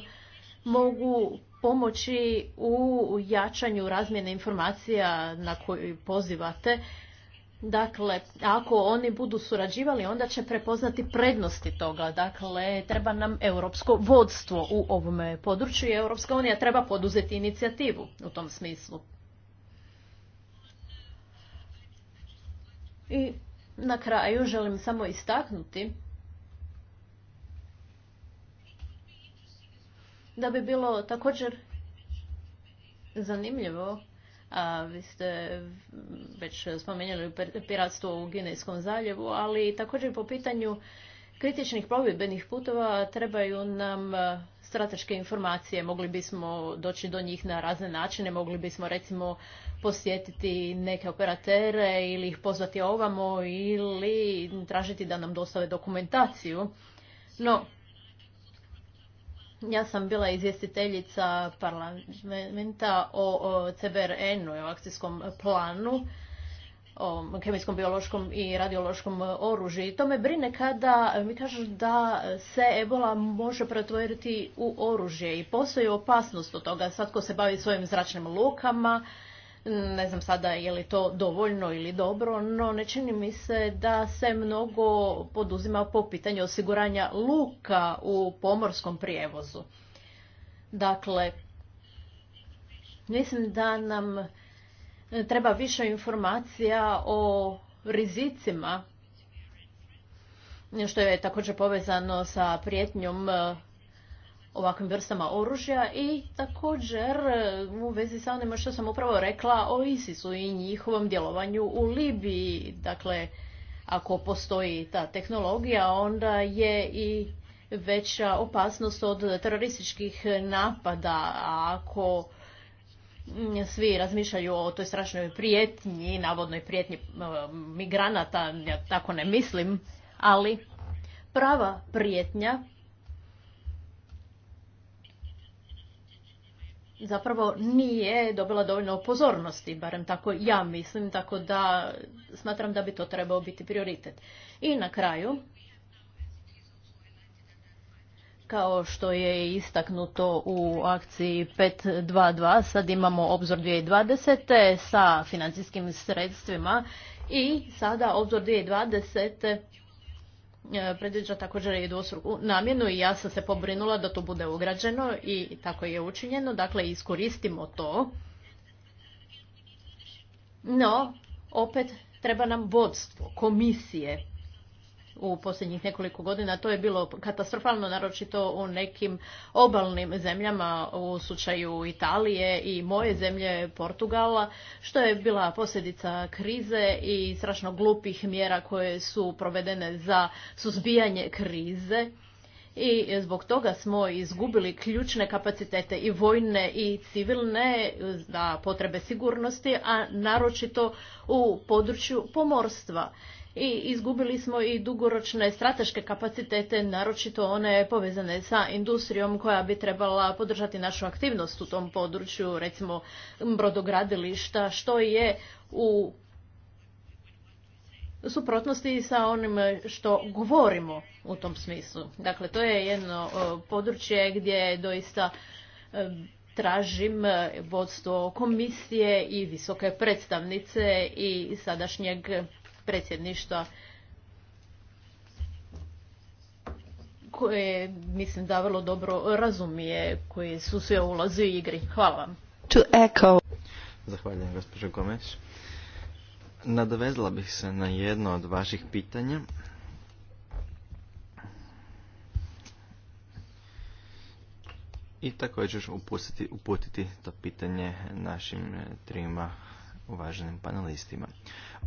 mogu pomoći u jačanju razmjene informacija na koju pozivate Dakle, ako oni budu surađivali, onda će prepoznati prednosti toga. Dakle, treba nam europsko vodstvo u ovome području i Europska unija treba poduzeti inicijativu u tom smislu. I na kraju želim samo istaknuti da bi bilo također zanimljivo a, vi ste već spomenuli piratstvo u Ginejskom zaljevu, ali također po pitanju kritičnih plovidbenih putova trebaju nam e, strateške informacije. Mogli bismo doći do njih na razne načine, mogli bismo recimo posjetiti neke operatere ili ih pozvati ovamo ili tražiti da nam dostave dokumentaciju. No, ja sam bila izvjestiteljica parlamenta o CBRN-u i o akcijskom planu o kemijskom, biološkom i radiološkom oružju. I to me brine kada mi kažu da se ebola može pretvoriti u oružje i postoji opasnost od toga. Svatko se bavi svojim zračnim lukama, ne znam sada je li to dovoljno ili dobro, no ne čini mi se da se mnogo poduzima po pitanju osiguranja luka u pomorskom prijevozu. Dakle, mislim da nam treba više informacija o rizicima što je također povezano sa prijetnjom ovakvim vrstama oružja i također e, u vezi sa onima što sam upravo rekla o ISIS-u i njihovom djelovanju u Libiji. Dakle, ako postoji ta tehnologija, onda je i veća opasnost od terorističkih napada. A ako svi razmišljaju o toj strašnoj prijetnji, navodnoj prijetnji e, migranata, ja tako ne mislim, ali prava prijetnja zapravo nije dobila dovoljno pozornosti, barem tako ja mislim, tako da smatram da bi to trebao biti prioritet. I na kraju, kao što je istaknuto u akciji 522, sad imamo obzor 2020. sa financijskim sredstvima i sada obzor 2020 E, predviđa također i dvostruku namjenu i ja sam se pobrinula da to bude ugrađeno i tako je učinjeno. Dakle, iskoristimo to. No, opet treba nam vodstvo, komisije u posljednjih nekoliko godina. To je bilo katastrofalno, naročito u nekim obalnim zemljama, u slučaju Italije i moje zemlje Portugala, što je bila posljedica krize i strašno glupih mjera koje su provedene za suzbijanje krize. I zbog toga smo izgubili ključne kapacitete i vojne i civilne za potrebe sigurnosti, a naročito u području pomorstva i izgubili smo i dugoročne strateške kapacitete, naročito one povezane sa industrijom koja bi trebala podržati našu aktivnost u tom području, recimo brodogradilišta, što je u suprotnosti sa onim što govorimo u tom smislu. Dakle, to je jedno e, područje gdje doista e, tražim e, vodstvo komisije i visoke predstavnice i sadašnjeg predsjedništva koje mislim da vrlo dobro razumije koji su sve ulazi u igri. Hvala vam. Zahvaljujem gospođo Gomes. bih se na jedno od vaših pitanja. I također upustiti, uputiti to pitanje našim trima uvaženim panelistima.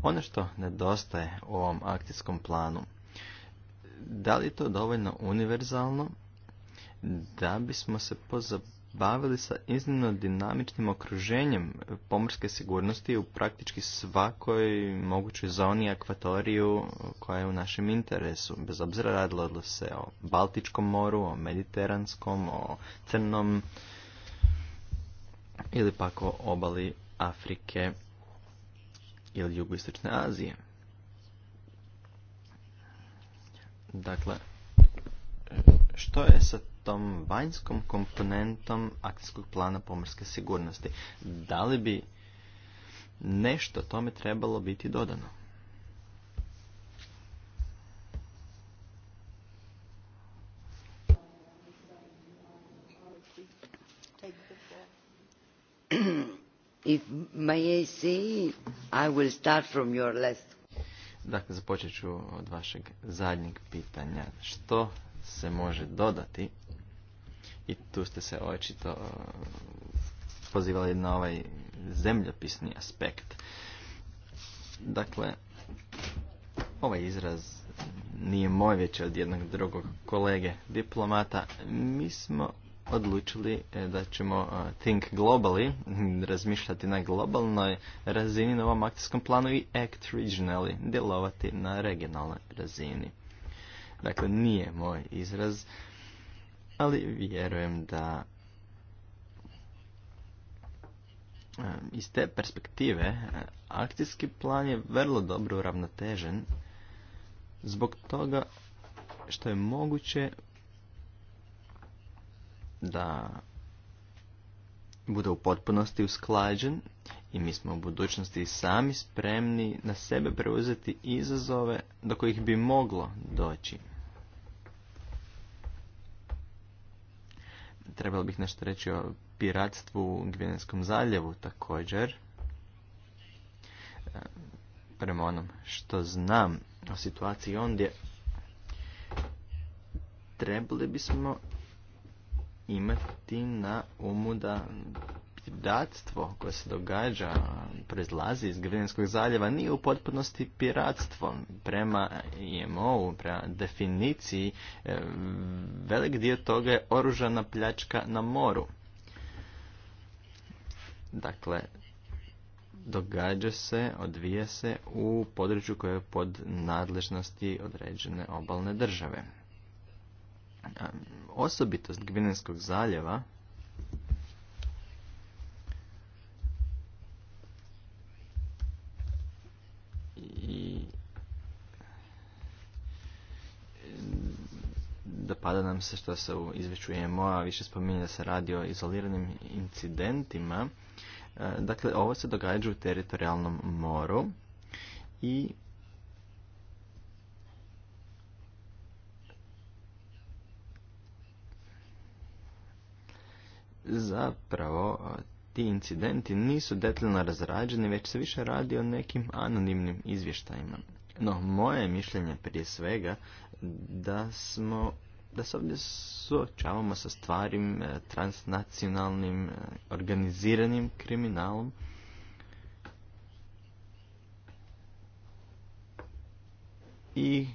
Ono što nedostaje u ovom akcijskom planu, da li je to dovoljno univerzalno da bismo se pozabavili sa iznimno dinamičnim okruženjem pomorske sigurnosti u praktički svakoj mogućoj zoni akvatoriju koja je u našem interesu. Bez obzira radilo se o Baltičkom moru, o Mediteranskom, o Crnom ili pak o obali Afrike ili jugoistočne Azije. Dakle, što je sa tom vanjskom komponentom akcijskog plana pomorske sigurnosti? Da li bi nešto tome trebalo biti dodano? I will start Dakle, započet ću od vašeg zadnjeg pitanja. Što se može dodati? I tu ste se očito uh, pozivali na ovaj zemljopisni aspekt. Dakle, ovaj izraz nije moj već od jednog drugog kolege diplomata. Mi smo odlučili e, da ćemo e, think globally, (laughs) razmišljati na globalnoj razini na ovom akcijskom planu i act regionally, djelovati na regionalnoj razini. Dakle, nije moj izraz, ali vjerujem da e, iz te perspektive akcijski plan je vrlo dobro uravnotežen zbog toga što je moguće da bude u potpunosti usklađen i mi smo u budućnosti sami spremni na sebe preuzeti izazove do kojih bi moglo doći. Trebalo bih nešto reći o piratstvu u Gvinenskom zaljevu također. E, prema onom što znam o situaciji ondje, trebali bismo imati na umu da piratstvo koje se događa, prezlazi iz grvinskog zaljeva, nije u potpunosti piratstvo. Prema IMO-u, prema definiciji, e, velik dio toga je oružana pljačka na moru. Dakle, događa se, odvija se u području koje je pod nadležnosti određene obalne države. Osobitost Gvinenskog zaljeva i dopada nam se što se u izveću EMO-a više spominje da se radi o izoliranim incidentima. E, dakle, ovo se događa u teritorijalnom moru i zapravo ti incidenti nisu detaljno razrađeni, već se više radi o nekim anonimnim izvještajima. No, moje mišljenje prije svega da smo da se ovdje suočavamo sa stvarim e, transnacionalnim e, organiziranim kriminalom i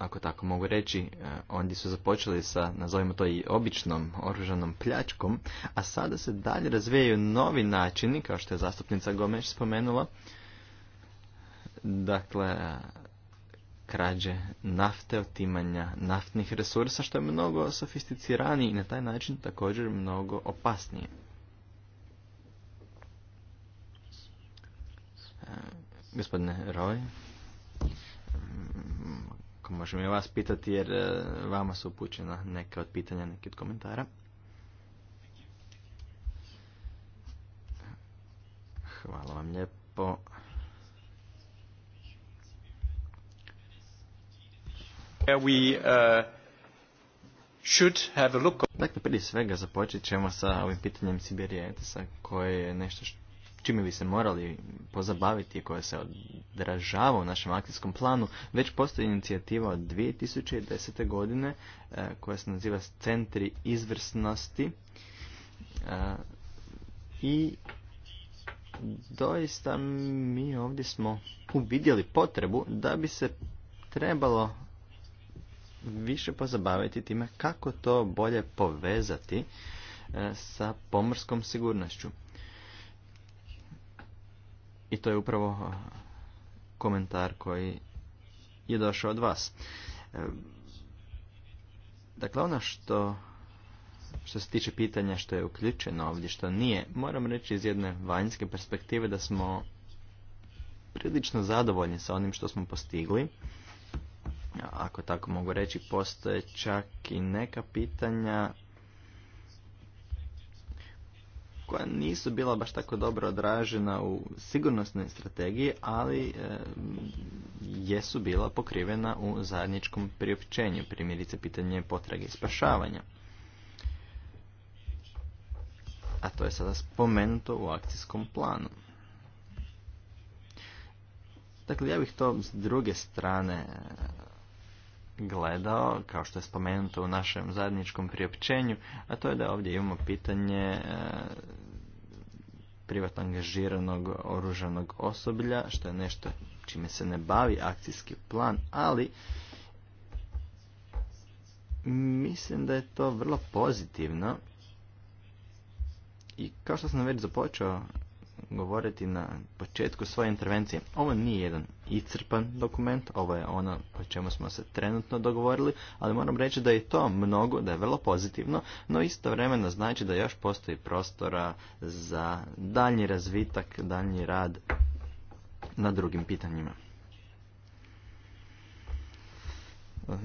ako tako mogu reći, e, ondje su započeli sa, nazovimo to i običnom oružanom pljačkom, a sada se dalje razvijaju novi načini, kao što je zastupnica Gomeš spomenula, dakle, krađe nafte, otimanja naftnih resursa, što je mnogo sofisticiranije i na taj način također mnogo opasnije. E, gospodine Roy, možemo i vas pitati jer e, vama su upućena neke od pitanja, neki od komentara. Hvala vam lijepo. Uh, dakle, prije svega započet ćemo sa ovim pitanjem Sibirijetisa koje je nešto što čime bi se morali pozabaviti i koje se odražava u našem akcijskom planu, već postoji inicijativa od 2010. godine e, koja se naziva Centri izvrsnosti e, i doista mi ovdje smo uvidjeli potrebu da bi se trebalo više pozabaviti time kako to bolje povezati e, sa pomorskom sigurnošću. I to je upravo komentar koji je došao od vas. E, dakle, ono što, što se tiče pitanja što je uključeno ovdje, što nije, moram reći iz jedne vanjske perspektive da smo prilično zadovoljni sa onim što smo postigli. Ako tako mogu reći, postoje čak i neka pitanja koja nisu bila baš tako dobro odražena u sigurnosnoj strategiji, ali eh, jesu bila pokrivena u zajedničkom priopćenju, primjerice pitanje potrage i spašavanja. A to je sada spomenuto u akcijskom planu. Dakle, ja bih to s druge strane gledao, kao što je spomenuto u našem zajedničkom priopćenju, a to je da ovdje imamo pitanje e, privatno angažiranog oružanog osoblja, što je nešto čime se ne bavi akcijski plan, ali mislim da je to vrlo pozitivno i kao što sam već započeo govoriti na početku svoje intervencije. Ovo nije jedan iscrpan dokument, ovo je ono o čemu smo se trenutno dogovorili, ali moram reći da je to mnogo, da je vrlo pozitivno, no istovremeno znači da još postoji prostora za daljnji razvitak, daljnji rad na drugim pitanjima.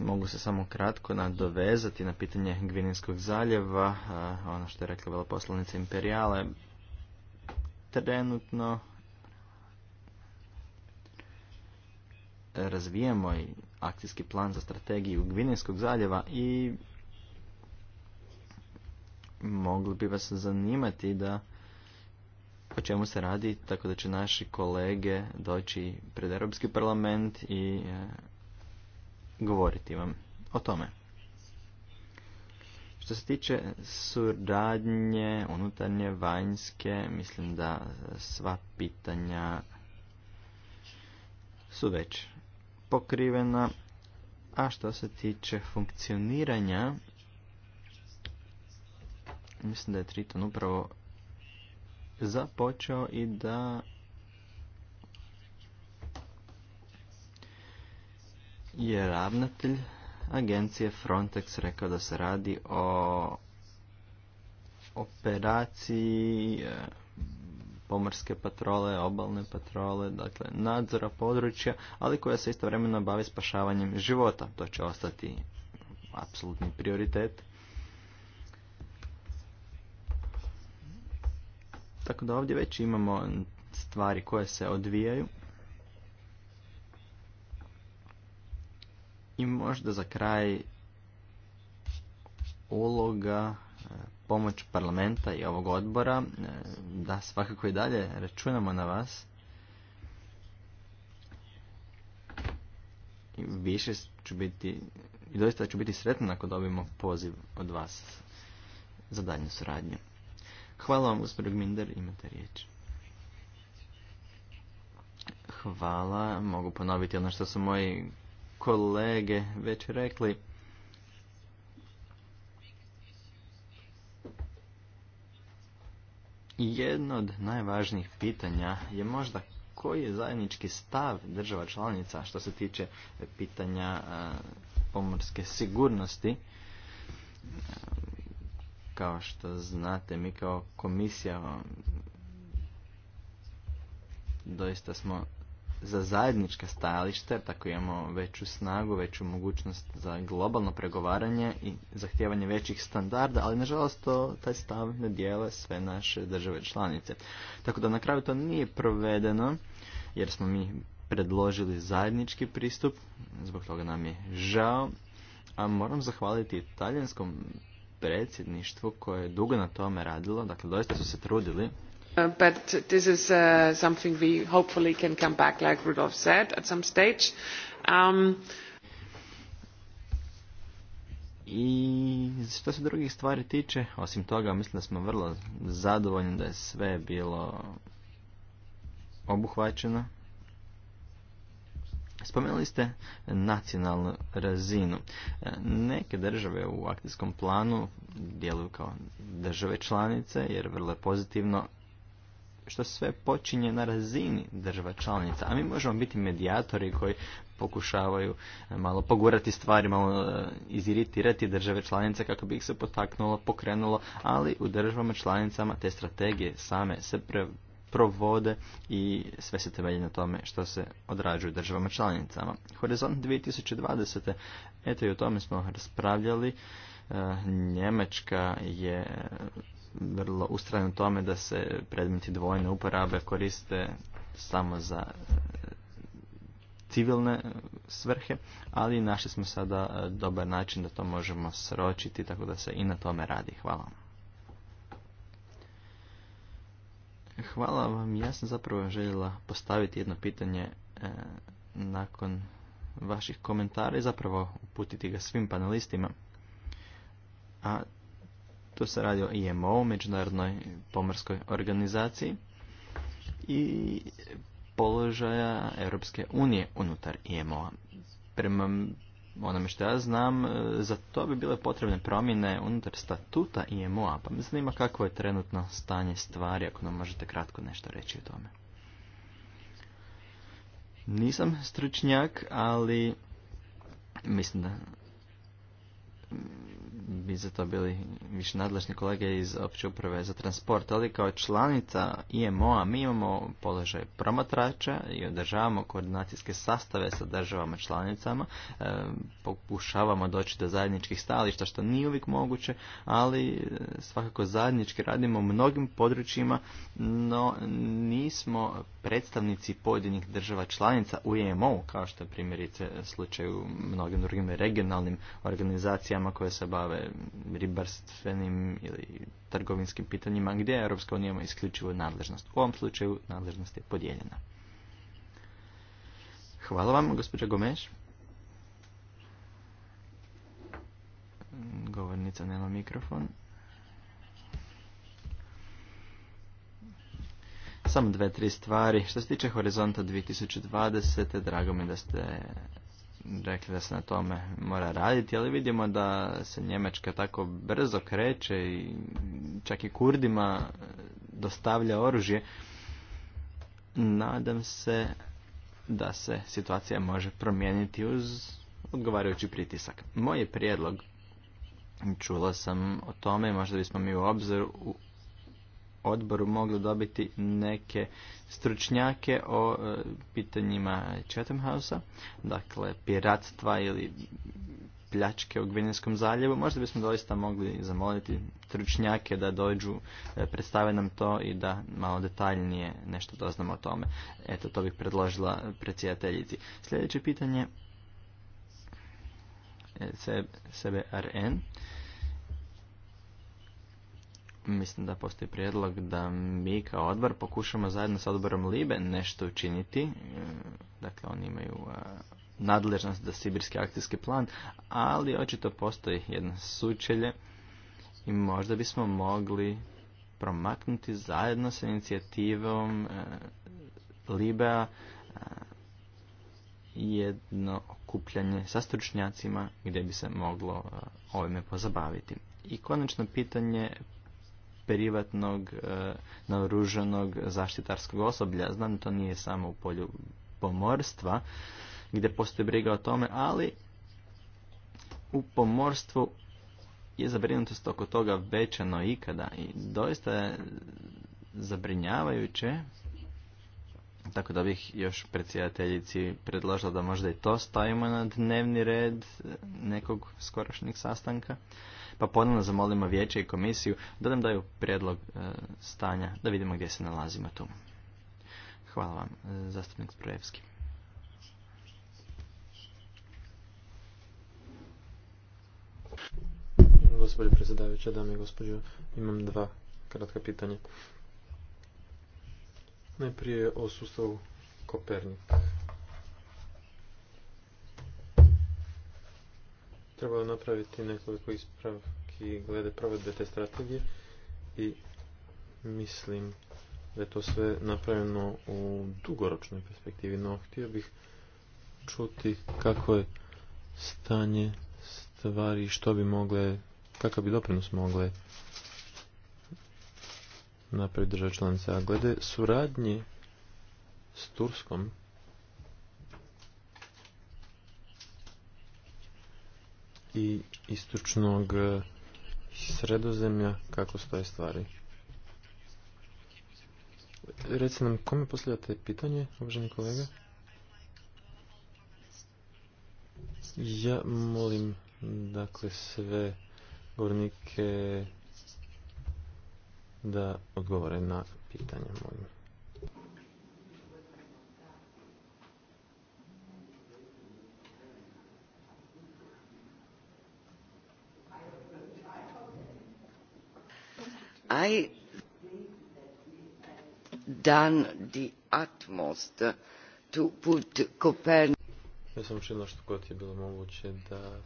mogu se samo kratko nadovezati na pitanje Gvininskog zaljeva, ono što je rekla veloposlanica Imperijale, trenutno razvijemo i akcijski plan za strategiju Gvinejskog zaljeva i mogli bi vas zanimati da o čemu se radi, tako da će naši kolege doći pred Europski parlament i e, govoriti vam o tome. Što se tiče suradnje unutarnje, vanjske, mislim da sva pitanja su već pokrivena. A što se tiče funkcioniranja, mislim da je Triton upravo započeo i da je ravnatelj agencije Frontex rekao da se radi o operaciji e, pomorske patrole, obalne patrole, dakle nadzora područja, ali koja se istovremeno bavi spašavanjem života. To će ostati apsolutni prioritet. Tako da ovdje već imamo stvari koje se odvijaju. I možda za kraj uloga e, pomoć parlamenta i ovog odbora e, da svakako i dalje računamo na vas i više ću biti i doista ću biti sretan ako dobijemo poziv od vas za daljnju suradnju. Hvala vam gospodin Minder, imate riječ. Hvala, mogu ponoviti ono što su moji kolege već rekli, jedno od najvažnijih pitanja je možda koji je zajednički stav država članica što se tiče pitanja pomorske sigurnosti. Kao što znate, mi kao komisija doista smo za zajednička stajališta, tako imamo veću snagu, veću mogućnost za globalno pregovaranje i zahtijevanje većih standarda, ali nažalost to, taj stav ne dijele sve naše države članice. Tako da na kraju to nije provedeno, jer smo mi predložili zajednički pristup, zbog toga nam je žao, a moram zahvaliti italijanskom predsjedništvu koje je dugo na tome radilo, dakle doista su se trudili Uh, but this is uh, something we hopefully come back, like Rudolf said, at some stage. Um, I što se drugih stvari tiče, osim toga mislim da smo vrlo zadovoljni da je sve bilo obuhvaćeno. Spomenuli ste nacionalnu razinu. E, neke države u akcijskom planu djeluju kao države članice jer vrlo je pozitivno što sve počinje na razini država članica, a mi možemo biti medijatori koji pokušavaju e, malo pogurati stvari, malo e, iziritirati države članice kako bi ih se potaknulo, pokrenulo, ali u državama članicama te strategije same se provode i sve se temelji na tome što se odrađuje državama članicama. Horizont 2020. Eto i o tome smo raspravljali. E, Njemačka je vrlo ustrajno tome da se predmeti dvojne uporabe koriste samo za e, civilne svrhe, ali našli smo sada e, dobar način da to možemo sročiti, tako da se i na tome radi. Hvala. Hvala vam. Ja sam zapravo željela postaviti jedno pitanje e, nakon vaših komentara i zapravo uputiti ga svim panelistima. A tu se radi o IMO, Međunarodnoj pomorskoj organizaciji i položaja Europske unije unutar IMO-a. Prema onome što ja znam, e, za to bi bile potrebne promjene unutar statuta IMO-a, pa mi zanima kakvo je trenutno stanje stvari, ako nam možete kratko nešto reći o tome. Nisam stručnjak, ali mislim da bi za to bili više nadležni kolege iz opće uprave za transport, ali kao članica IMO-a mi imamo položaj promatrača i održavamo koordinacijske sastave sa državama članicama, e, pokušavamo doći do zajedničkih stajališta što nije uvijek moguće, ali e, svakako zajednički radimo u mnogim područjima, no nismo predstavnici pojedinih država članica u IMO, e kao što je primjerice slučaj u mnogim drugim regionalnim organizacijama koje se bave ribarstvenim ili trgovinskim pitanjima, gdje je Europska unija ima isključivu nadležnost. U ovom slučaju nadležnost je podijeljena. Hvala vam, gospođa Gomeš. Govornica nema mikrofon. Samo dve, tri stvari. Što se tiče horizonta 2020. Drago mi da ste rekli da se na tome mora raditi, ali vidimo da se Njemačka tako brzo kreće i čak i Kurdima dostavlja oružje. Nadam se da se situacija može promijeniti uz odgovarajući pritisak. Moj je prijedlog, čula sam o tome, možda bismo mi u obzir u odboru mogli dobiti neke stručnjake o e, pitanjima Chatham house dakle piratstva ili pljačke u Gvinijskom zaljevu. Možda bismo doista mogli zamoliti stručnjake da dođu, e, predstave nam to i da malo detaljnije nešto doznamo o tome. Eto, to bih predložila predsjedateljici. Sljedeće pitanje e, CBRN mislim da postoji prijedlog da mi kao odbor pokušamo zajedno sa odborom Libe nešto učiniti. E, dakle, oni imaju e, nadležnost za sibirski akcijski plan, ali očito postoji jedno sučelje i možda bismo mogli promaknuti zajedno sa inicijativom e, Libea jedno okupljanje sa stručnjacima gdje bi se moglo ovime pozabaviti. I konačno pitanje privatnog e, naoružanog zaštitarskog osoblja. Znam to nije samo u polju pomorstva gdje postoji briga o tome, ali u pomorstvu je zabrinutost oko toga veća ikada i doista je zabrinjavajuće tako da bih još predsjedateljici predložila da možda i to stavimo na dnevni red nekog skorašnjeg sastanka pa ponovno zamolimo vijeće i komisiju da nam daju prijedlog e, stanja da vidimo gdje se nalazimo tu. Hvala vam, e, zastupnik Sprojevski. Gospodin predsjedavajuće, dame i gospođo, imam dva kratka pitanja. Najprije o sustavu Kopernik. trebalo napraviti nekoliko ispravki glede provedbe te strategije i mislim da je to sve napravljeno u dugoročnoj perspektivi, no htio bih čuti kako je stanje stvari, što bi mogle, kakav bi doprinos mogle napraviti države članice. A glede suradnje s Turskom, i istočnog e, sredozemlja kako stoje stvari. Reci nam, kome postavljate pitanje, uvaženi kolega? Ja molim, dakle, sve govornike da odgovore na pitanje, molim. i done the utmost to put Copernicus. Ja sam učinila što god je bilo moguće da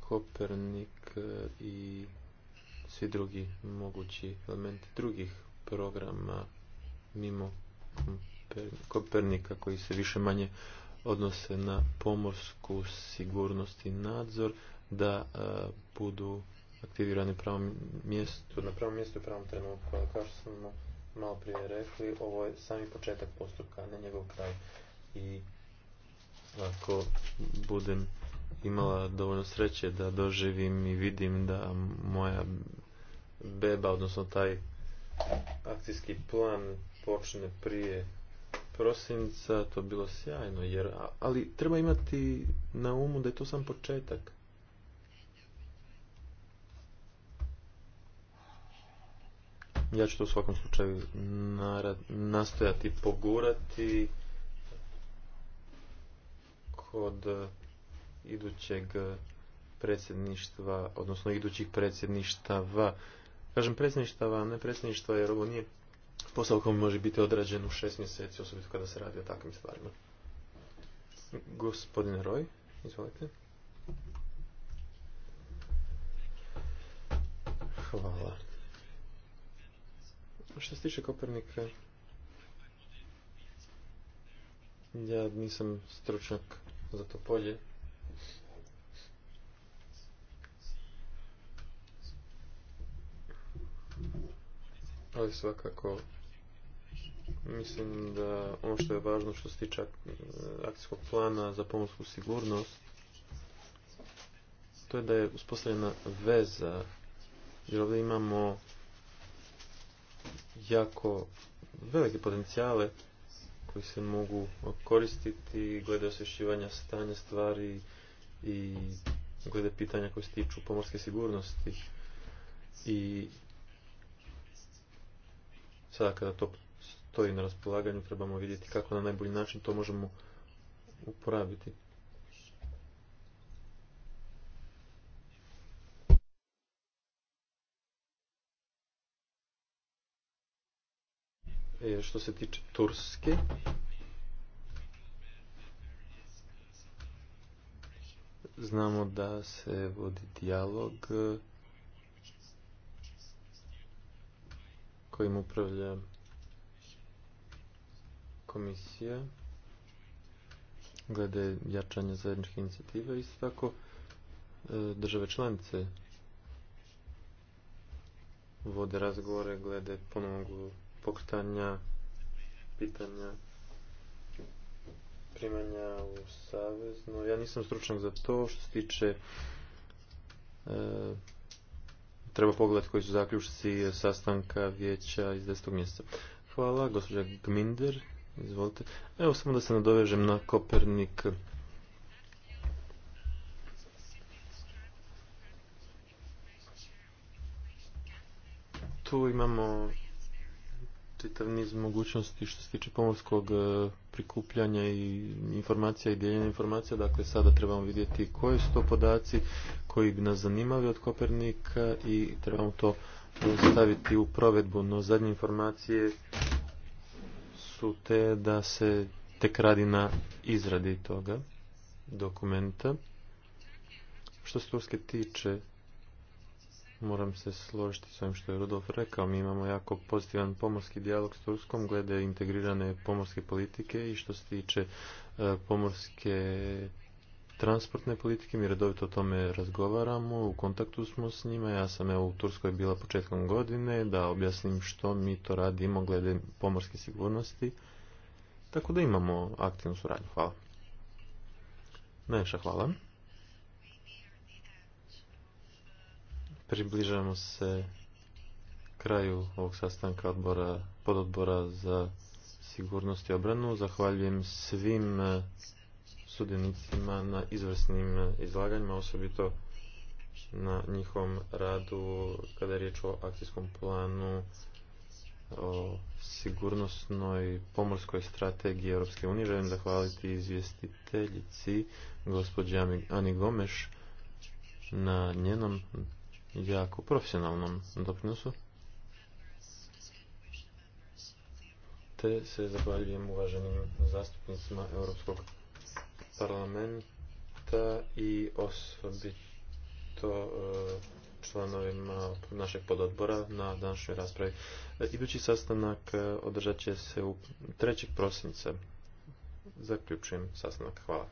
Kopernik e, i svi drugi mogući elementi drugih programa mimo Kopernika koji se više manje odnose na pomorsku sigurnost i nadzor da e, budu aktivirani pravom mjestu, na pravom mjestu i pravom trenutku. kao što smo malo prije rekli, ovo je sami početak postupka, ne njegov kraj. I ako budem imala dovoljno sreće da doživim i vidim da moja beba, odnosno taj akcijski plan počne prije prosinca, to bilo sjajno, jer, ali treba imati na umu da je to sam početak. Ja ću to u svakom slučaju nastojati pogurati kod e, idućeg predsjedništva, odnosno idućih predsjedništava. Kažem predsjedništava, ne predsjedništva, jer ovo nije posao koji može biti odrađen u šest mjeseci, osobito kada se radi o takvim stvarima. Gospodine Roj, izvolite. Hvala. Što se tiče Kopernika, ja nisam stručnjak za to polje. Ali svakako mislim da ono što je važno što se tiče akcijskog plana za pomorsku sigurnost to je da je uspostavljena veza jer ovdje imamo jako velike potencijale koji se mogu koristiti glede osvješćivanja stanja stvari i glede pitanja koje se tiču pomorske sigurnosti. I sada kada to stoji na raspolaganju trebamo vidjeti kako na najbolji način to možemo uporabiti. E, što se tiče Turske, znamo da se vodi dijalog e, kojim upravlja komisija glede jačanja zajedničke inicijative isto tako e, države članice vode razgovore glede ponovnog pokretanja pitanja primanja u savezno. Ja nisam stručnjak za to što se tiče e, treba pogledati koji su zaključci sastanka vijeća iz 10. mjeseca. Hvala, gospođa Gminder, izvolite. Evo samo da se nadovežem na Kopernik. Tu imamo čitav niz mogućnosti što se tiče pomorskog e, prikupljanja i informacija i dijeljenja informacija. Dakle, sada trebamo vidjeti koji su to podaci koji bi nas zanimali od Kopernika i trebamo to staviti u provedbu. No, zadnje informacije su te da se tek radi na izradi toga dokumenta. Što se Turske tiče, Moram se složiti s ovim što je Rudolf rekao. Mi imamo jako pozitivan pomorski dijalog s Turskom glede integrirane pomorske politike i što se tiče e, pomorske transportne politike. Mi redovito o tome razgovaramo, u kontaktu smo s njima. Ja sam evo u Turskoj bila početkom godine da objasnim što mi to radimo glede pomorske sigurnosti. Tako da imamo aktivnu suradnju. Hvala. Najviše hvala. Približamo se kraju ovog sastanka odbora, pododbora za sigurnost i obranu. Zahvaljujem svim eh, sudionicima na izvrsnim eh, izlaganjima, osobito na njihovom radu kada je riječ o akcijskom planu o sigurnosnoj pomorskoj strategiji Europske unije. Želim zahvaliti izvjestiteljici gospođi Ani Gomeš na njenom jako profesionalnom doprinosu. Te se zahvaljujem uvaženim zastupnicima Europskog parlamenta i osobito e, članovima našeg pododbora na današnjoj raspravi. E, idući sastanak e, održat će se u 3. prosinca. Zaključujem sastanak. Hvala.